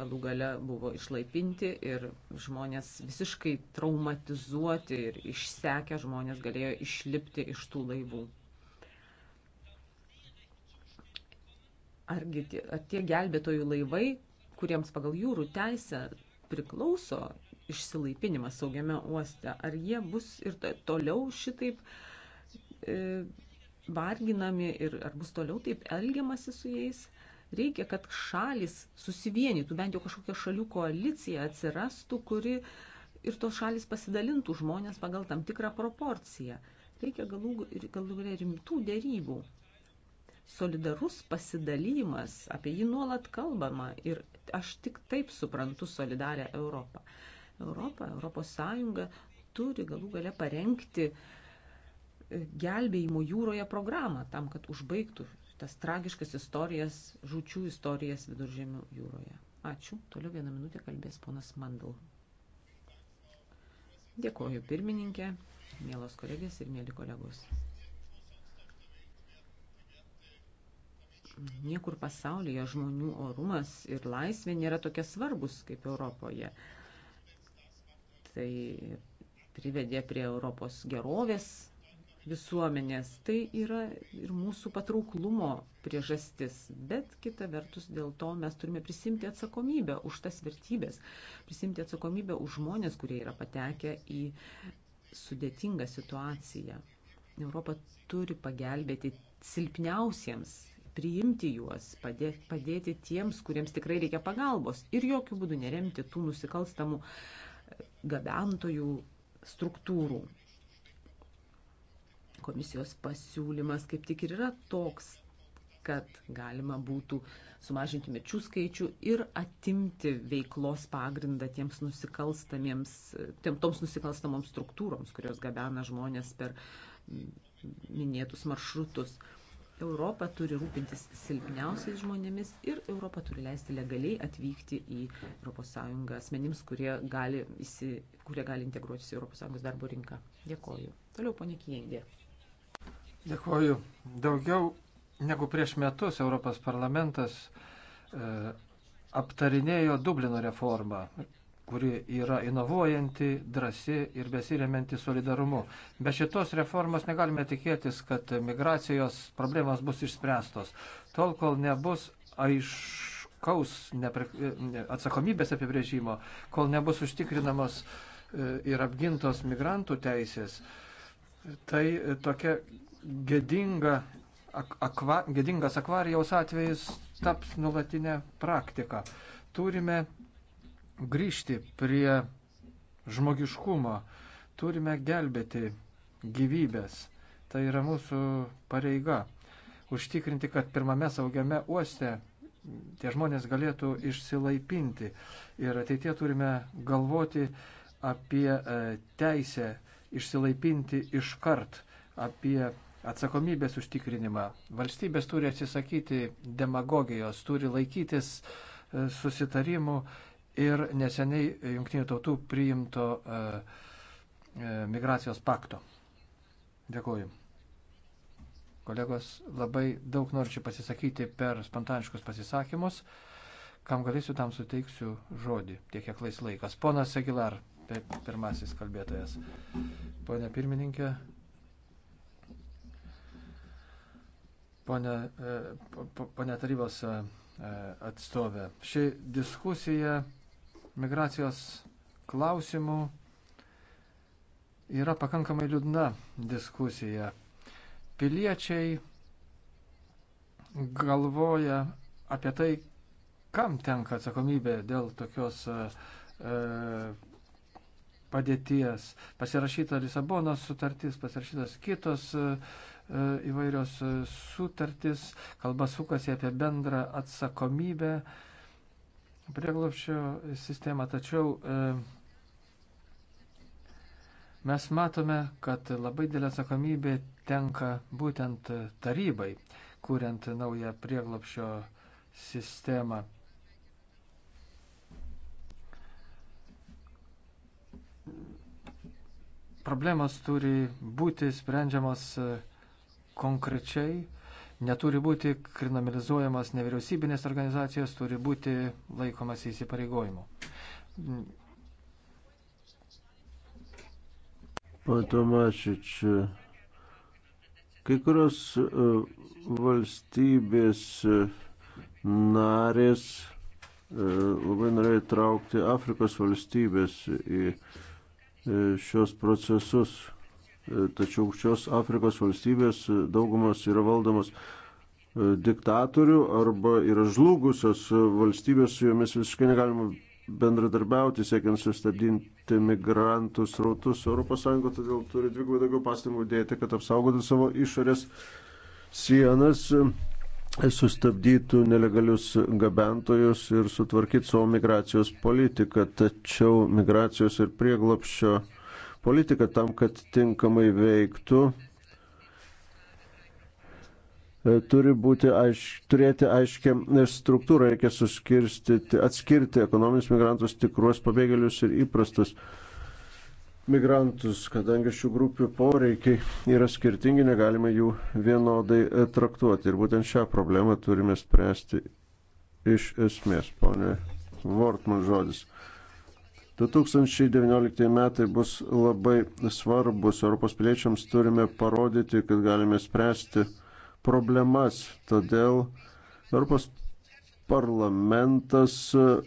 S3: galų gale buvo išlaipinti ir žmonės visiškai traumatizuoti ir išsekę žmonės galėjo išlipti iš tų laivų. Argi tie, tie gelbėtojų laivai, kuriems pagal jūrų teisę priklauso išsilaipinimas saugiame uoste, ar jie bus ir toliau šitaip e, varginami ir ar bus toliau taip elgiamasi su jais. Reikia, kad šalis susivienytų, bent jau kažkokia šalių koalicija atsirastų, kuri ir tos šalis pasidalintų žmonės pagal tam tikrą proporciją. Reikia galų, galų rimtų dėrybų solidarus pasidalymas, apie jį nuolat kalbama ir aš tik taip suprantu solidarę Europą. Europą, Europos Sąjunga turi galų gale parengti e, gelbėjimo jūroje programą tam, kad užbaigtų tas tragiškas istorijas, žučių istorijas viduržėmių jūroje. Ačiū. Toliau vieną minutę kalbės ponas Mandl. Dėkoju pirmininkė, mielos kolegės ir mėly kolegos. Niekur pasaulyje žmonių orumas ir laisvė nėra tokie svarbus kaip Europoje. Tai privedė prie Europos gerovės visuomenės. Tai yra ir mūsų patrauklumo priežastis. Bet kita vertus dėl to mes turime prisimti atsakomybę už tas vertybės, prisimti atsakomybę už žmonės, kurie yra patekę į sudėtingą situaciją. Europa turi pagelbėti silpniausiems priimti juos, padėti, padėti tiems, kuriems tikrai reikia pagalbos ir jokių būdų neremti tų nusikalstamų e, gabentojų struktūrų. Komisijos pasiūlymas kaip tik ir yra toks, kad galima būtų sumažinti mirčių skaičių ir atimti veiklos pagrindą tiems nusikalstamiems, tiem, toms nusikalstamoms struktūroms, kurios gabena žmonės per minėtus maršrutus. Uh, Europa turi rūpintis silpniausiais žmonėmis ir Europa turi leisti legaliai atvykti į ES asmenims, kurie gali, įsi, kurie gali integruotis į ES darbo rinką. Dėkoju. Toliau, ponė Kijendė.
S4: Dėkoju. Daugiau negu prieš metus Europos parlamentas e, aptarinėjo Dublino reformą kuri yra inovuojanti, drasi ir besiriaminti solidarumu. Be šitos reformos negalime tikėtis, kad migracijos problemos bus išspręstos. Tol, kol nebus aiškaus nepri... atsakomybės apibrėžimo, kol nebus užtikrinamos e, ir apgintos migrantų teisės, tai e, tokia gėdinga, akva, gėdingas akvarijaus atvejis taps nulatinę praktiką. Turime grįžti prie žmogiškumo. Turime gelbėti gyvybės. Tai yra mūsų pareiga. Užtikrinti, kad pirmame saugiame uoste tie žmonės galėtų išsilaipinti. Ir ateitie turime galvoti apie e, teisę išsilaipinti iškart, apie atsakomybės užtikrinimą. Valstybės turi atsisakyti demagogijos, turi laikytis e, susitarimų ir neseniai Junktinių tautų priimto e, e, migracijos pakto. Dėkuoju. Kolegos, labai daug norčiau pasisakyti per spontaniškus pasisakymus. Kam galėsiu, tam suteiksiu žodį, tiek kiek lais laikas. Ponas Aguilar, tai pirmasis kalbėtojas. Pone pirmininkė, Pone, e, pone tarybos atstovė. Ši diskusija migracijos klausimų yra pakankamai liūdna diskusija. Piliečiai galvoja apie tai, kam tenka atsakomybė dėl tokios e, e padėties. Pasirašyta Lisabonos sutartis, pasirašytas kitos e, e įvairios sutartis, kalba sukasi apie bendrą atsakomybę. E, prieglopščio sistemą, tačiau e, mes matome, kad labai didelė atsakomybė tenka būtent tarybai, kuriant naują prieglopščio sistemą. Problemos turi būti sprendžiamos e, konkrečiai neturi būti kriminalizuojamas nevyriausybinės organizacijos, turi būti laikomas įsipareigojimu.
S1: Patomačič, kai kurios e, valstybės e, narės e, labai norėjo įtraukti Afrikos valstybės į šios procesus. E, tačiau šios Afrikos valstybės e, daugumos yra valdomos e, diktatorių arba yra žlugusios valstybės, su jomis visiškai negalima bendradarbiauti, siekiant sustabdinti migrantų srautus. ES todėl turi dvigubai daugiau pastangų dėti, kad apsaugotų savo išorės sienas, sustabdytų nelegalius gabentojus ir sutvarkytų savo migracijos politiką. Tačiau migracijos ir prieglopščio uh, politika tam, kad tinkamai veiktų, e, turi būti aiš, turėti aiškę struktūrą, reikia suskirstyti, atskirti ekonominius migrantus, tikruos pabėgėlius ir įprastus migrantus, kadangi šių grupių poreikiai yra skirtingi, negalime jų vienodai e, traktuoti. Ir būtent šią problemą turime spręsti iš esmės, ponė Vortman žodis. 2019 metai bus labai svarbus. Europos piliečiams turime parodyti, kad galime spręsti problemas. Todėl Europos parlamentas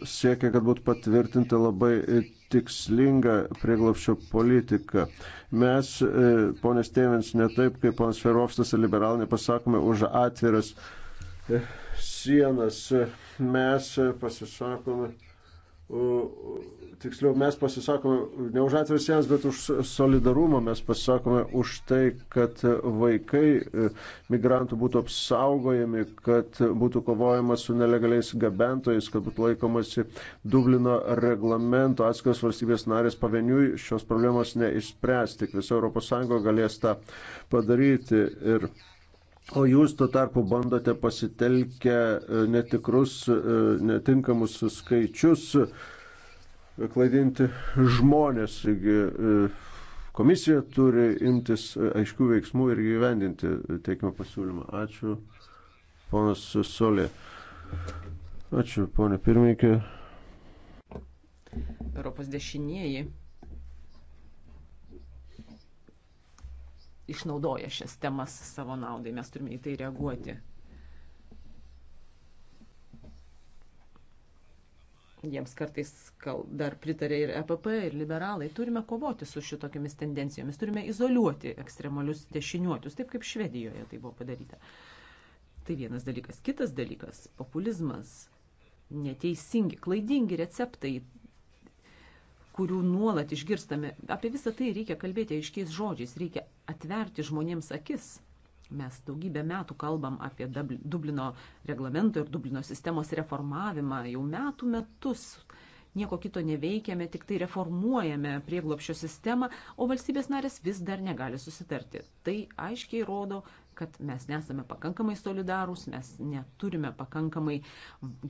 S1: siekia, kad būtų patvirtinti labai tikslingą prieglopščio politiką. Mes, e, ponė Stevens, ne taip kaip ponas Ferovstas ir liberalai, nepasakome už atviras e, sienas. Mes e, pasisakome tiksliau mes pasisakome ne už atviras sienas, bet už solidarumą, mes pasisakome už tai, kad vaikai e, migrantų būtų apsaugojami, kad būtų kovojama su nelegaliais gabentojais, kad būtų laikomasi Dublino reglamento, atskiras valstybės narės pavieniui šios problemos neišspręs, tik visa ES galės tą padaryti. Ir O jūs tuo tarpu bandote pasitelkę e, netikrus, e, netinkamus skaičius e, klaidinti žmonės. Komisija turi imtis aiškių veiksmų ir gyvendinti teikimą pasiūlymą. Ačiū, ponas Solė. Ačiū, ponė pirmininkė.
S3: Europos dešinieji išnaudoja šias temas savo naudai. Mes turime į tai reaguoti. Jiems kartais dar pritarė ir EPP, ir liberalai. Turime kovoti su šitokiamis tendencijomis. Turime izoliuoti ekstremalius dešiniuotus, taip kaip Švedijoje tai buvo padaryta. Tai vienas dalykas. Kitas dalykas - populizmas. Neteisingi, klaidingi receptai kurių nuolat išgirstame. Apie visą tai reikia kalbėti aiškiais žodžiais, reikia atverti žmonėms akis. Mes daugybę metų kalbam apie Dublino reglamento ir Dublino sistemos reformavimą, jau metų metus nieko kito neveikiame, tik tai reformuojame prieglopščio sistemą, o valstybės narės vis dar negali susitarti. Tai aiškiai rodo, kad mes nesame pakankamai solidarūs, mes neturime pakankamai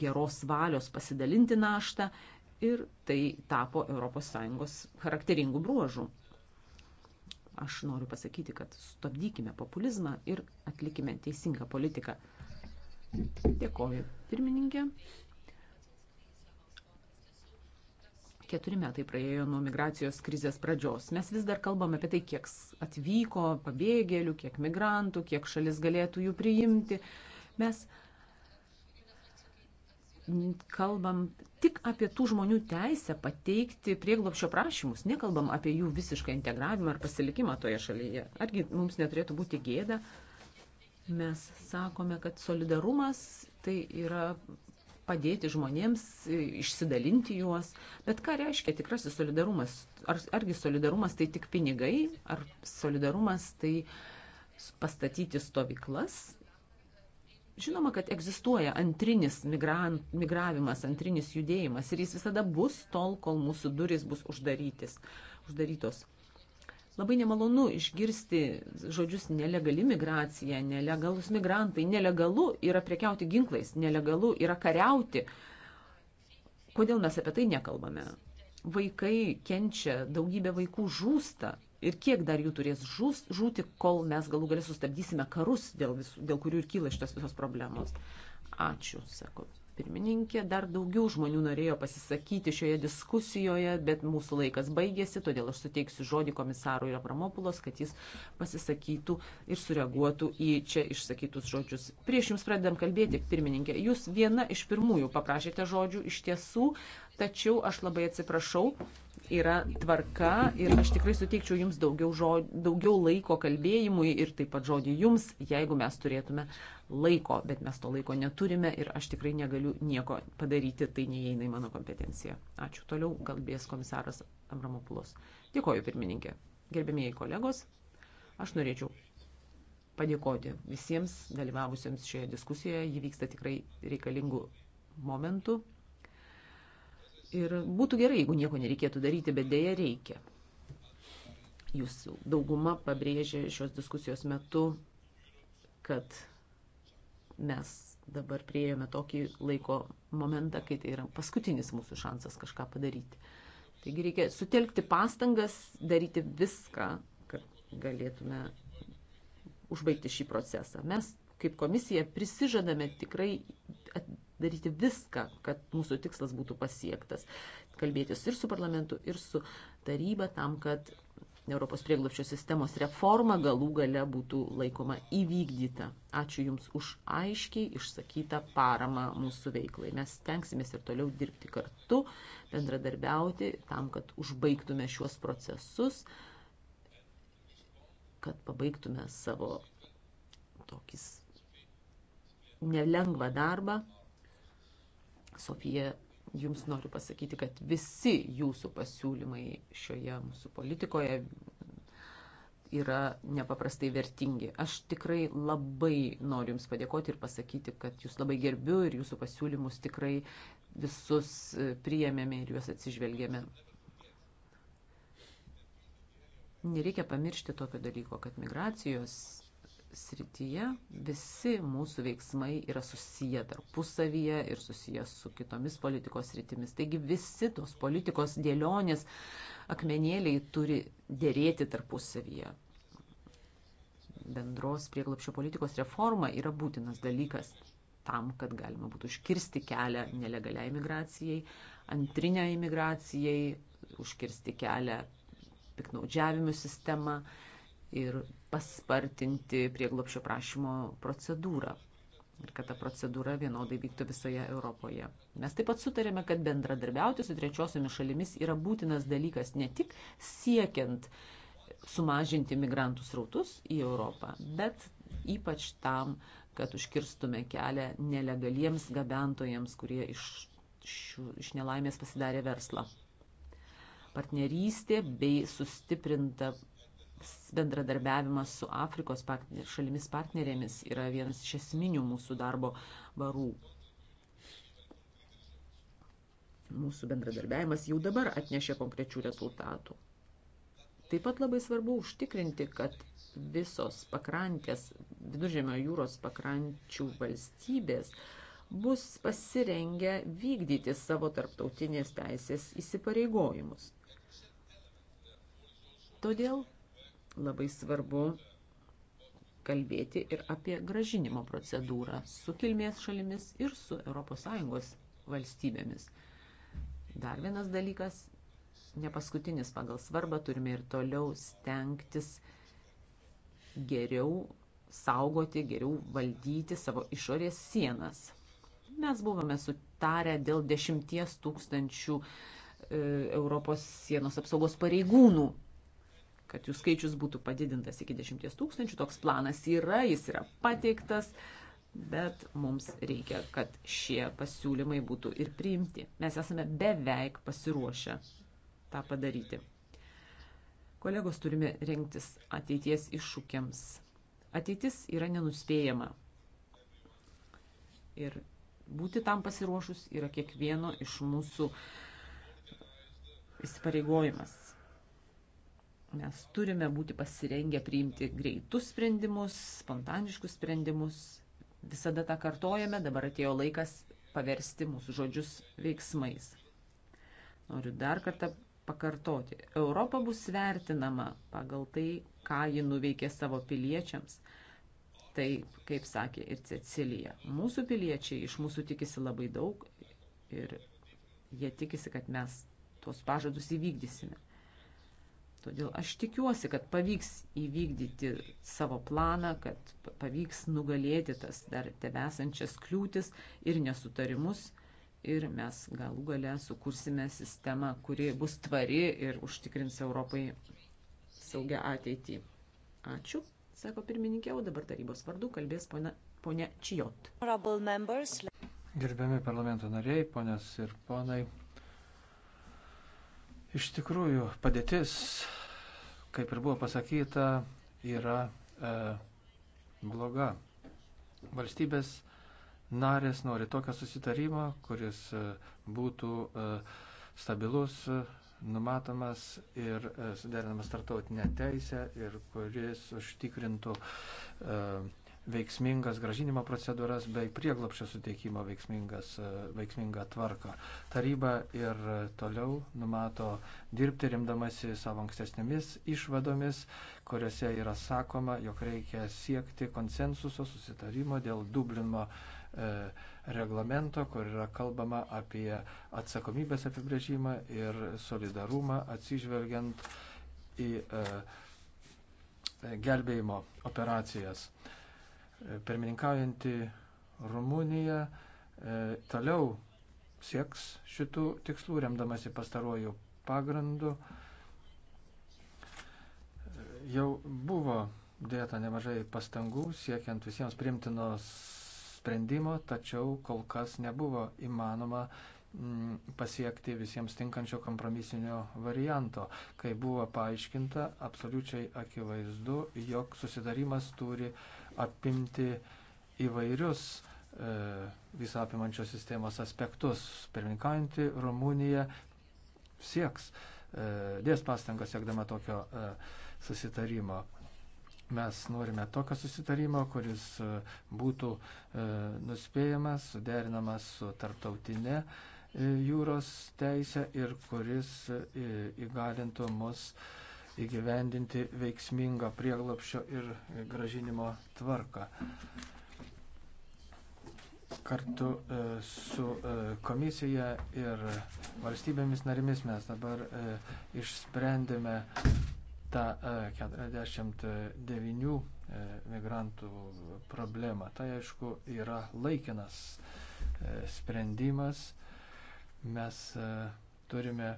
S3: geros valios pasidalinti naštą ir tai tapo ES charakteringų bruožų. Aš noriu pasakyti, kad stabdykime populizmą ir atlikime teisingą politiką. Dėkoju, pirmininkė. Keturi metai praėjo nuo migracijos krizės pradžios. Mes vis dar kalbame apie tai, kiek atvyko pabėgėlių, kiek migrantų, kiek šalis galėtų jų priimti. Mes kalbam tik apie tų žmonių teisę pateikti prieglopšio prašymus, nekalbam apie jų visišką integravimą ar pasilikimą toje šalyje. Argi mums neturėtų būti gėda? Mes sakome, kad solidarumas tai yra padėti žmonėms, išsidalinti juos. Bet ką reiškia tikrasis solidarumas? Ar, argi solidarumas tai tik pinigai, ar solidarumas tai pastatyti stovyklas, Žinoma, kad egzistuoja antrinis migran, migravimas, antrinis judėjimas ir jis visada bus tol, kol mūsų durys bus uždarytos. Labai nemalonu išgirsti žodžius nelegali migracija, nelegalus migrantai, nelegalu yra prekiauti ginklais, nelegalu yra kariauti. Kodėl mes apie tai nekalbame? Vaikai kenčia, daugybė vaikų žūsta ir kiek dar jų turės žūs, žūti, kol mes galų galę sustabdysime karus, dėl, visų, dėl kurių ir kyla šitas visos problemos. Ačiū, sako pirmininkė, dar daugiau žmonių norėjo pasisakyti šioje diskusijoje, bet mūsų laikas baigėsi, todėl aš suteiksiu žodį komisarui Abramopulos, kad jis pasisakytų ir sureaguotų į čia išsakytus žodžius. Prieš jums pradedam kalbėti, pirmininkė, jūs viena iš pirmųjų paprašėte žodžių iš tiesų, tačiau aš labai atsiprašau, yra tvarka ir aš tikrai suteikčiau jums daugiau, žod... daugiau laiko kalbėjimui ir taip pat žodį jums, jeigu mes turėtume laiko, bet mes to laiko neturime ir aš tikrai negaliu nieko padaryti, tai neįeina į mano kompetenciją. Ačiū. Toliau kalbės komisaras Avramopulos. Dėkoju, pirmininkė. Gerbėmėjai kolegos, aš norėčiau padėkoti visiems dalyvavusiems šioje diskusijoje. Ji vyksta tikrai reikalingų momentų. Ir būtų gerai, jeigu nieko nereikėtų daryti, bet dėja reikia. Jūs dauguma pabrėžė šios diskusijos metu, kad mes dabar prieėjome tokį laiko momentą, kai tai yra paskutinis mūsų šansas kažką padaryti. Taigi reikia sutelkti pastangas, daryti viską, kad galėtume užbaigti šį procesą. Mes kaip komisija prisižadame tikrai daryti viską, kad mūsų tikslas būtų pasiektas. Kalbėtis ir su parlamentu, ir su taryba tam, kad Europos prieglopščio sistemos reforma galų gale būtų laikoma įvykdyta. Ačiū Jums už aiškiai išsakytą paramą mūsų veiklai. Mes tenksimės ir toliau dirbti kartu, bendradarbiauti tam, kad užbaigtume šiuos procesus, kad pabaigtume savo tokį nelengvą darbą. Sofija Jums noriu pasakyti, kad visi jūsų pasiūlymai šioje mūsų politikoje yra nepaprastai vertingi. Aš tikrai labai noriu Jums padėkoti ir pasakyti, kad Jūs labai gerbiu ir Jūsų pasiūlymus tikrai visus priėmėme ir juos atsižvelgėme. Nereikia pamiršti tokio dalyko, kad migracijos srityje visi mūsų veiksmai yra susiję tarpusavyje ir susiję su kitomis politikos sritimis. Taigi visi tos politikos dėlionės akmenėliai turi dėrėti tarpusavyje. Bendros prieglapšio politikos reforma yra būtinas dalykas tam, kad galima būtų užkirsti kelią nelegaliai migracijai, antriniai migracijai, užkirsti kelią piknaudžiavimų sistemą ir paspartinti prieglopšio prašymo procedūrą ir kad ta procedūra vienodai vyktų visoje Europoje. Mes taip pat sutarėme, kad bendradarbiauti su trečiosiomis šalimis yra būtinas dalykas ne tik siekiant sumažinti migrantų srautus į Europą, bet ypač tam, kad užkirstume kelią nelegaliems gabentojams, kurie iš, šių, iš nelaimės pasidarė verslą. Partnerystė bei sustiprinta bendradarbiavimas su Afrikos partner, šalimis partnerėmis yra vienas iš esminių mūsų darbo varų. Mūsų bendradarbiavimas jau dabar atnešė konkrečių rezultatų. Taip pat labai svarbu užtikrinti, kad visos pakrantės, viduržėmio jūros pakrančių valstybės bus pasirengę vykdyti savo tarptautinės teisės įsipareigojimus. Todėl Labai svarbu kalbėti ir apie gražinimo procedūrą su kilmės šalimis ir su ES valstybėmis. Dar vienas dalykas, ne paskutinis pagal svarbą, turime ir toliau stengtis geriau saugoti, geriau valdyti savo išorės sienas. Mes buvome sutarę dėl dešimties tūkstančių e, Europos sienos apsaugos pareigūnų kad jų skaičius būtų padidintas iki 10 tūkstančių. Toks planas yra, jis yra pateiktas, bet mums reikia, kad šie pasiūlymai būtų ir priimti. Mes esame beveik pasiruošę tą padaryti. Kolegos turime rengtis ateities iššūkiams. Ateitis yra nenuspėjama. Ir būti tam pasiruošus yra kiekvieno iš mūsų įsipareigojimas Mes turime būti pasirengę priimti greitus sprendimus, spontaniškus sprendimus. Visada tą kartojame, dabar atėjo laikas paversti mūsų žodžius veiksmais. Noriu dar kartą pakartoti. Europa bus vertinama pagal tai, ką ji nuveikė savo piliečiams. Tai, kaip sakė ir Cecilija, mūsų piliečiai iš mūsų tikisi labai daug ir jie tikisi, kad mes tuos pažadus įvykdysime. Todėl aš tikiuosi, kad pavyks įvykdyti savo planą, kad pavyks nugalėti tas dar tebesančias kliūtis ir nesutarimus ir mes galų gale sukursime sistemą, kuri bus tvari ir užtikrins Europai saugią ateitį. Ačiū, sako pirmininkė, o dabar tarybos vardu kalbės ponia, ponia Čijot.
S4: Gerbiami parlamento nariai, ponios ir ponai, iš tikrųjų padėtis kaip ir buvo pasakyta, yra e, bloga. Valstybės narės nori tokio susitarimo, kuris e, būtų e, stabilus, e, numatomas ir e, suderinamas tartautinę teisę ir kuris užtikrintų e, veiksmingas gražinimo procedūras bei prieglopšio suteikimo e, veiksmingą tvarką. Taryba ir toliau numato dirbti rimdamasi savo ankstesnėmis išvadomis, kuriuose yra sakoma, jog reikia siekti konsensuso susitarimo dėl Dublino e, reglamento, kur yra kalbama apie atsakomybės apibrėžimą ir solidarumą atsižvelgiant į e, e gelbėjimo operacijas. E, Pirmininkaujanti Rumunija e, toliau sieks šitų tikslų, remdamasi pastarojų pagrindų. Jau buvo dėta nemažai pastangų siekiant visiems primtinos sprendimo, tačiau kol kas nebuvo įmanoma mm, pasiekti visiems tinkančio kompromisinio varianto. Kai buvo paaiškinta, absoliučiai akivaizdu, jog susidarimas turi apimti įvairius e, visą apimančios sistemos aspektus. Pirminkaujantį Rumuniją sieks, e, dės pastangas siekdama tokio e, susitarimo. Mes norime tokio susitarimo, kuris e, būtų e, nuspėjamas, suderinamas su tarptautinė e, jūros teisė ir kuris įgalintų mus uh, įgyvendinti veiksmingą prieglapšio ir gražinimo tvarką. Kartu e, su e, komisija ir valstybėmis narimis mes dabar e, išsprendėme tą 49 migrantų problemą. Tai aišku yra laikinas sprendimas. Mes turime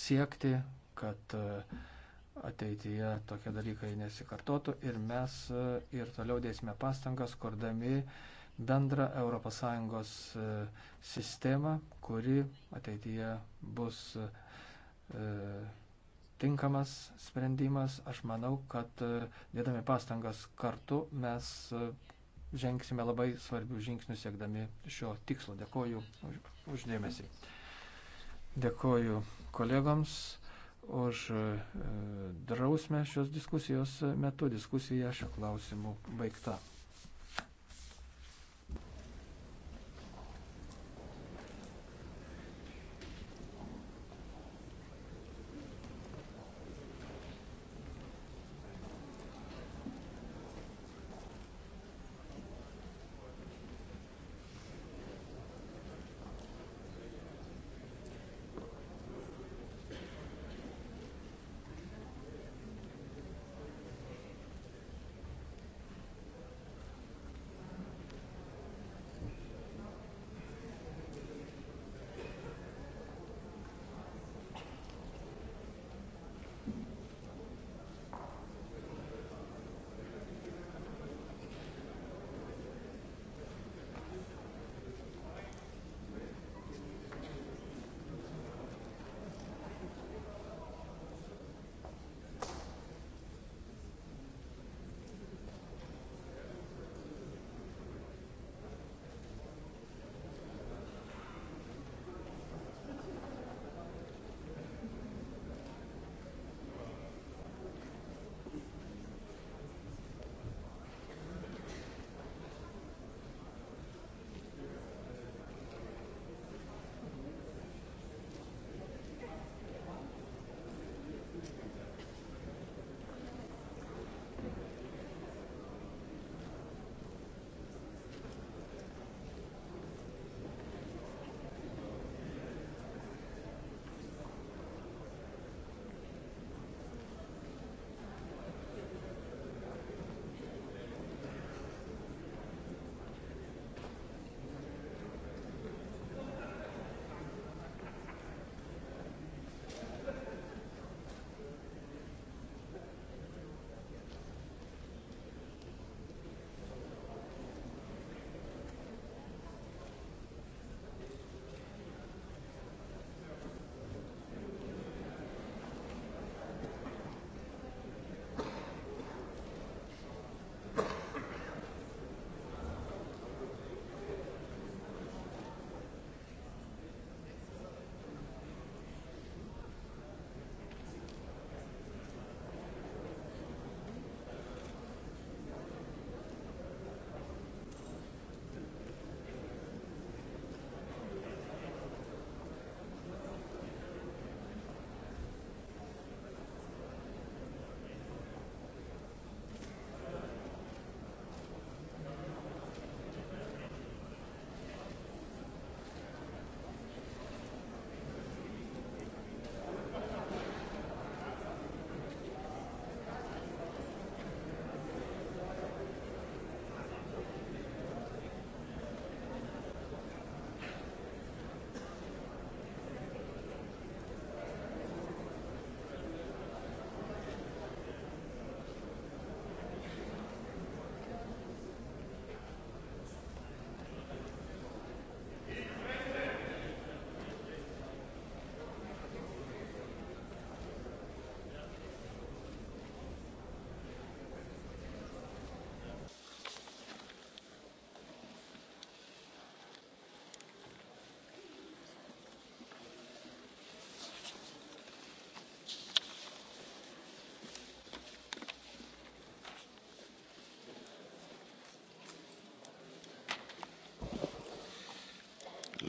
S4: siekti kad e, ateityje tokie dalykai nesikartotų ir mes e, ir toliau dėsime pastangas, kurdami bendrą ES e, sistemą, kuri ateityje bus tinkamas sprendimas. Aš manau, kad dėdami pastangas kartu mes žengsime labai svarbių žingsnių siekdami šio tikslo. Dėkoju uždėmesį. Dėkoju kolegoms už e, drausmę šios diskusijos metu. Diskusija šio klausimu baigta.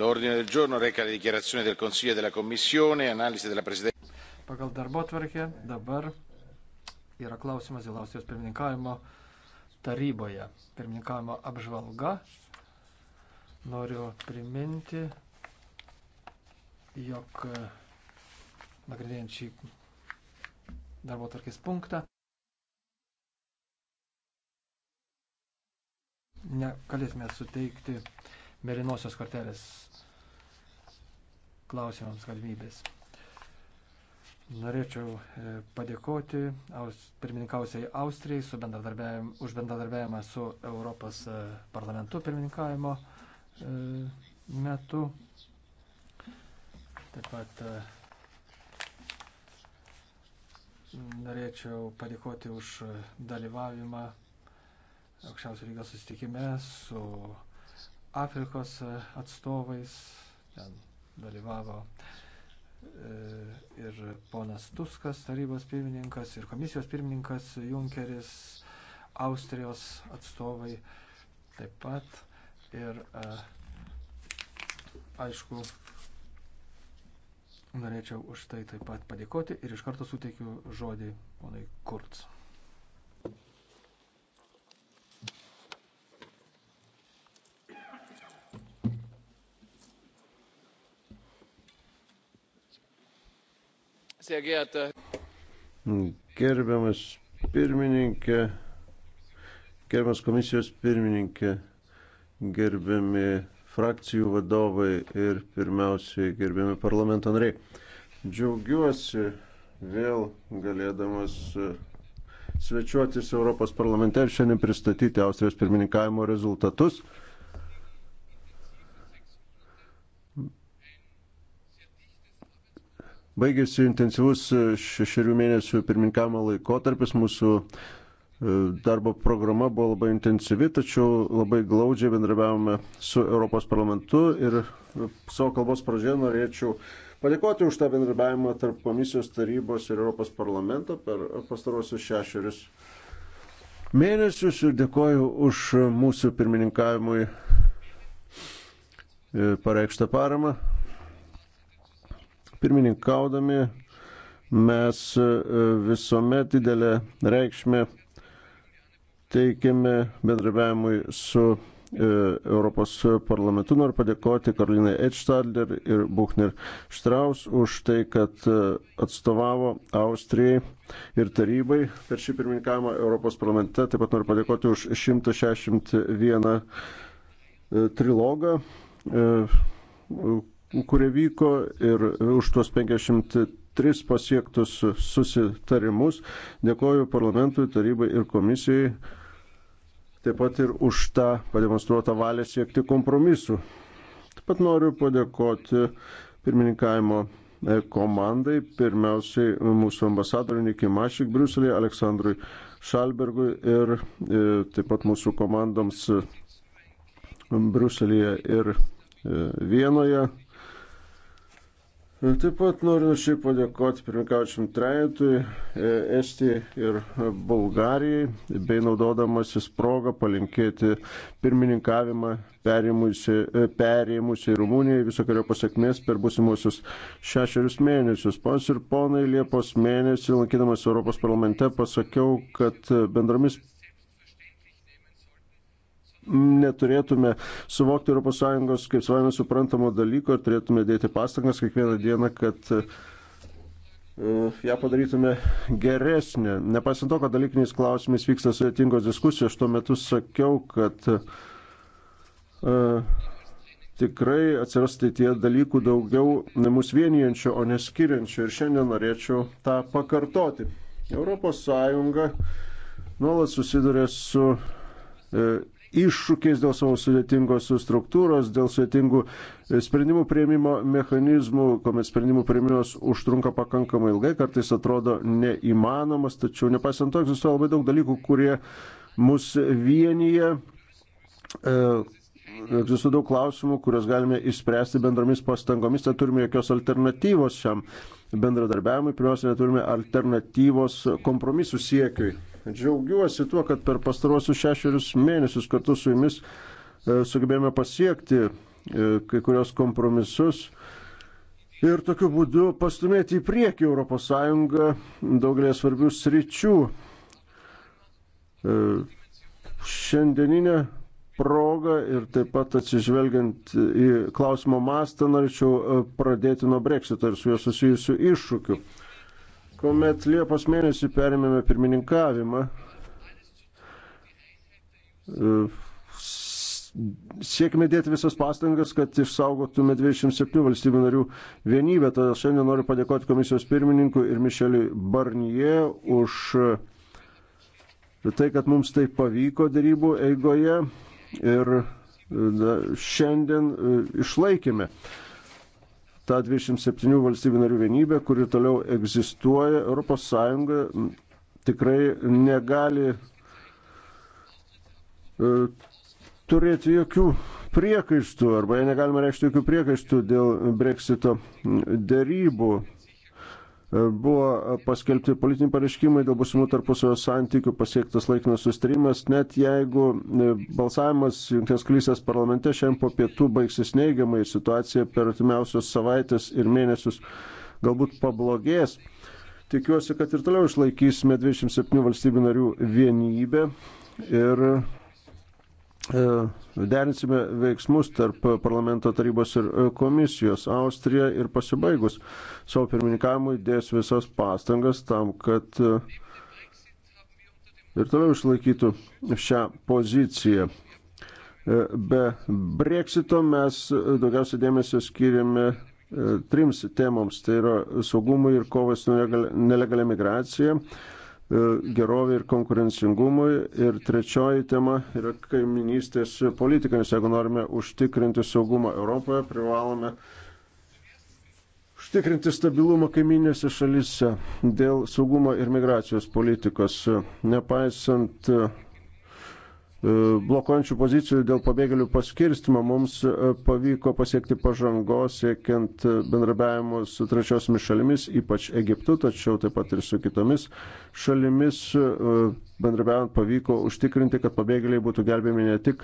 S4: l'ordine del giorno reca le dichiarazioni del consiglio e della commissione analisi della presidenza pagal darbotvarkę dabar yra klausimas dėl austrijos pirmininkavimo taryboje pirmininkavimo apžvalga noriu priminti jog nagrinėjant šį darbotvarkės punktą negalėtume suteikti mėlynosios kortelės klausimams galimybės. Norėčiau e, padėkoti pirmininkausiai Austrijai bendradarbiavim, už bendradarbiavimą su Europos e, parlamentu pirmininkavimo e, metu. Taip pat norėčiau padėkoti už dalyvavimą aukščiausio lygio susitikime su Afrikos atstovais. Ten dalyvavo e, ir ponas Tuskas, tarybos pirmininkas, ir komisijos pirmininkas Junkeris, Austrijos atstovai taip pat. Ir e, aišku, norėčiau už tai taip pat padėkoti ir iš karto suteikiu žodį ponai Kurts.
S1: Gerbiamas pirmininkė, gerbiamas komisijos pirmininkė, gerbiami frakcijų vadovai ir pirmiausiai gerbiami parlamento nariai. Džiaugiuosi vėl galėdamas svečiuotis Europos parlamente ir šiandien pristatyti Austrijos pirmininkavimo rezultatus. Baigėsi intensyvus e, šešių mėnesių pirmininkavimo laikotarpis, mūsų e, darbo programa buvo labai intensyvi, tačiau labai glaudžiai bendravėjome su Europos parlamentu ir e, savo kalbos pradžioje norėčiau padėkoti už tą bendravimą tarp komisijos tarybos ir Europos parlamento per pastarosius šešerius mėnesius ir dėkoju už mūsų pirmininkavimui pareikštą paramą. Pirmininkaudami mes e, visuomet didelę reikšmę teikiame bendrabiavimui su e, Europos parlamentu. Noriu padėkoti Karolinai Edštadler ir Buchner Štraus už tai, kad e, atstovavo Austrijai ir tarybai per šį pirmininkavimą Europos parlamente. Taip pat noriu padėkoti už 161 trilogą kurie vyko ir už tuos 53 pasiektus susitarimus. Dėkoju parlamentui, tarybai ir komisijai taip pat ir už tą pademonstruotą valią siekti kompromisų. Taip pat noriu padėkoti pirmininkavimo e, komandai, pirmiausiai mūsų ambasadoriui Nikai Mašik Briuselėje, Aleksandrui Šalbergui ir e, taip pat mūsų komandoms Briuselėje ir e, Vienoje. Taip pat noriu šiaip padėkoti pirmininkaučiam trejetui, Estijai ir Bulgarijai, bei naudodamasis progą palinkėti pirmininkavimą e, perėmusiai Rumunijai visokiojo pasiekmės per busimuosius šešerius mėnesius. Pons ir ponai, Liepos mėnesį, lankydamas Europos parlamente, pasakiau, kad e, bendromis neturėtume suvokti ES kaip savame suprantamo dalyko ir turėtume dėti pastangas kiekvieną dieną, kad uh, ją padarytume geresnė. Nepaisant to, kad dalykiniais klausimais vyksta sudėtingos diskusijos, aš tuo metu sakiau, kad uh, tikrai atsiras ateityje dalykų daugiau mus vienijančio, o neskiriančio. Ir šiandien norėčiau tą pakartoti. ES nuolat susiduria su uh, iššūkiais, dėl savo sudėtingos struktūros, dėl sudėtingų e, sprendimų prieimimo mechanizmų, kuomet sprendimų prieimimas užtrunka pakankamai ilgai, kartais atrodo neįmanomas, tačiau nepaisant to egzistuoja labai daug dalykų, kurie mus vienyje. E, Egzistuoja daug klausimų, kuriuos galime išspręsti bendromis pastangomis, tai turime jokios alternatyvos šiam bendradarbiavimui, pirmiausia, neturime alternatyvos kompromisų siekiui. Džiaugiuosi tuo, kad per pastarosius šešerius mėnesius kartu su jumis e, sugebėjome pasiekti e, kai kurios kompromisus ir tokiu būdu pastumėti į priekį ES daugelį svarbių sričių. E, šiandieninė proga ir taip pat atsižvelgiant į klausimo mastą norėčiau pradėti nuo breksito ir su juo susijusių iššūkių kuomet Liepos mėnesį perėmėme pirmininkavimą, e, siekime dėti visas pastangas, kad išsaugotume 27 valstybių narių vienybę. Todėl šiandien noriu padėkoti komisijos pirmininkui ir Mišeliui Barnie už tai, kad mums tai pavyko darybų eigoje ir e, šiandien e, išlaikėme tą 27 valstybių narių vienybę, kuri toliau egzistuoja, ES tikrai negali e, turėti jokių priekaištų arba negalima reikšti jokių priekaištų dėl breksito darybų. E, buvo e, paskelbti politiniai pareiškimai dėl būsimų tarpusavio santykių pasiektas laikinas sustarimas, net jeigu e, balsavimas Junktinės kalysės parlamente šiandien po pietų baigsis neigiamai, situacija per artimiausios savaitės ir mėnesius galbūt pablogės. Tikiuosi, kad ir toliau išlaikysime 27 valstybių narių vienybę ir E, derinsime veiksmus tarp parlamento tarybos ir e, komisijos. Austrija ir pasibaigus savo pirmininkavimui dės visas pastangas tam, kad e, ir toliau išlaikytų šią poziciją. Be Brexito mes daugiausia dėmesio skiriame trims temoms - tai yra saugumui ir kovas su nelegalia migracija, E, gerovė ir konkurencingumui. Ir trečioji tema yra kaiminystės politika, nes jeigu norime užtikrinti saugumą Europoje, privalome užtikrinti stabilumą kaiminėse šalise dėl saugumo ir migracijos politikos. Nepaisant E, blokuojančių pozicijų dėl pabėgėlių paskirstimo mums e, pavyko pasiekti pažangos siekiant e, bendrabiavimo su trečiosiomis šalimis, ypač Egiptu, tačiau taip pat ir su kitomis šalimis. Bendrabiavant pavyko užtikrinti, kad pabėgėliai būtų gelbėmi ne tik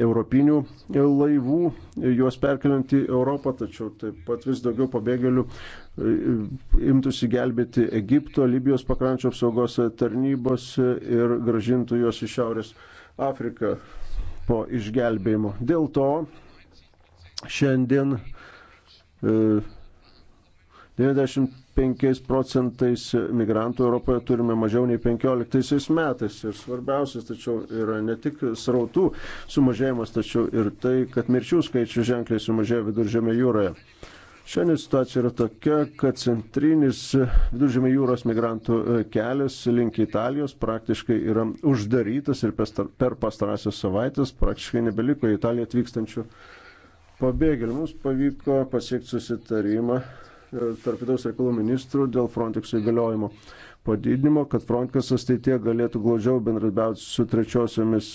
S1: europinių laivų, juos perkeliant į Europą, tačiau taip pat vis daugiau pabėgėlių imtųsi gelbėti Egipto, Libijos pakrančio apsaugos tarnybos ir gražintų juos iš šiaurės Afriką po išgelbėjimo. Dėl to šiandien 95 e, procentais migrantų Europoje turime mažiau nei 15 metais. Ir svarbiausias, tačiau yra ne tik srautų sumažėjimas, tačiau ir tai, kad mirčių skaičių ženkliai sumažėjo viduržėme jūroje. Šiandien situacija yra tokia, kad centrinis viduržėmė jūros migrantų kelias link Italijos praktiškai yra uždarytas ir per pastarąsias savaitės praktiškai nebeliko į Italiją atvykstančių pabėgėlių. Mums pavyko pasiekti susitarimą e, tarp vidaus reikalų ministrų dėl Frontex įgaliojimo padidinimo, kad Frontex ateitie galėtų glaudžiau bendradarbiauti su trečiosiomis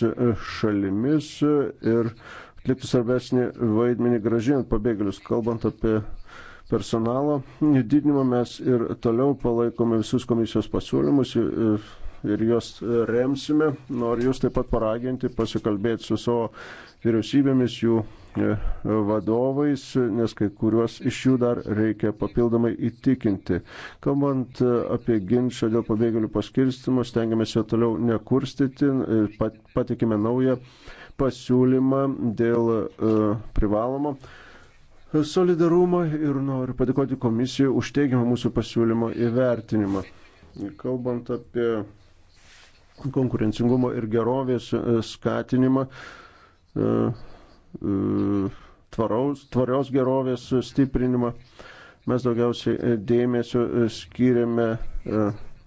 S1: šalimis ir atliktų svarbesnį vaidmenį gražinant pabėgėlius. Kalbant apie personalo didinimą, mes ir toliau palaikome visus komisijos pasiūlymus ir juos remsime. Noriu jūs taip pat paraginti pasikalbėti su savo vyriausybėmis, jų e, vadovais, nes kai kuriuos iš jų dar reikia papildomai įtikinti. Kalbant e, apie ginčą dėl pabėgėlių paskirstimo, stengiamės jo toliau nekurstyti, e, patikime naują pasiūlymą dėl e, privalomo e, solidarumo ir noriu padėkoti komisijai už teigiamą mūsų pasiūlymo įvertinimą. Kalbant apie konkurencingumo ir gerovės e, skatinimą, tvaraus, tvarios gerovės stiprinimą, mes daugiausiai dėmesio skiriame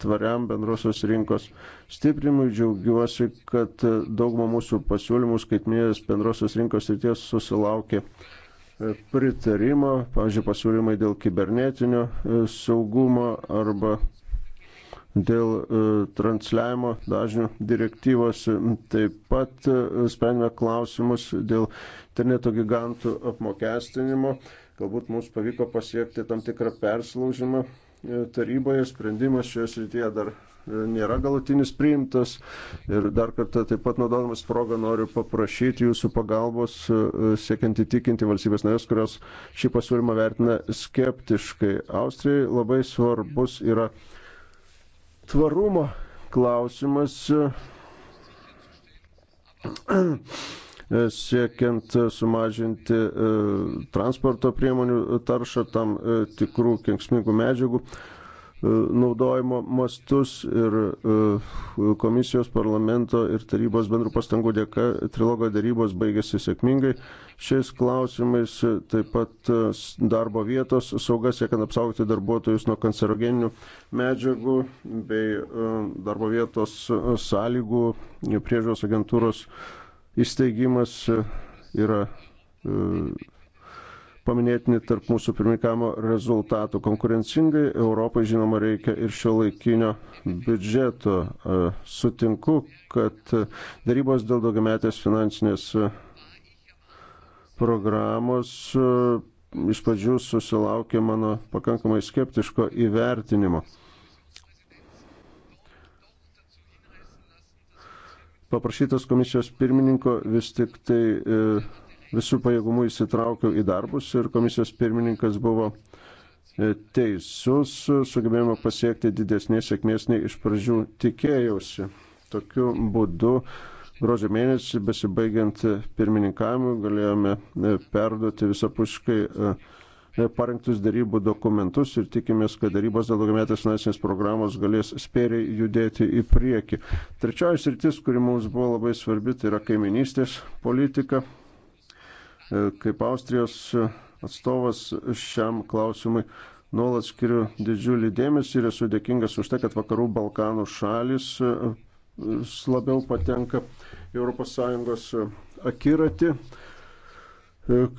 S1: tvariam bendrosios rinkos stiprimui. Džiaugiuosi, kad daugumą mūsų pasiūlymų skaitminės bendrosios rinkos ryties susilaukė e, pritarimo, pavyzdžiui, pasiūlymai dėl kibernetinio e, saugumo arba dėl e, transliavimo dažnių direktyvos. Taip pat sprendėme klausimus dėl interneto gigantų apmokestinimo. Galbūt mums pavyko pasiekti tam tikrą perslaužimą E, taryboje sprendimas šioje srityje dar e, nėra galutinis priimtas. Ir dar kartą taip pat naudodamas progą noriu paprašyti jūsų pagalbos, e, siekiant įtikinti valstybės narės, kurios šį pasiūlymą vertina skeptiškai. Austrijai labai svarbus yra tvarumo klausimas. siekiant sumažinti e, transporto priemonių taršą tam e, tikrų kenksmingų medžiagų e, naudojimo mastus ir komisijos parlamento ir tarybos bendrų pastangų dėka trilogo darybos baigėsi sėkmingai. Šiais klausimais taip pat darbo vietos saugas, siekiant apsaugoti darbuotojus nuo kancerogeninių medžiagų bei darbo vietos sąlygų priežiūros agentūros įsteigimas e, yra e, paminėtini tarp mūsų pirmikamo rezultatų. Konkurencingai Europai žinoma reikia ir šio laikinio biudžeto. E, sutinku, kad darybos dėl daugiametės finansinės programos iš pradžių susilaukė mano pakankamai skeptiško įvertinimo. paprašytas komisijos pirmininko vis tik tai e, visų pajėgumų įsitraukiau į darbus ir komisijos pirmininkas buvo e, teisus, sugebėjome pasiekti didesnės sėkmės nei iš pradžių tikėjausi. Tokiu būdu gruodžio mėnesį, besibaigiant pirmininkavimu, galėjome e, perduoti visapuškai uh, E, parengtus darybų dokumentus ir tikimės, kad darybos dėl daugiametės finansinės programos galės spėriai judėti į priekį. Trečioji sritis, kuri mums buvo labai svarbi, tai yra kaiminystės politika. E, kaip Austrijos atstovas šiam klausimui nuolat skiriu didžiulį dėmesį ir esu dėkingas už tai, kad vakarų Balkanų šalis e, labiau patenka ES akiratį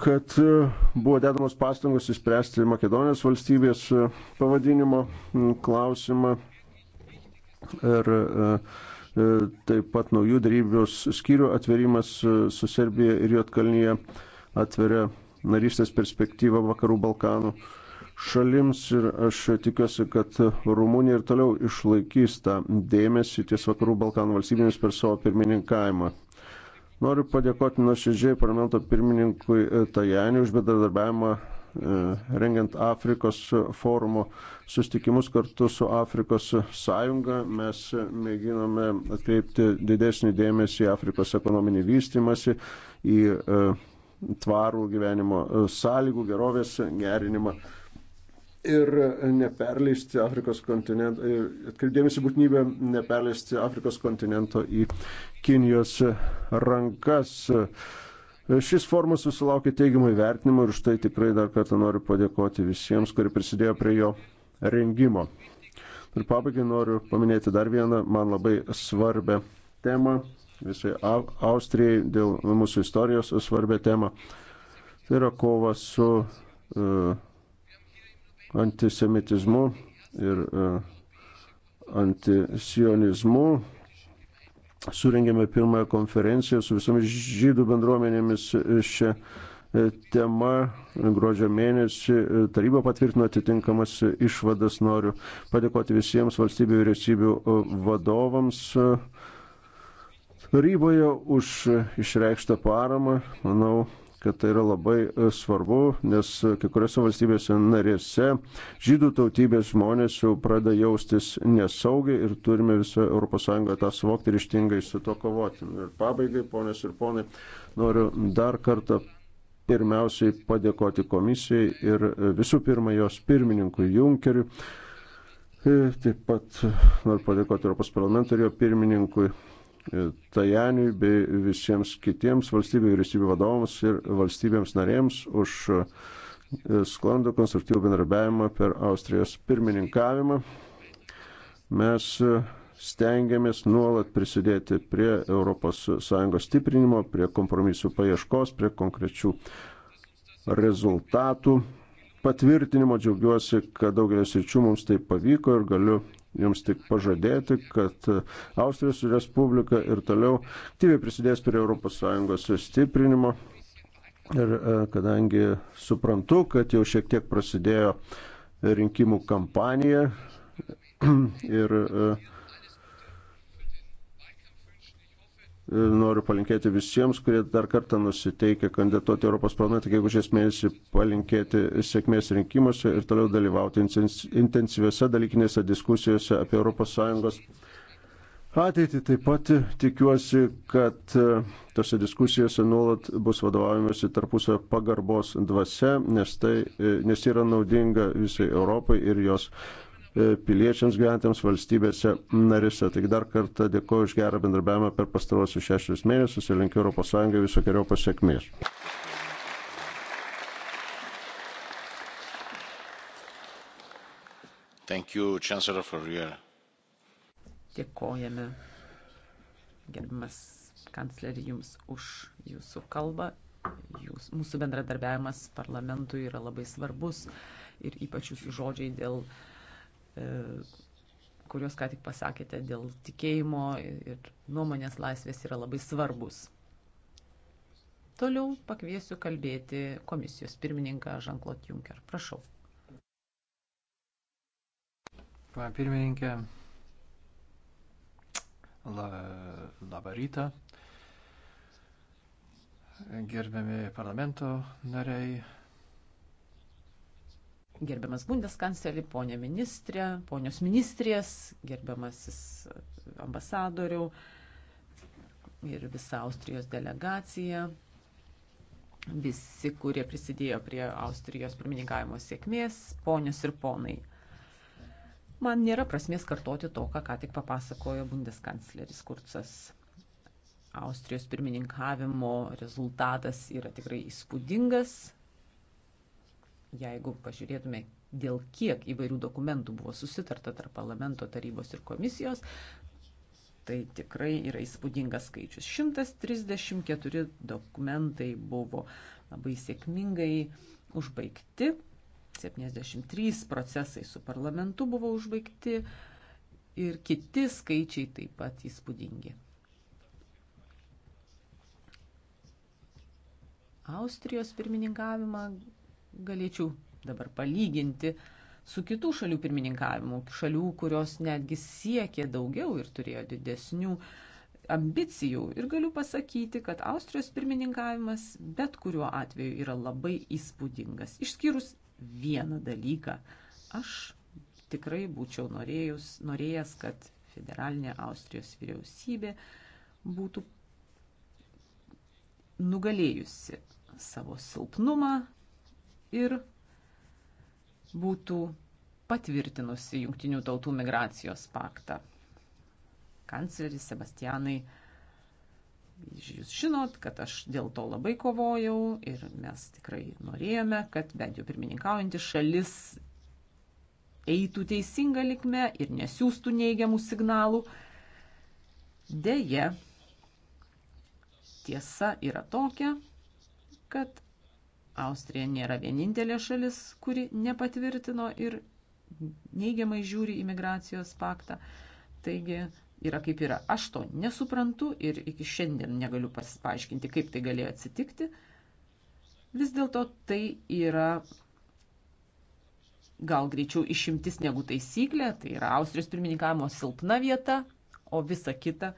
S1: kad e, buvo dedamos pastangos įspręsti Makedonijos valstybės e, pavadinimo klausimą ir e, taip pat naujų darybos skyrių atverimas su Serbija ir Jotkalnyje atveria narystės perspektyvą Vakarų Balkanų šalims ir aš tikiuosi, kad Rumunija ir toliau išlaikys tą dėmesį ties Vakarų Balkanų valstybėmis per savo pirmininkavimą. Noriu padėkoti nuoširdžiai parlamento pirmininkui e, Tajaniui už bedarbiavimą e, rengiant Afrikos forumo sustikimus kartu su Afrikos sąjunga. Mes mėginome atkreipti didesnį dėmesį į Afrikos ekonominį vystimąsi, į e, tvarų gyvenimo sąlygų, gerovės gerinimą ir neperleisti Afrikos kontinento, atkreipdėmėsi būtinybę neperleisti Afrikos kontinento į Kinijos rankas. Šis formas susilaukė teigiamai vertinimo ir už tai tikrai dar kartą noriu padėkoti visiems, kurie prisidėjo prie jo rengimo. Ir pabaigai noriu paminėti dar vieną man labai svarbę temą, visai Austrijai dėl mūsų istorijos svarbę temą. Tai yra kova su uh, antisemitizmu ir e, antisionizmu. Surengėme pirmąją konferenciją su visomis žydų bendruomenėmis e, šią e, tema gruodžio mėnesį taryba patvirtino atitinkamas išvadas. Noriu padėkoti visiems valstybių vyriausybių vadovams taryboje už išreikštą paramą. Manau, kad tai yra labai e, svarbu, nes e, kai kuriuose valstybėse narėse žydų tautybės žmonės jau pradeda jaustis nesaugiai ir turime visą ES tą suvokti ir ištingai su to kovoti. Ir pabaigai, ponės ir ponai, noriu dar kartą pirmiausiai padėkoti komisijai ir e, visų pirma jos pirmininkui Junkeriu. Taip pat noriu padėkoti Europos parlamentui ir jo pirmininkui Tajaniui bei visiems kitiems valstybių vyriausybių vadovams ir valstybėms narėms už e, sklandų konstruktyvų bendrabiavimą per Austrijos pirmininkavimą. Mes e, stengiamės nuolat prisidėti prie ES stiprinimo, prie kompromisų paieškos, prie konkrečių rezultatų patvirtinimo. Džiaugiuosi, kad daugelis ryčių mums tai pavyko ir galiu jums tik pažadėti, kad Austrijos Respublika ir toliau aktyviai prisidės prie ES stiprinimo. Ir e, kadangi suprantu, kad jau šiek tiek prasidėjo rinkimų kampanija ir uh, noriu palinkėti visiems, kurie dar kartą nusiteikia kandidatuoti Europos parlamentą, jeigu šiais mėnesį palinkėti sėkmės rinkimuose ir toliau dalyvauti intensyviuose dalykinėse diskusijose apie ES ateitį. Taip pat tikiuosi, kad e, tose diskusijose nuolat bus vadovaujamasi tarpusio pagarbos dvasia, nes tai e, nes yra naudinga visai Europai ir jos E, piliečiams gyventams valstybėse narise. Tik dar kartą dėkoju už gerą bendrabiavimą per pastarosius šešis mėnesius ir linkiu ES visokiojo pasiekmės. You, your...
S3: Dėkojame, gerbimas kancleri, Jums už Jūsų kalbą. Jūs, mūsų bendradarbiavimas parlamentui yra labai svarbus ir ypač Jūsų žodžiai dėl uh, E, kuriuos ką tik pasakėte dėl tikėjimo ir nuomonės laisvės yra labai svarbus. Toliau pakviesiu kalbėti komisijos pirmininką Žanklot Junker. Prašau.
S4: Pana pirmininkė, la, labą rytą.
S3: Gerbiami parlamento nariai, Gerbiamas Bundeskanceli, ponė ministrė, ponios ministrės, gerbiamasis ambasadoriau ir visa Austrijos delegacija, visi, kurie prisidėjo prie Austrijos pirmininkavimo sėkmės, ponios ir ponai. Man nėra prasmės kartoti to, ką ką tik papasakojo Bundeskancleris Kurcas. Austrijos pirmininkavimo rezultatas yra tikrai įspūdingas, jeigu pažiūrėtume, dėl kiek įvairių dokumentų buvo susitarta tarp parlamento tarybos ir komisijos, tai tikrai yra įspūdingas skaičius. 134 dokumentai buvo labai sėkmingai užbaigti, 73 procesai su parlamentu buvo užbaigti ir kiti skaičiai taip pat įspūdingi. Austrijos pirmininkavimą galėčiau dabar palyginti su kitų šalių pirmininkavimu, šalių, kurios netgi siekė daugiau ir turėjo didesnių ambicijų. Ir galiu pasakyti, kad Austrijos pirmininkavimas bet kuriuo atveju yra labai įspūdingas, išskyrus vieną dalyką. Aš tikrai būčiau norėjus, norėjęs, kad federalinė Austrijos vyriausybė būtų nugalėjusi savo silpnumą, ir būtų patvirtinusi Junktinių tautų migracijos paktą. Kancleris Sebastianai, jūs žinot, kad aš dėl to labai kovojau ir mes tikrai norėjome, kad bent jau pirmininkaujantis šalis eitų teisinga likme ir nesiųstų neigiamų signalų. Deja, tiesa yra tokia, kad Austrija nėra vienintelė šalis, kuri nepatvirtino ir neigiamai žiūri imigracijos paktą. Taigi yra kaip yra. Aš to nesuprantu ir iki šiandien negaliu paaiškinti, kaip tai galėjo atsitikti. Vis dėlto tai yra gal greičiau išimtis negu taisyklė, tai yra Austrijos pirmininkavimo silpna vieta, o visa kita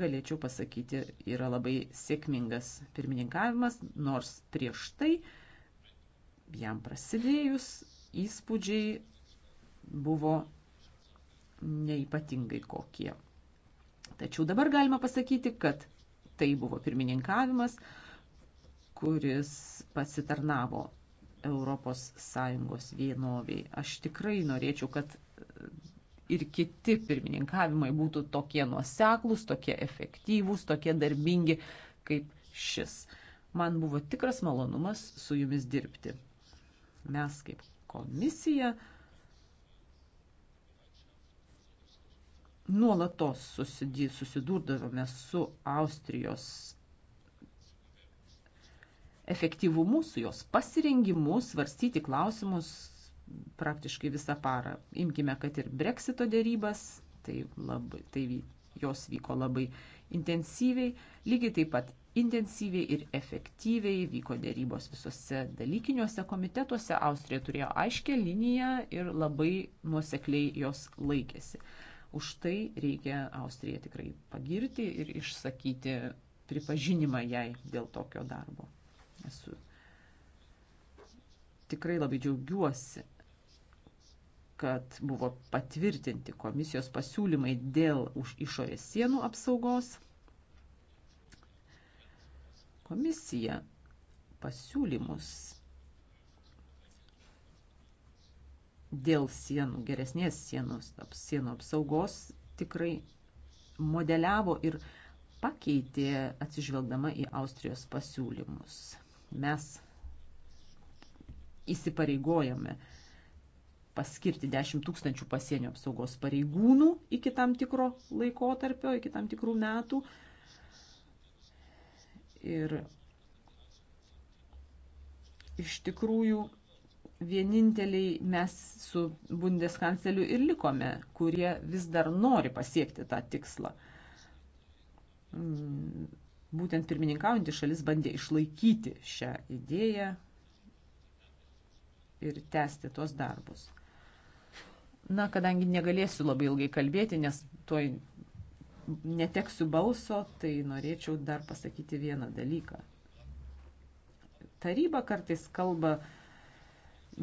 S3: galėčiau pasakyti, yra labai sėkmingas pirmininkavimas, nors prieš tai jam prasidėjus įspūdžiai buvo neipatingai kokie. Tačiau dabar galima pasakyti, kad tai buvo pirmininkavimas, kuris pasitarnavo ES vienoviai. Aš tikrai norėčiau, kad ir kiti pirmininkavimai būtų tokie nuoseklūs, tokie efektyvūs, tokie darbingi kaip šis. Man buvo tikras malonumas su jumis dirbti. Mes kaip komisija nuolatos susidurdavome su Austrijos efektyvumu, su jos pasirengimu svarstyti klausimus praktiškai visą parą. Imkime, kad ir breksito dėrybas, tai, labai, tai jos vyko labai intensyviai, lygiai taip pat intensyviai ir efektyviai vyko dėrybos visose dalykiniuose komitetuose, Austrija turėjo aiškę liniją ir labai nuosekliai jos laikėsi. Už tai reikia Austriją tikrai pagirti ir išsakyti pripažinimą jai dėl tokio darbo. Esu tikrai labai džiaugiuosi kad buvo patvirtinti komisijos pasiūlymai dėl už išorės sienų apsaugos. Komisija pasiūlymus dėl sienų, geresnės sienos, sienų apsaugos tikrai modeliavo ir pakeitė atsižvelgdama į Austrijos pasiūlymus. Mes įsipareigojame uh, paskirti 10 tūkstančių pasienio apsaugos pareigūnų iki tam tikro laikotarpio, iki tam tikrų metų. Ir iš tikrųjų vieninteliai mes su bundeskanceliu ir likome, kurie vis dar nori pasiekti tą tikslą. Būtent pirmininkaujantį šalis bandė išlaikyti šią idėją ir tęsti tuos darbus. Na, kadangi negalėsiu labai ilgai kalbėti, nes tuoj neteksiu balso, tai norėčiau dar pasakyti vieną dalyką. Taryba kartais kalba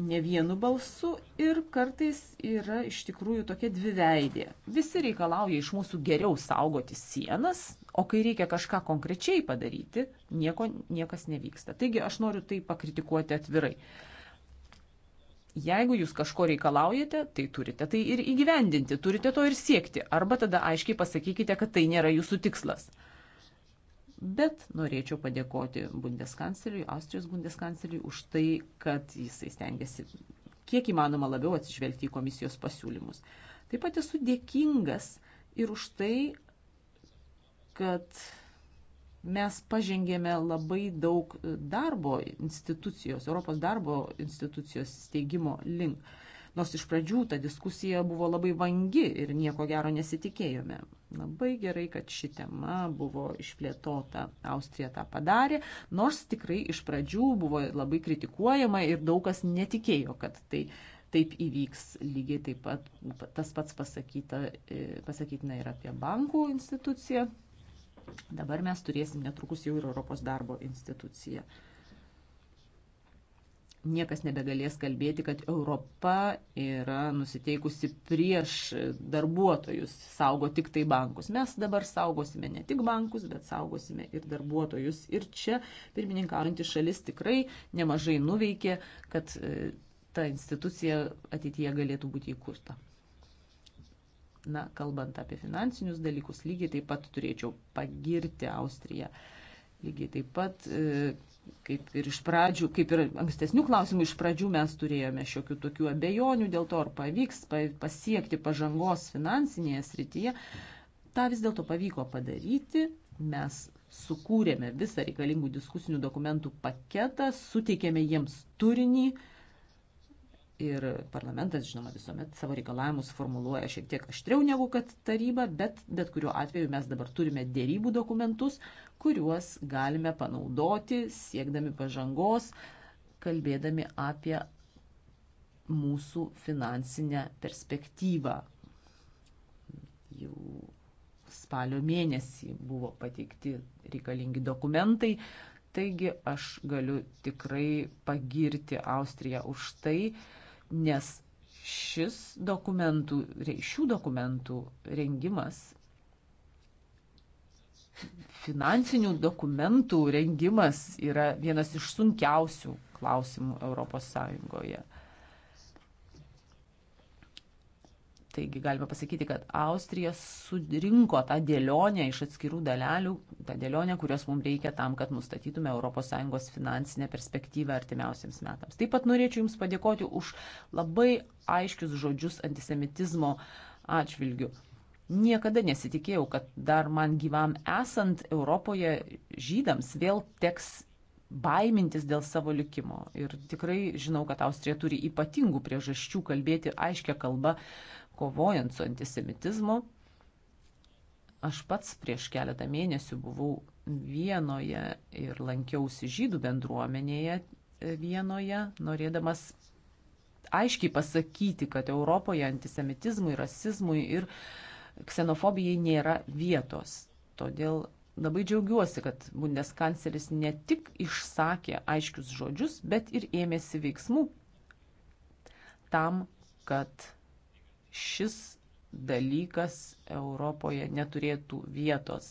S3: ne vienu balsu ir kartais yra iš tikrųjų tokia dviveidė. Visi reikalauja iš mūsų geriau saugoti sienas, o kai reikia kažką konkrečiai padaryti, nieko, niekas nevyksta. Taigi aš noriu tai pakritikuoti atvirai. Uh, jeigu jūs kažko reikalaujate, tai turite tai ir įgyvendinti, turite to ir siekti, arba tada aiškiai pasakykite, kad tai nėra jūsų tikslas. Bet norėčiau padėkoti bundeskancleriui, Austrijos bundeskancleriui už tai, kad jisai stengiasi kiek įmanoma labiau atsižvelgti į komisijos pasiūlymus. Taip pat esu dėkingas ir už tai, kad mes pažengėme labai daug darbo institucijos, Europos darbo institucijos steigimo link. Nors iš pradžių ta diskusija buvo labai vangi ir nieko gero nesitikėjome. Labai gerai, kad ši tema buvo išplėtota, Austrija tą padarė, nors tikrai iš pradžių buvo labai kritikuojama ir daug kas netikėjo, kad tai taip įvyks. Lygiai taip pat tas pats pasakyta, e, pasakytina ir apie bankų instituciją, Dabar mes turėsim netrukus jau ir Europos darbo instituciją. Niekas nebegalės kalbėti, kad Europa yra nusiteikusi prieš darbuotojus, saugo tik tai bankus. Mes dabar saugosime ne tik bankus, bet saugosime ir darbuotojus. Ir čia pirmininkaujantį šalis tikrai nemažai nuveikė, kad e, ta institucija ateityje galėtų būti įkurta. Na, kalbant apie finansinius dalykus, lygiai taip pat turėčiau pagirti Austriją. Lygiai taip pat, e, kaip ir iš pradžių, kaip ir ankstesnių klausimų, iš pradžių mes turėjome šiokių tokių abejonių dėl to, ar pavyks pasiekti pažangos finansinėje srityje. Ta vis dėlto pavyko padaryti. Mes sukūrėme visą reikalingų diskusinių dokumentų paketą, suteikėme jiems turinį, uh, Ir parlamentas, žinoma, visuomet savo reikalavimus formuluoja šiek tiek aštriau negu kad taryba, bet bet kuriuo atveju mes dabar turime dėrybų dokumentus, kuriuos galime panaudoti siekdami pažangos, kalbėdami apie mūsų finansinę perspektyvą. Jau spalio mėnesį buvo pateikti reikalingi dokumentai, taigi aš galiu tikrai pagirti Austriją už tai, nes šis dokumentų, šių dokumentų rengimas, finansinių dokumentų rengimas yra vienas iš sunkiausių klausimų Europos Sąjungoje. Taigi galime pasakyti, kad Austrija surinko tą dėlionę iš atskirų dalelių, tą dėlionę, kurios mums reikia tam, kad nustatytume ES finansinę perspektyvą artimiausiams metams. Taip pat norėčiau Jums padėkoti už labai aiškius žodžius antisemitizmo atžvilgių. Niekada nesitikėjau, kad dar man gyvam esant Europoje žydams vėl teks baimintis dėl savo likimo. Ir tikrai žinau, kad Austrija turi ypatingų priežasčių kalbėti aiškę kalbą kovojant su antisemitizmu. Aš pats prieš keletą mėnesių buvau Vienoje ir lankiausi žydų bendruomenėje e, Vienoje, norėdamas aiškiai pasakyti, kad Europoje antisemitizmui, rasizmui ir ksenofobijai nėra vietos. Todėl labai džiaugiuosi, kad bundeskancleris ne tik išsakė aiškius žodžius, bet ir ėmėsi veiksmų tam, kad šis dalykas Europoje neturėtų vietos.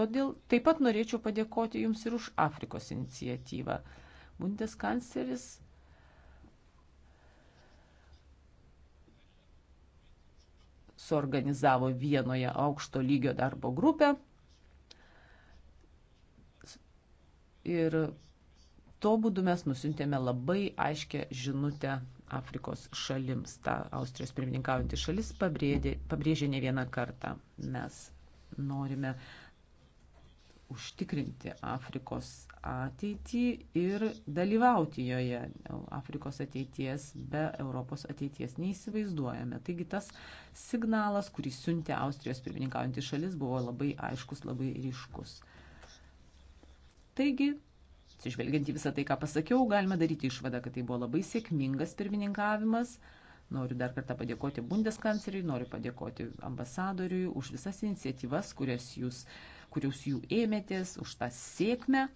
S3: Todėl taip pat norėčiau padėkoti Jums ir už Afrikos iniciatyvą. Bundeskancleris suorganizavo vienoje aukšto lygio darbo grupę ir Tuo būdu mes nusintėme labai aiškę žinutę Afrikos šalims. Ta Austrijos pirmininkaujantį šalis pabrėdė, pabrėžė ne vieną kartą. Mes norime užtikrinti Afrikos ateitį ir dalyvauti joje. Afrikos ateities be Europos ateities neįsivaizduojame. Taigi tas signalas, kurį siuntė Austrijos pirmininkaujantį šalis, buvo labai aiškus, labai ryškus. Taigi Atsižvelgiant į visą tai, ką pasakiau, galime daryti išvadą, kad tai buvo labai sėkmingas pirmininkavimas. Noriu dar kartą padėkoti bundeskancleriui, noriu padėkoti ambasadoriui už visas iniciatyvas, kurias jūs, kurios jų ėmėtės, už tą sėkmę,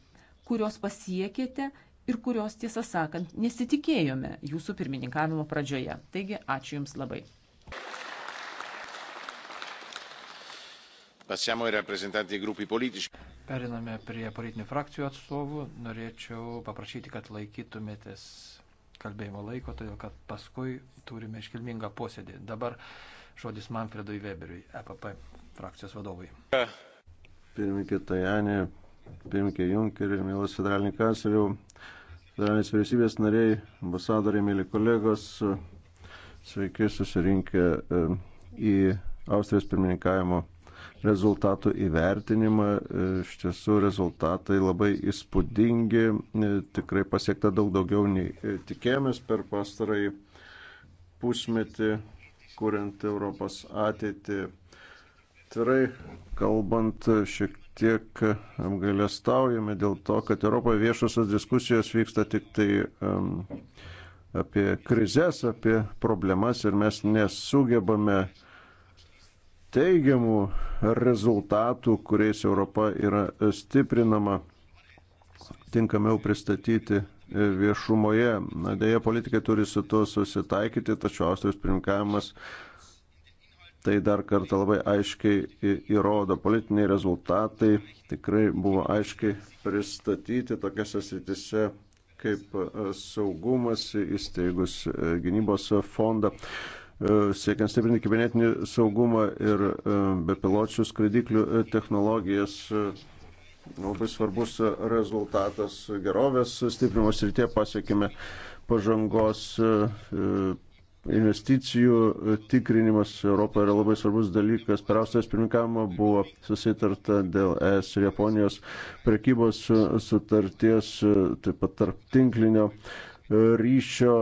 S3: kurios pasiekėte ir kurios, tiesą sakant, nesitikėjome jūsų pirmininkavimo pradžioje. Taigi, ačiū Jums labai.
S1: Passiamo ai rappresentanti dei gruppi politici.
S3: Periname prie politinių
S4: frakcijų atstovų. Norėčiau paprašyti, kad laikytumėtės kalbėjimo laiko, todėl kad paskui turime iškilmingą posėdį. Dabar žodis Manfredui Weberiui, EPP frakcijos vadovui.
S1: Pirmininkė Tajanė, pirmininkė Junkerė, mielas federalinį kanclerių, federalinės vyriausybės nariai, ambasadoriai, mėly kolegos, sveiki susirinkę e, į Austrijos pirmininkavimo rezultatų įvertinimą. E, iš tiesų rezultatai labai įspūdingi, e, tikrai pasiekta daug daugiau nei e, tikėjomės per pastarąjį pusmetį, kuriant Europos ateitį. Tvirai kalbant, šiek tiek apgailestaujame dėl to, kad Europoje viešosios diskusijos vyksta tik tai um, apie krizės, apie problemas ir mes nesugebame uh, teigiamų rezultatų, kuriais Europa yra stiprinama, tinkamiau pristatyti viešumoje. Na, dėja, politikai turi su tuo susitaikyti, tačiau Austrijos pirmininkavimas tai dar kartą labai aiškiai įrodo. Politiniai rezultatai tikrai buvo aiškiai pristatyti tokiuose sritise kaip saugumas įsteigus gynybos fondą. E, siekiant stiprinti kibernetinį saugumą ir e, bepiločių skraidiklių e, technologijas. Labai svarbus rezultatas gerovės stiprinimo srityje pasiekime pažangos investicijų tikrinimas Europoje yra labai svarbus dalykas. Per Austrijos pirmininkavimą buvo susitarta dėl ES ir Japonijos prekybos sutarties, taip pat tarp tinklinio ryšio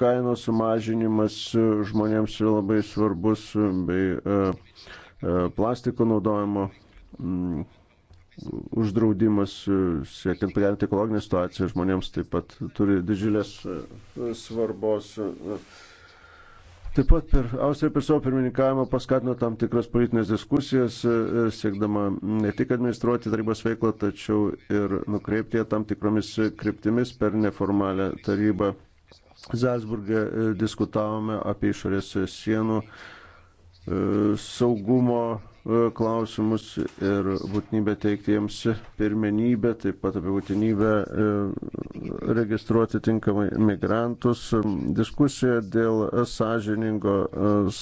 S1: kainos sumažinimas žmonėms yra labai svarbus, bei e, e, plastiko naudojimo mm, uždraudimas, e, siekiant pagerinti ekologinę situaciją, žmonėms taip pat turi didžiulės svarbos. Taip pat per Austriją per savo pirmininkavimą paskatino tam tikras politinės diskusijas, siekdama ne tik administruoti tarybos veiklą, tačiau ir nukreipti ją tam tikromis kryptimis per neformalią tarybą Zalzburgė e, diskutavome apie išorės sienų e, saugumo e, klausimus ir būtinybę teikti jiems pirmenybę, taip pat apie būtinybę registruoti tinkamai migrantus. Diskusija dėl sąžiningo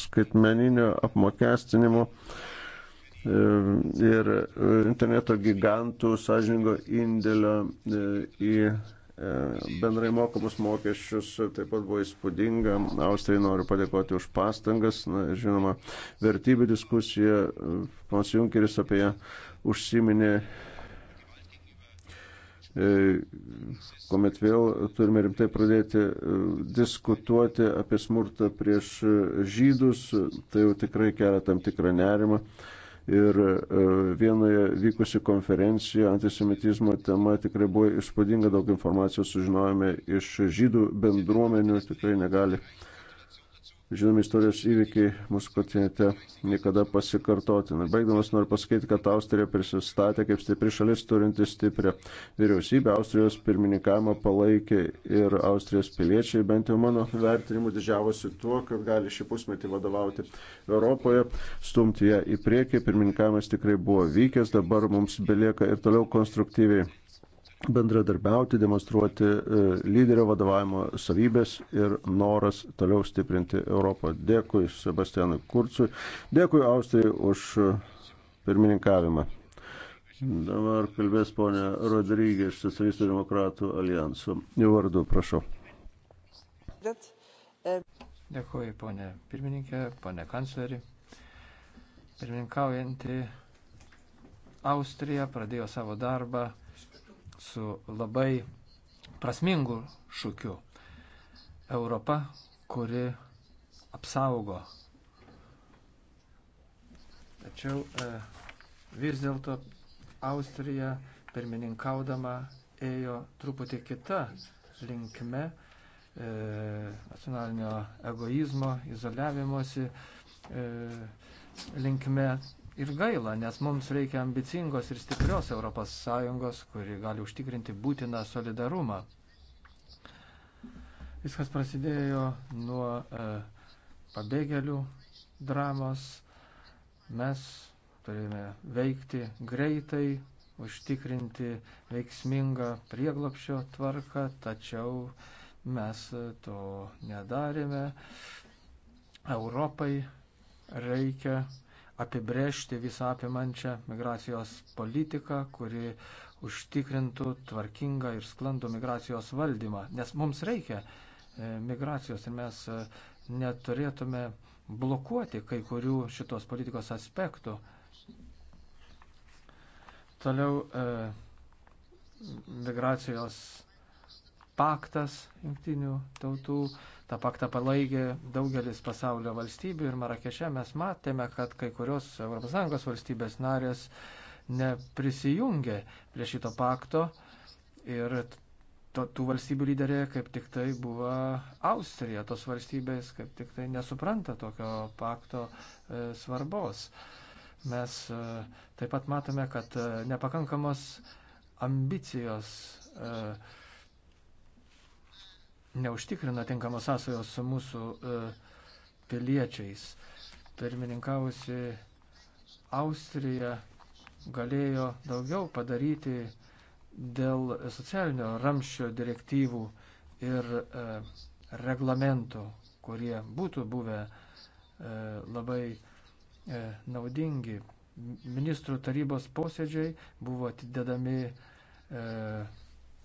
S1: skaitmeninio apmokestinimo ir interneto gigantų sąžiningo indėlio į E, bendrai mokamus mokesčius, taip pat buvo įspūdinga. Austrijai noriu padėkoti už pastangas. Na, žinoma, vertybių diskusija, pons Junkeris apie ją užsiminė, e, kuomet vėl turime rimtai pradėti e, diskutuoti apie smurtą prieš žydus, tai jau tikrai kelia tam tikrą nerimą ir e, vienoje vykusi konferencija antisemitizmo tema tikrai buvo įspūdinga, daug informacijos sužinojome iš žydų bendruomenių, tikrai negali žinomi istorijos įvykiai mūsų kontinente niekada pasikartotina. Baigdamas noriu pasakyti, kad Austrija prisistatė kaip stipri šalis turinti stiprią vyriausybę. Austrijos pirmininkavimą palaikė ir Austrijos piliečiai, bent jau mano vertinimu, didžiavosi tuo, kad gali šį pusmetį vadovauti Europoje, stumti ją į priekį. Pirmininkavimas tikrai buvo vykęs, dabar mums belieka ir toliau konstruktyviai bendradarbiauti, demonstruoti e, lyderio vadovavimo savybės ir noras toliau stiprinti Europą. Dėkui Sebastianui Kurcui, dėkui Austrijai už pirmininkavimą. Dabar kalbės ponė Rodrygė iš Socialistų demokratų alijansų. Jų vardu, prašau.
S4: Dėkuoju, ponė pirmininkė, ponė kancleri. Pirmininkaujantį Austriją pradėjo savo darbą su labai prasmingu šūkiu. Europa, kuri apsaugo. Tačiau e, vis dėlto Austrija pirmininkaudama ėjo truputį kita linkme e, nacionalinio egoizmo, izoliavimuose e, linkme ir gaila, nes mums reikia ambicingos ir stiprios ES, kuri gali užtikrinti būtiną solidarumą. Viskas prasidėjo nuo e, pabėgėlių dramos. Mes turime veikti greitai, užtikrinti veiksmingą prieglopšio tvarką, tačiau mes to nedarėme. Europai reikia apibrėžti visą apimančią migracijos politiką, kuri užtikrintų tvarkingą ir sklandų migracijos valdymą. Nes mums reikia e, migracijos ir mes e, neturėtume blokuoti kai kurių šitos politikos aspektų. Toliau e, migracijos paktas jungtinių tautų Ta paktą palaikė daugelis pasaulio valstybių ir Marakeše mes matėme, kad kai kurios ES valstybės narės neprisijungė prie šito pakto ir to, tų valstybių lyderė kaip tik tai buvo Austrija, tos valstybės kaip tik tai nesupranta tokio pakto e, svarbos. Mes e, taip pat matome, kad e, nepakankamos ambicijos e, neužtikrino tinkamos sąsajos su mūsų e, piliečiais. Pirmininkavusi Austrija galėjo daugiau padaryti dėl socialinio ramščio direktyvų ir e, reglamentų, kurie būtų buvę e, labai e, naudingi. Ministrų tarybos posėdžiai buvo atidedami e,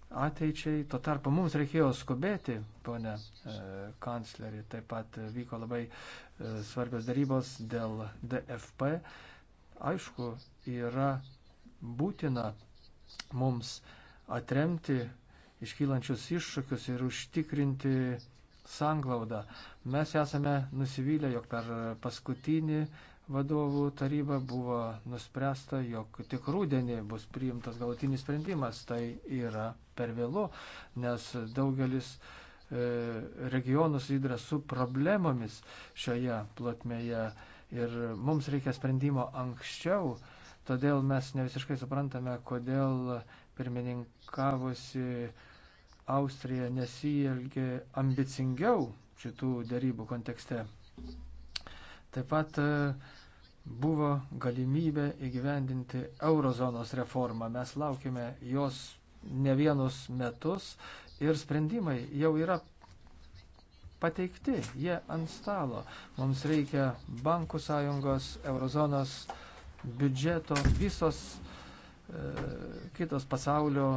S4: ateičiai. Tuo tarpu mums reikėjo skubėti, ponė e, kanclerį. Taip pat vyko labai e, svarbios darybos dėl DFP. Aišku, yra būtina mums atremti iškylančius iššūkius ir užtikrinti sanglaudą. Mes esame nusivylę, jog per paskutinį vadovų taryba buvo nuspręsta, jog tik rūdienį bus priimtas galutinis sprendimas. Tai yra per vėlu, nes daugelis e, regionų susiduria su problemomis šioje plotmėje ir mums reikia sprendimo anksčiau, todėl mes ne visiškai suprantame, kodėl pirmininkavusi Austrija nesielgė ambicingiau šitų darybų kontekste. Taip pat e, buvo galimybė įgyvendinti eurozonos reformą. Mes laukime jos ne vienus metus ir sprendimai jau yra pateikti, jie ant stalo. Mums reikia bankų sąjungos, eurozonos biudžeto, visos e, kitos pasaulio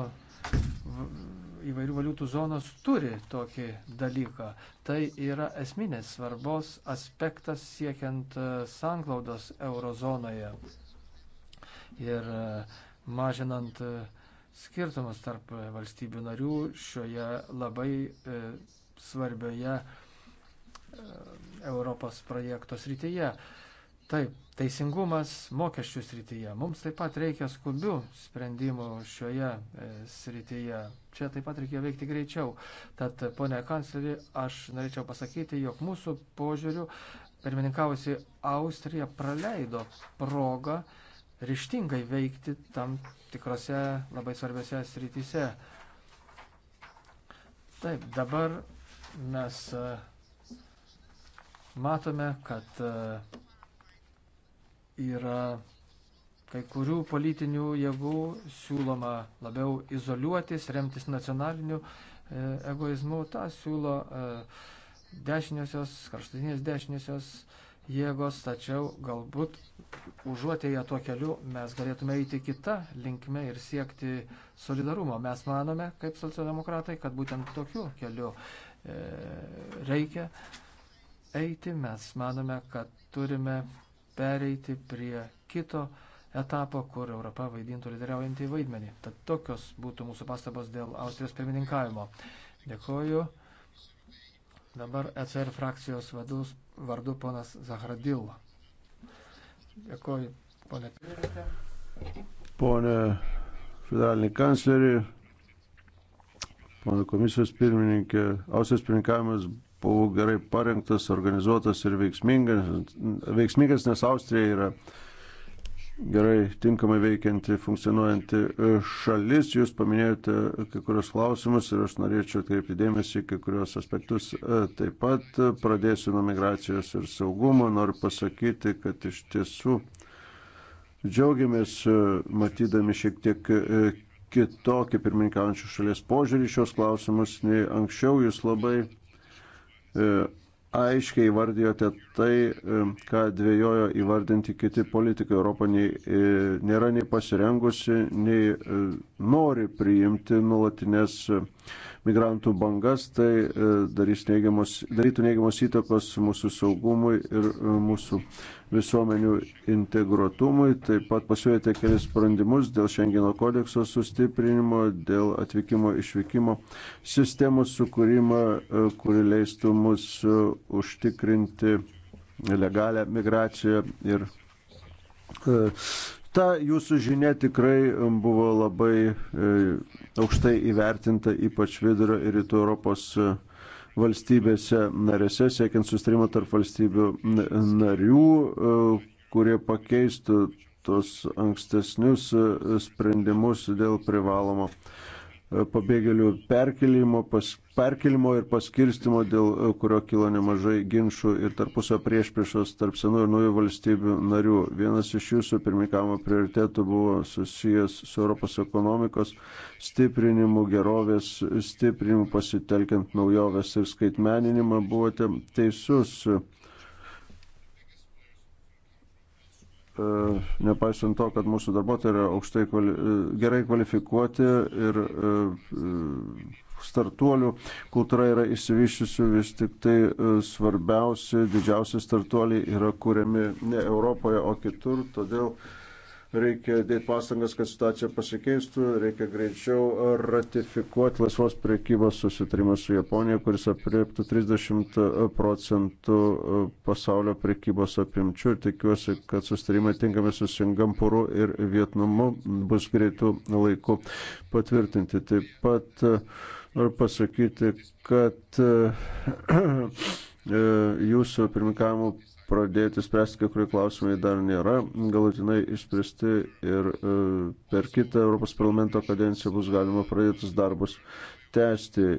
S4: įvairių valiutų zonos turi tokį dalyką. Tai yra esminės svarbos aspektas siekiant e, sanklaudos eurozonoje ir e, mažinant e, skirtumus tarp valstybių narių šioje labai svarbioje Europos projekto srityje. Taip, Teisingumas mokesčių srityje. Mums taip pat reikia skubių sprendimų šioje e, srityje. Čia taip pat reikia veikti greičiau. Tad, ponė kancleri, aš norėčiau pasakyti, jog mūsų požiūrių pirmininkavusi Austrija praleido progą ryštingai veikti tam tikrose labai svarbiose srityse. Taip, dabar mes e, matome, kad e, yra kai kurių politinių jėgų siūloma labiau izoliuotis, remtis nacionaliniu e, egoizmu. Ta siūlo e, dešiniosios, karštutinės dešiniosios jėgos, tačiau galbūt užuotėje tuo keliu mes galėtume eiti kitą linkmę ir siekti solidarumo. Mes manome, kaip socialdemokratai, kad būtent tokiu keliu e, reikia eiti. Mes manome, kad turime pereiti prie kito etapo, kur Europa vaidintų lyderiaujantį vaidmenį. Tad tokios būtų mūsų pastabos dėl Austrijos pirmininkavimo. Dėkoju. Dabar ECR frakcijos vadus, vardu ponas Zahradil. Dėkoju, ponė pirmininkė.
S1: Pone federalinį kanclerį, pono komisijos pirmininkė, Austrijos pirmininkavimas buvau gerai parengtas, organizuotas ir veiksmingas, veiksmingas nes Austrija yra gerai tinkamai veikianti, funkcionuojanti šalis. Jūs paminėjote kai kurios klausimus ir aš norėčiau atkreipti dėmesį į kai kurios aspektus. Taip pat pradėsiu nuo migracijos ir saugumo. Noriu pasakyti, kad iš tiesų džiaugiamės matydami šiek tiek kitokį pirmininkaujančių šalies požiūrį šios klausimus nei anksčiau. Jūs labai E, aiškiai įvardijote tai, e, ką dvėjojo įvardinti kiti politikai. Europa nei, e, nėra nei pasirengusi, nei nori priimti nulatinės migrantų bangas, tai neigiamos, darytų neigiamos įtakos mūsų saugumui ir mūsų visuomenių integruotumui. Taip pat pasiūlėte kelis sprendimus dėl Šengino kodekso sustiprinimo, dėl atvykimo išvykimo sistemos sukūrimo, e, kuri leistų mus e, užtikrinti legalią migraciją ir e, Ta jūsų žinia tikrai buvo labai aukštai įvertinta, ypač vidurio ir rytų Europos valstybėse narėse, siekiant sustarimo tarp valstybių narių, e, kurie pakeistų tos ankstesnius e, sprendimus dėl privalomo E, pabėgėlių perkelimo, pas, perkelimo ir paskirstimo, dėl e, kurio kilo nemažai ginčių ir tarpusio priešpriešos tarp senų ir naujų valstybių narių. Vienas iš jūsų pirmikamo prioritėtų buvo susijęs su Europos ekonomikos stiprinimu, gerovės stiprinimu, pasitelkiant naujoves ir skaitmeninimą. Buvote teisus. E, nepaisant to, kad mūsų darbuotojai yra aukštai kvali, e, gerai kvalifikuoti ir e, startuolių kultūra yra išsivyščiusi, vis tik tai svarbiausi, didžiausi startuoliai yra kuriami ne Europoje, o kitur, todėl reikia dėti pastangas, kad situacija pasikeistų, reikia greičiau ratifikuoti laisvos priekybos susitarimą su Japonija, kuris apriektų 30 procentų pasaulio priekybos apimčių ir tikiuosi, kad susitarimai tinkami su Singapūru ir Vietnamu bus greitų laikų patvirtinti. Taip pat e, noriu pasakyti, kad e, jūsų pirmininkavimo pradėti spręsti, kai kurie klausimai dar nėra galutinai išspręsti ir e, per kitą Europos parlamento kadenciją bus galima pradėtus darbus tęsti e,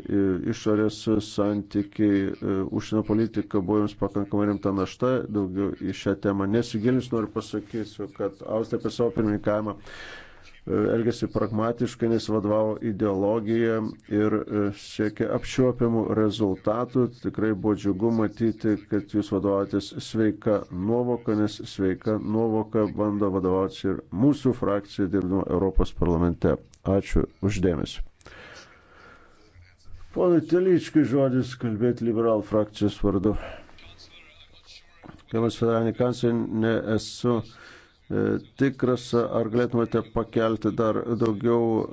S1: išorės santykiai, e, užsienio politika buvo jums pakankamai rimta našta, daugiau į šią temą nesigilins, noriu pasakysiu, kad Austrija apie savo pirmininkavimą E, elgesi pragmatiškai, nesivadovavo ideologiją ir e, siekia apčiuopiamų rezultatų. Tikrai buvo džiugu matyti, kad jūs vadovotės sveika nuovoka, nes sveika nuovoka bando vadovauti ir mūsų frakcija dirbdama Europos parlamente. Ačiū uždėmesi. Ponai Teličkai žodis kalbėti liberal frakcijos vardu. Kiemas federalinį kanclerį nesu. Ne E, tikras, ar galėtumėte pakelti dar daugiau e,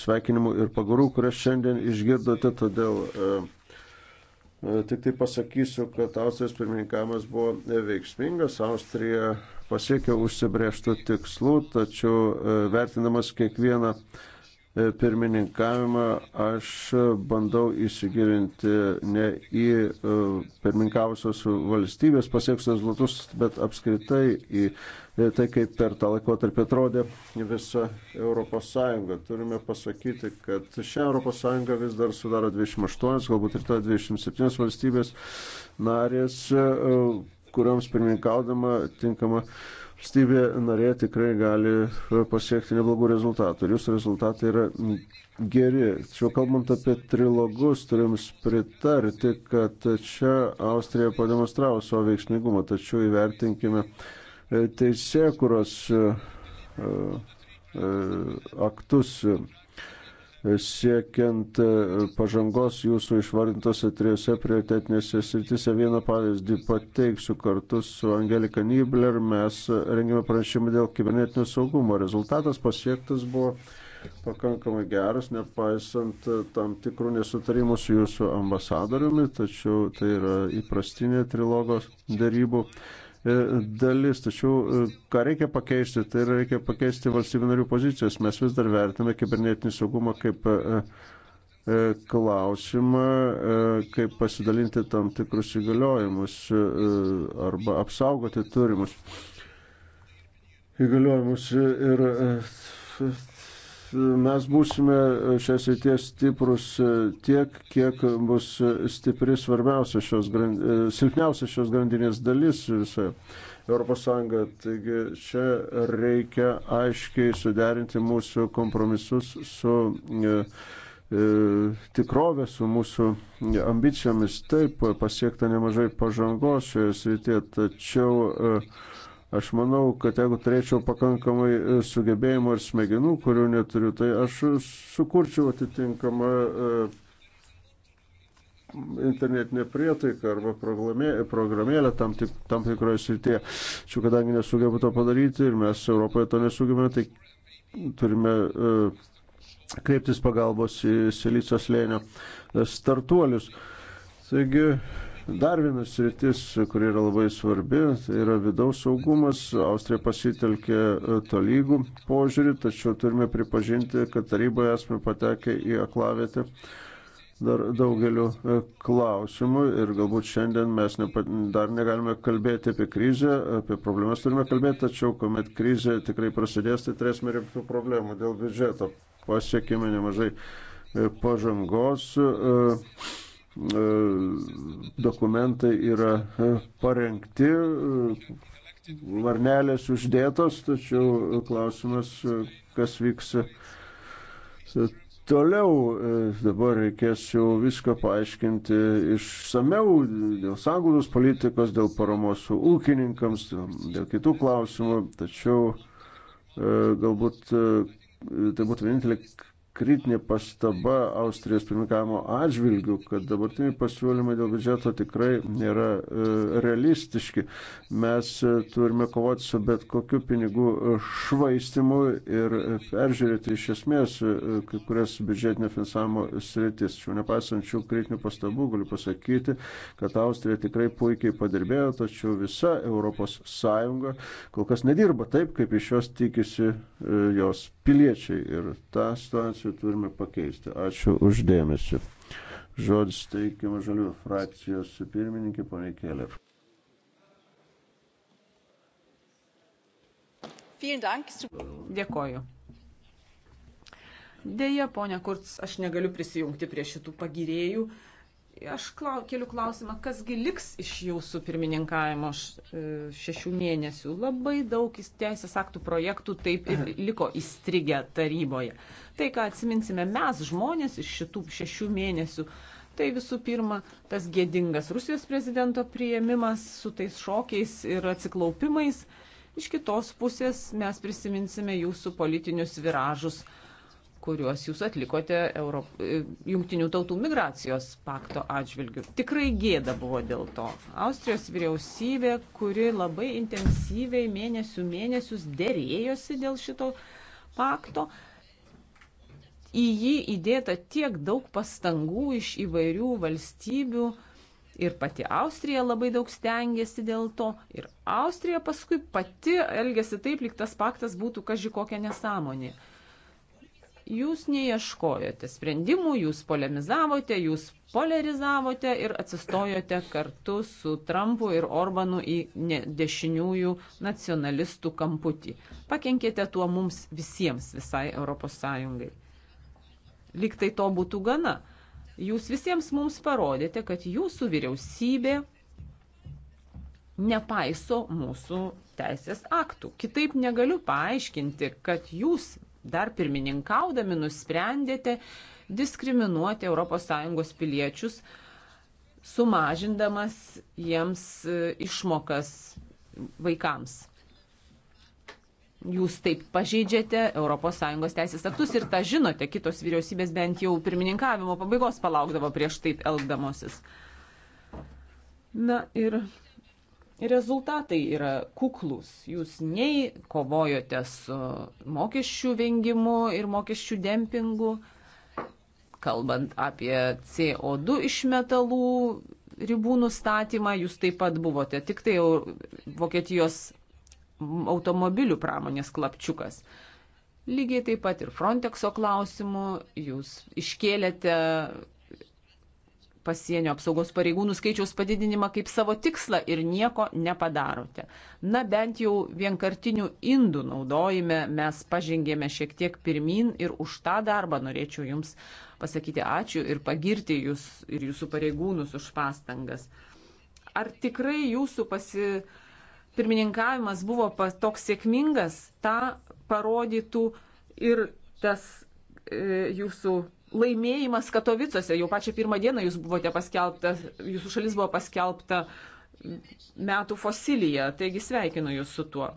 S1: sveikinimų ir pagarų, kurias šiandien išgirdote, todėl e, tik tai pasakysiu, kad Austrijos pirmininkavimas buvo veiksmingas, Austrija pasiekė užsibrėžtų tikslų, tačiau vertinamas kiekvieną E, pirmininkavimą aš bandau įsigilinti ne į e, pirmininkavusios valstybės pasiektus rezultatus, bet apskritai į e, tai, kaip per tą laikotarpį atrodė visa ES. Turime pasakyti, kad šią ES vis dar sudaro 28, galbūt ir ta 27 valstybės narės, kuriuoms pirmininkaudama tinkama valstybė narė tikrai gali pasiekti neblogų rezultatų ir jūsų rezultatai yra geri. Tačiau kalbant apie trilogus, turims pritarti, kad čia Austrija pademonstravo savo veiksmingumą, tačiau įvertinkime e, teisėkuros e, e, aktus siekiant e, pažangos jūsų išvardintose trijose prioritetinėse sritise. Vieną pavyzdį pateiksiu kartu su Angelika Nibler. Mes rengėme pranešimą dėl kibernetinio saugumo. Rezultatas pasiektas buvo pakankamai geras, nepaisant tam tikrų nesutarimų su jūsų ambasadoriumi, tačiau tai yra įprastinė trilogos darybų E, dalis. Tačiau e, ką reikia pakeisti, tai reikia pakeisti valstybių narių pozicijas. Mes vis dar vertiname kibernetinį saugumą kaip e, klausimą, kaip pasidalinti tam tikrus įgaliojimus arba apsaugoti turimus įgaliojimus. Ir mes būsime šią srityje stiprus tiek, kiek bus stipri svarbiausia šios, e, silpniausia šios grandinės dalis visoje ES. Taigi čia reikia aiškiai suderinti mūsų kompromisus su e, e, tikrovė, su mūsų ambicijomis. Taip, pasiekta nemažai pažangos šioje srityje, tačiau e, Aš manau, kad jeigu turėčiau pakankamai e, sugebėjimų ir smegenų, kurių neturiu, tai aš sukurčiau atitinkamą e, internetinė prietaika arba programėlė tam, tik, tam tikroje srityje. Čia kadangi nesugeba to padaryti ir mes Europoje to nesugebame, tai turime uh, kreiptis pagalbos į Silicijos lėnio startuolius. Taigi Dar vienas sritis, kuri yra labai svarbi, tai yra vidaus saugumas. Austrija pasitelkė e, tolygų požiūrį, tačiau turime pripažinti, kad taryboje esame patekę į aklavietę dar daugeliu e, klausimų ir galbūt šiandien mes nepa, dar negalime kalbėti apie krizę, apie problemas turime kalbėti, tačiau kuomet krizė tikrai prasidės, tai turėsime rimtų problemų dėl biudžeto. Pasiekime nemažai e, pažangos. Uh, E, dokumentai yra e, parengti, e, varnelės uždėtos, tačiau klausimas, kas vyks toliau. Dabar reikės jau viską paaiškinti išsameu dėl sąglaudos politikos, dėl paramos ūkininkams, dėl kitų klausimų, tačiau galbūt tai būtų vienintelė kritinė pastaba Austrijos pirmininkavimo atžvilgių, kad dabartiniai pasiūlymai dėl biudžeto tikrai nėra e, realistiški. Mes e, turime kovoti su bet kokiu pinigų švaistimu ir peržiūrėti iš esmės e, kai kurias biudžetinio finansavimo sritis. Šių nepasančių kritinių pastabų galiu pasakyti, kad Austrija tikrai puikiai padirbėjo, tačiau visa ES kol kas nedirba taip, kaip iš jos tikisi e, jos piliečiai. Ir ta situacija situaciją turime pakeisti. Ačiū uždėmesi. Žodis teikiama žalių frakcijos pirmininkė ponė Keller.
S3: Dėkoju. Deja, ponia Kurts, aš negaliu prisijungti prie šitų pagirėjų. Aš klau, keliu klausimą, kasgi liks iš jūsų pirmininkavimo e, šešių mėnesių. Labai daug teisės aktų projektų taip ir liko įstrigę taryboje. Tai, ką atsiminsime mes, žmonės, iš šitų šešių mėnesių, tai visų pirma, tas gėdingas Rusijos prezidento prieimimas su tais šokiais ir atsiklaupimais. Iš kitos pusės mes prisiminsime jūsų politinius viražus kuriuos jūs atlikote Europ... E, Jungtinių tautų migracijos pakto atžvilgių. Tikrai gėda buvo dėl to. Austrijos vyriausybė, kuri labai intensyviai mėnesių mėnesius dėrėjosi dėl šito pakto, į jį įdėta tiek daug pastangų iš įvairių valstybių. Ir pati Austrija labai daug stengiasi dėl to. Ir Austrija paskui pati elgesi taip, lyg tas paktas būtų kažkokia nesąmonė. Uh, jūs neieškojote sprendimų, jūs polemizavote, jūs polarizavote ir atsistojote kartu su Trumpu ir Orbanu į dešiniųjų nacionalistų kamputį. Pakenkėte tuo mums visiems, visai ES. Liktai to būtų gana. Jūs visiems mums parodėte, kad jūsų vyriausybė nepaiso mūsų teisės aktų. Kitaip negaliu paaiškinti, kad jūs dar pirmininkaudami nusprendėte diskriminuoti ES piliečius, sumažindamas jiems e, išmokas vaikams. Jūs taip pažeidžiate ES teisės aktus ir tą žinote, kitos vyriausybės bent jau pirmininkavimo pabaigos palaukdavo prieš taip elgdamosis. Na ir rezultatai yra kuklus. Jūs nei kovojote su mokesčių vengimu ir mokesčių dempingu, kalbant apie CO2 iš metalų ribų nustatymą, jūs taip pat buvote tik tai Vokietijos automobilių pramonės klapčiukas. Lygiai taip pat ir Frontexo klausimu jūs iškėlėte pasienio apsaugos pareigūnų skaičiaus padidinimą kaip savo tikslą ir nieko nepadarote. Na bent jau vienkartinių indų naudojime mes pažengėme šiek tiek pirmin ir už tą darbą norėčiau Jums pasakyti ačiū ir pagirti Jūs ir Jūsų pareigūnus už pastangas. Ar tikrai Jūsų pasi... pirmininkavimas buvo toks sėkmingas, tą parodytų ir tas e, Jūsų laimėjimas Katovicuose. Jau pačią pirmą dieną jūs buvote paskelbta, jūsų šalis buvo paskelbta metų fosilija, taigi sveikinu jūs su tuo.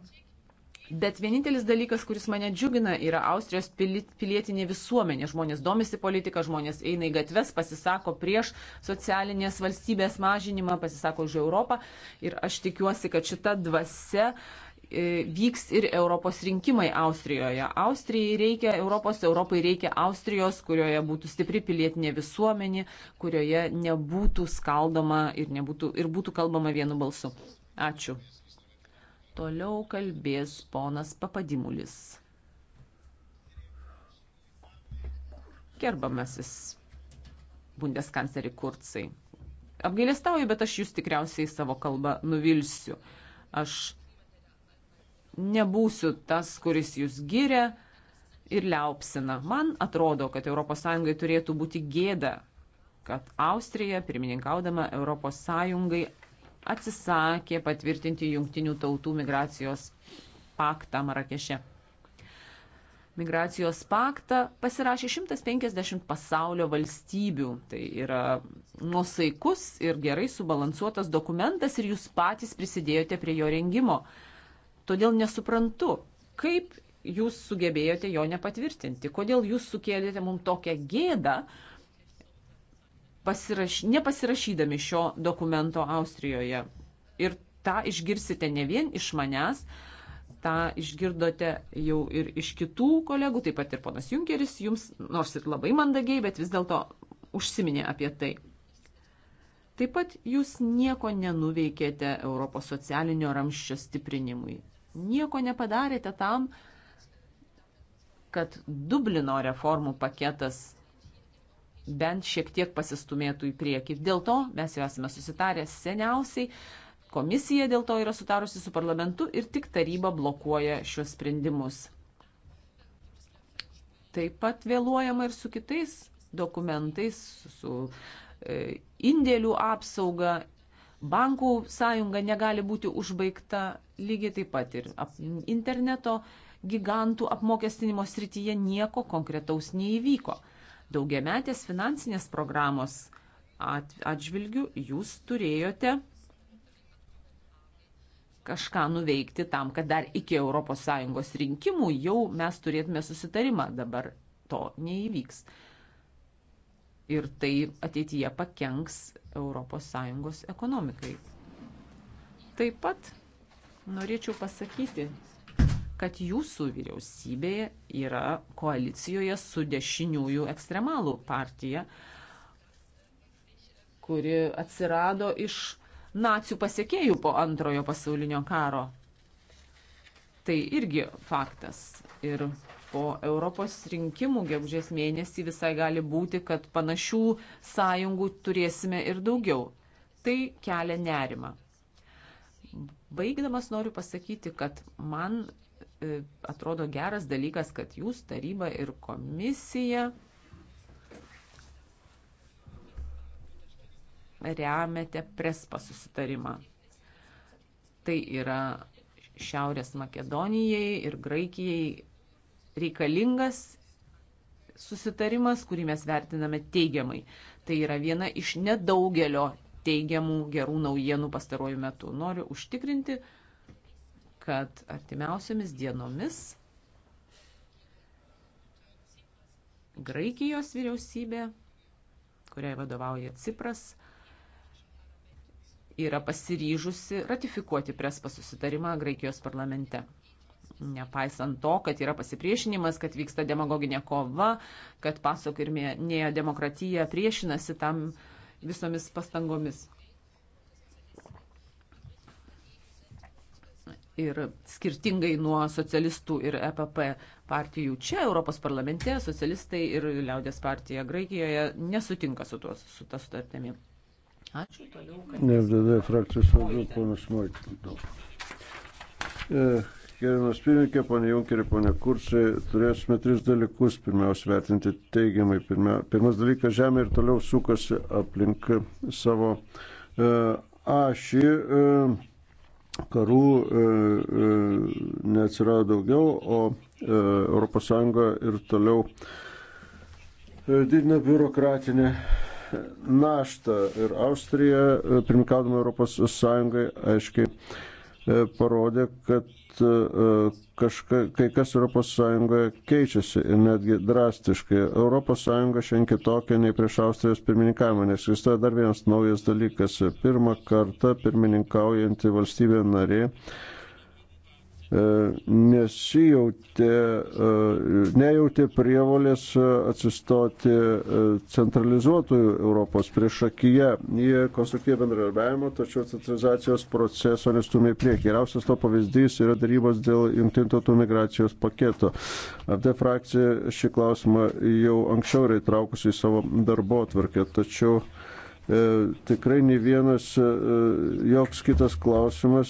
S3: Bet vienintelis dalykas, kuris mane džiugina, yra Austrijos pilietinė visuomenė. Žmonės domisi politika, žmonės eina į gatves, pasisako prieš socialinės valstybės mažinimą, pasisako už Europą. Ir aš tikiuosi, kad šita dvasia uh, E, vyks ir Europos rinkimai Austrijoje. Austrijai reikia Europos, Europai reikia Austrijos, kurioje būtų stipri pilietinė visuomenė, kurioje nebūtų skaldoma ir, nebūtų, ir būtų kalbama vienu balsu. Ačiū. Toliau kalbės ponas Papadimulis. Gerbamasis bundeskanceri Kurcai. Apgailestauju, bet aš jūs tikriausiai savo kalbą nuvilsiu. Aš nebūsiu tas, kuris jūs giria ir liaupsina. Man atrodo, kad ES turėtų būti gėda, kad Austrija, pirmininkaudama ES, atsisakė patvirtinti jungtinių tautų migracijos paktą Marakeše. Migracijos paktą pasirašė 150 pasaulio valstybių. Tai yra nusaikus ir gerai subalansuotas dokumentas ir jūs patys prisidėjote prie jo rengimo. Todėl nesuprantu, kaip jūs sugebėjote jo nepatvirtinti, kodėl jūs sukėlėte mums tokią gėdą, pasiraš... nepasirašydami šio dokumento Austrijoje. Ir tą išgirsite ne vien iš manęs, tą išgirdote jau ir iš kitų kolegų, taip pat ir ponas Junkeris jums, nors ir labai mandagiai, bet vis dėlto užsiminė apie tai. Taip pat jūs nieko nenuveikėte Europos socialinio ramščio stiprinimui nieko nepadarėte tam, kad Dublino reformų paketas bent šiek tiek pasistumėtų į priekį. Dėl to mes jau esame susitarę seniausiai, komisija dėl to yra sutarusi su parlamentu ir tik taryba blokuoja šios sprendimus. Taip pat vėluojama ir su kitais dokumentais, su e, indėlių apsauga. Bankų sąjunga negali būti užbaigta lygiai taip pat ir interneto gigantų apmokestinimo srityje nieko konkretaus neįvyko. Daugiametės finansinės programos atžvilgių jūs turėjote kažką nuveikti tam, kad dar iki ES rinkimų jau mes turėtume susitarimą. Dabar to neįvyks. Ir tai ateityje pakenks ES ekonomikai. Taip pat norėčiau pasakyti, kad jūsų vyriausybėje yra koalicijoje su dešiniųjų ekstremalų partija, kuri atsirado iš nacijų pasiekėjų po antrojo pasaulinio karo. Tai irgi faktas. Ir po Europos rinkimų gegužės mėnesį visai gali būti, kad panašių sąjungų turėsime ir daugiau. Tai kelia nerima. Baigdamas noriu pasakyti, kad man e, atrodo geras dalykas, kad jūs taryba ir komisija remiate prespa susitarimą. Tai yra Šiaurės Makedonijai ir Graikijai reikalingas susitarimas, kurį mes vertiname teigiamai. Tai yra viena iš nedaugelio teigiamų gerų naujienų pastarojų metų. Noriu užtikrinti, kad artimiausiomis dienomis Graikijos vyriausybė, kuriai vadovauja Cipras, yra pasiryžusi ratifikuoti prespa susitarimą Graikijos parlamente. Nepaisant to, kad yra pasipriešinimas, kad vyksta demagoginė kova, kad pasok ir nėjo demokratija priešinasi tam visomis pastangomis. ir skirtingai nuo socialistų ir EPP partijų čia Europos parlamente, socialistai ir liaudės partija Graikijoje nesutinka su, tuos, su ta sutartimi. Ačiū toliau. Kad... Ne,
S1: FDD frakcijos vadovas ponas Moitinas. E, Gerimas pirmininkė, ponė Junkerė, ponė Kursai, turėsime tris dalykus pirmiausia vertinti teigiamai. Pirmia, pirmas dalykas - Žemė ir toliau sukasi aplink savo e, ašį. E, karų e, e, neatsirado daugiau, o e, ES ir toliau e, didina biurokratinę e, naštą. Ir Austrija, e, pirmikaudama ES, aiškiai e, parodė, kad E, kažka, kai kas ES keičiasi ir netgi drastiškai. ES šiandien kitokia nei prieš Austrijos pirmininkavimą, nes egzistuoja dar vienas naujas dalykas. Pirmą kartą pirmininkaujanti valstybė narė E, nesijautė, e, nejautė prievolės e, atsistoti centralizuotojų Europos priešakyje. Jie konstruktyvė bendradarbiavimo, tačiau centralizacijos proceso nestumė į priekį. Geriausias to pavyzdys yra darybos dėl jungtinių tautų migracijos paketo. FD frakcija šį klausimą jau anksčiau yra įtraukusi į savo darbo atvarkę, tačiau E, tikrai ne vienas, e, joks kitas klausimas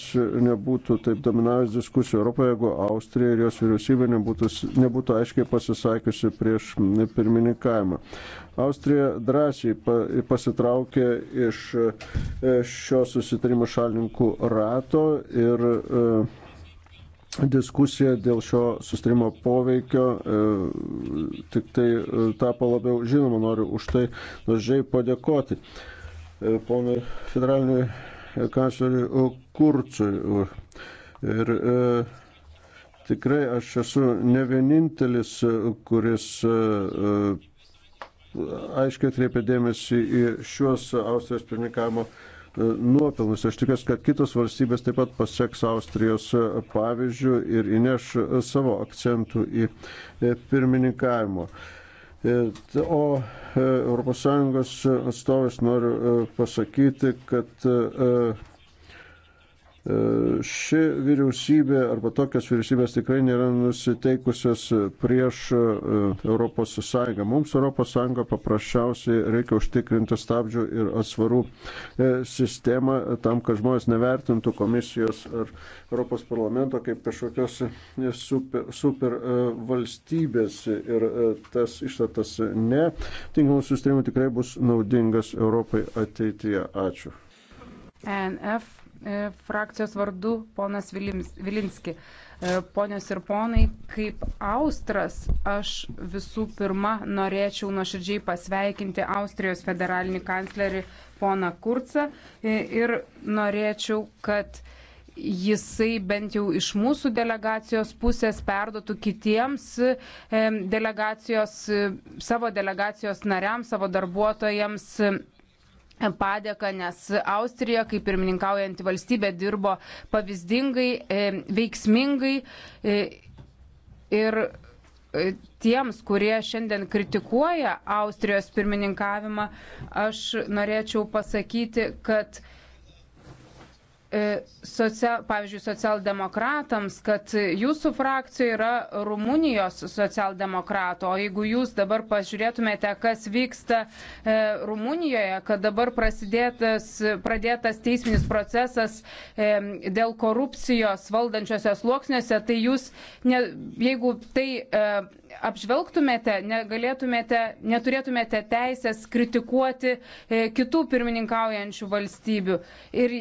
S1: nebūtų taip dominavęs diskusijų Europoje, jeigu Austrija ir jos vyriausybė nebūtų, nebūtų aiškiai pasisakiusi prieš pirmininkavimą. Austrija drąsiai pasitraukė iš e, šio susitarimo šalininkų rato ir diskusija dėl šio sustarimo poveikio e, tik tai e, tapo labiau žinoma, noriu už tai nuožiai padėkoti e, ponui federaliniui kancleriui Kurcui. Ir tikrai aš esu ne vienintelis, kuris aiškiai atkreipia dėmesį į šiuos Austrijos pirmininkavimo nuopelnus. Aš tikiuosi, kad kitos valstybės taip pat pasieks Austrijos pavyzdžių ir įneš savo akcentų į e, pirmininkavimo. E, o ES atstovės noriu e, pasakyti, kad Ši vyriausybė arba tokios vyriausybės tikrai nėra nusiteikusios prieš ES. Mums ES paprasčiausiai reikia užtikrinti stabdžių ir atsvarų e, sistemą tam, kad žmonės nevertintų komisijos ar ES kaip kažkokios e, super, super e, valstybės ir tas ištatas ne. Tinkamų sustarimų tikrai bus naudingas Europai ateityje. Ačiū.
S2: NF E, frakcijos vardu ponas Vilinski. E, ponios ir ponai, kaip Austras, aš visų pirma norėčiau nuoširdžiai pasveikinti Austrijos federalinį kanclerį poną Kurcą e, ir norėčiau, kad jisai bent jau iš mūsų delegacijos pusės perdotų kitiems delegacijos, savo delegacijos nariams, savo darbuotojams padėką, nes Austrija, kaip pirmininkaujanti valstybė, dirbo pavyzdingai, e, veiksmingai e, ir e, tiems, kurie šiandien kritikuoja Austrijos pirmininkavimą, aš norėčiau pasakyti, kad E, social, pavyzdžiui, socialdemokratams, kad jūsų frakcija yra Rumunijos socialdemokrato, o jeigu jūs dabar pažiūrėtumėte, kas vyksta e, Rumunijoje, kad dabar pradėtas teisminis procesas e, dėl korupcijos valdančiose sluoksniuose, tai jūs, ne, jeigu tai e, apžvelgtumėte, negalėtumėte, neturėtumėte teisės kritikuoti e, kitų pirmininkaujančių valstybių. Ir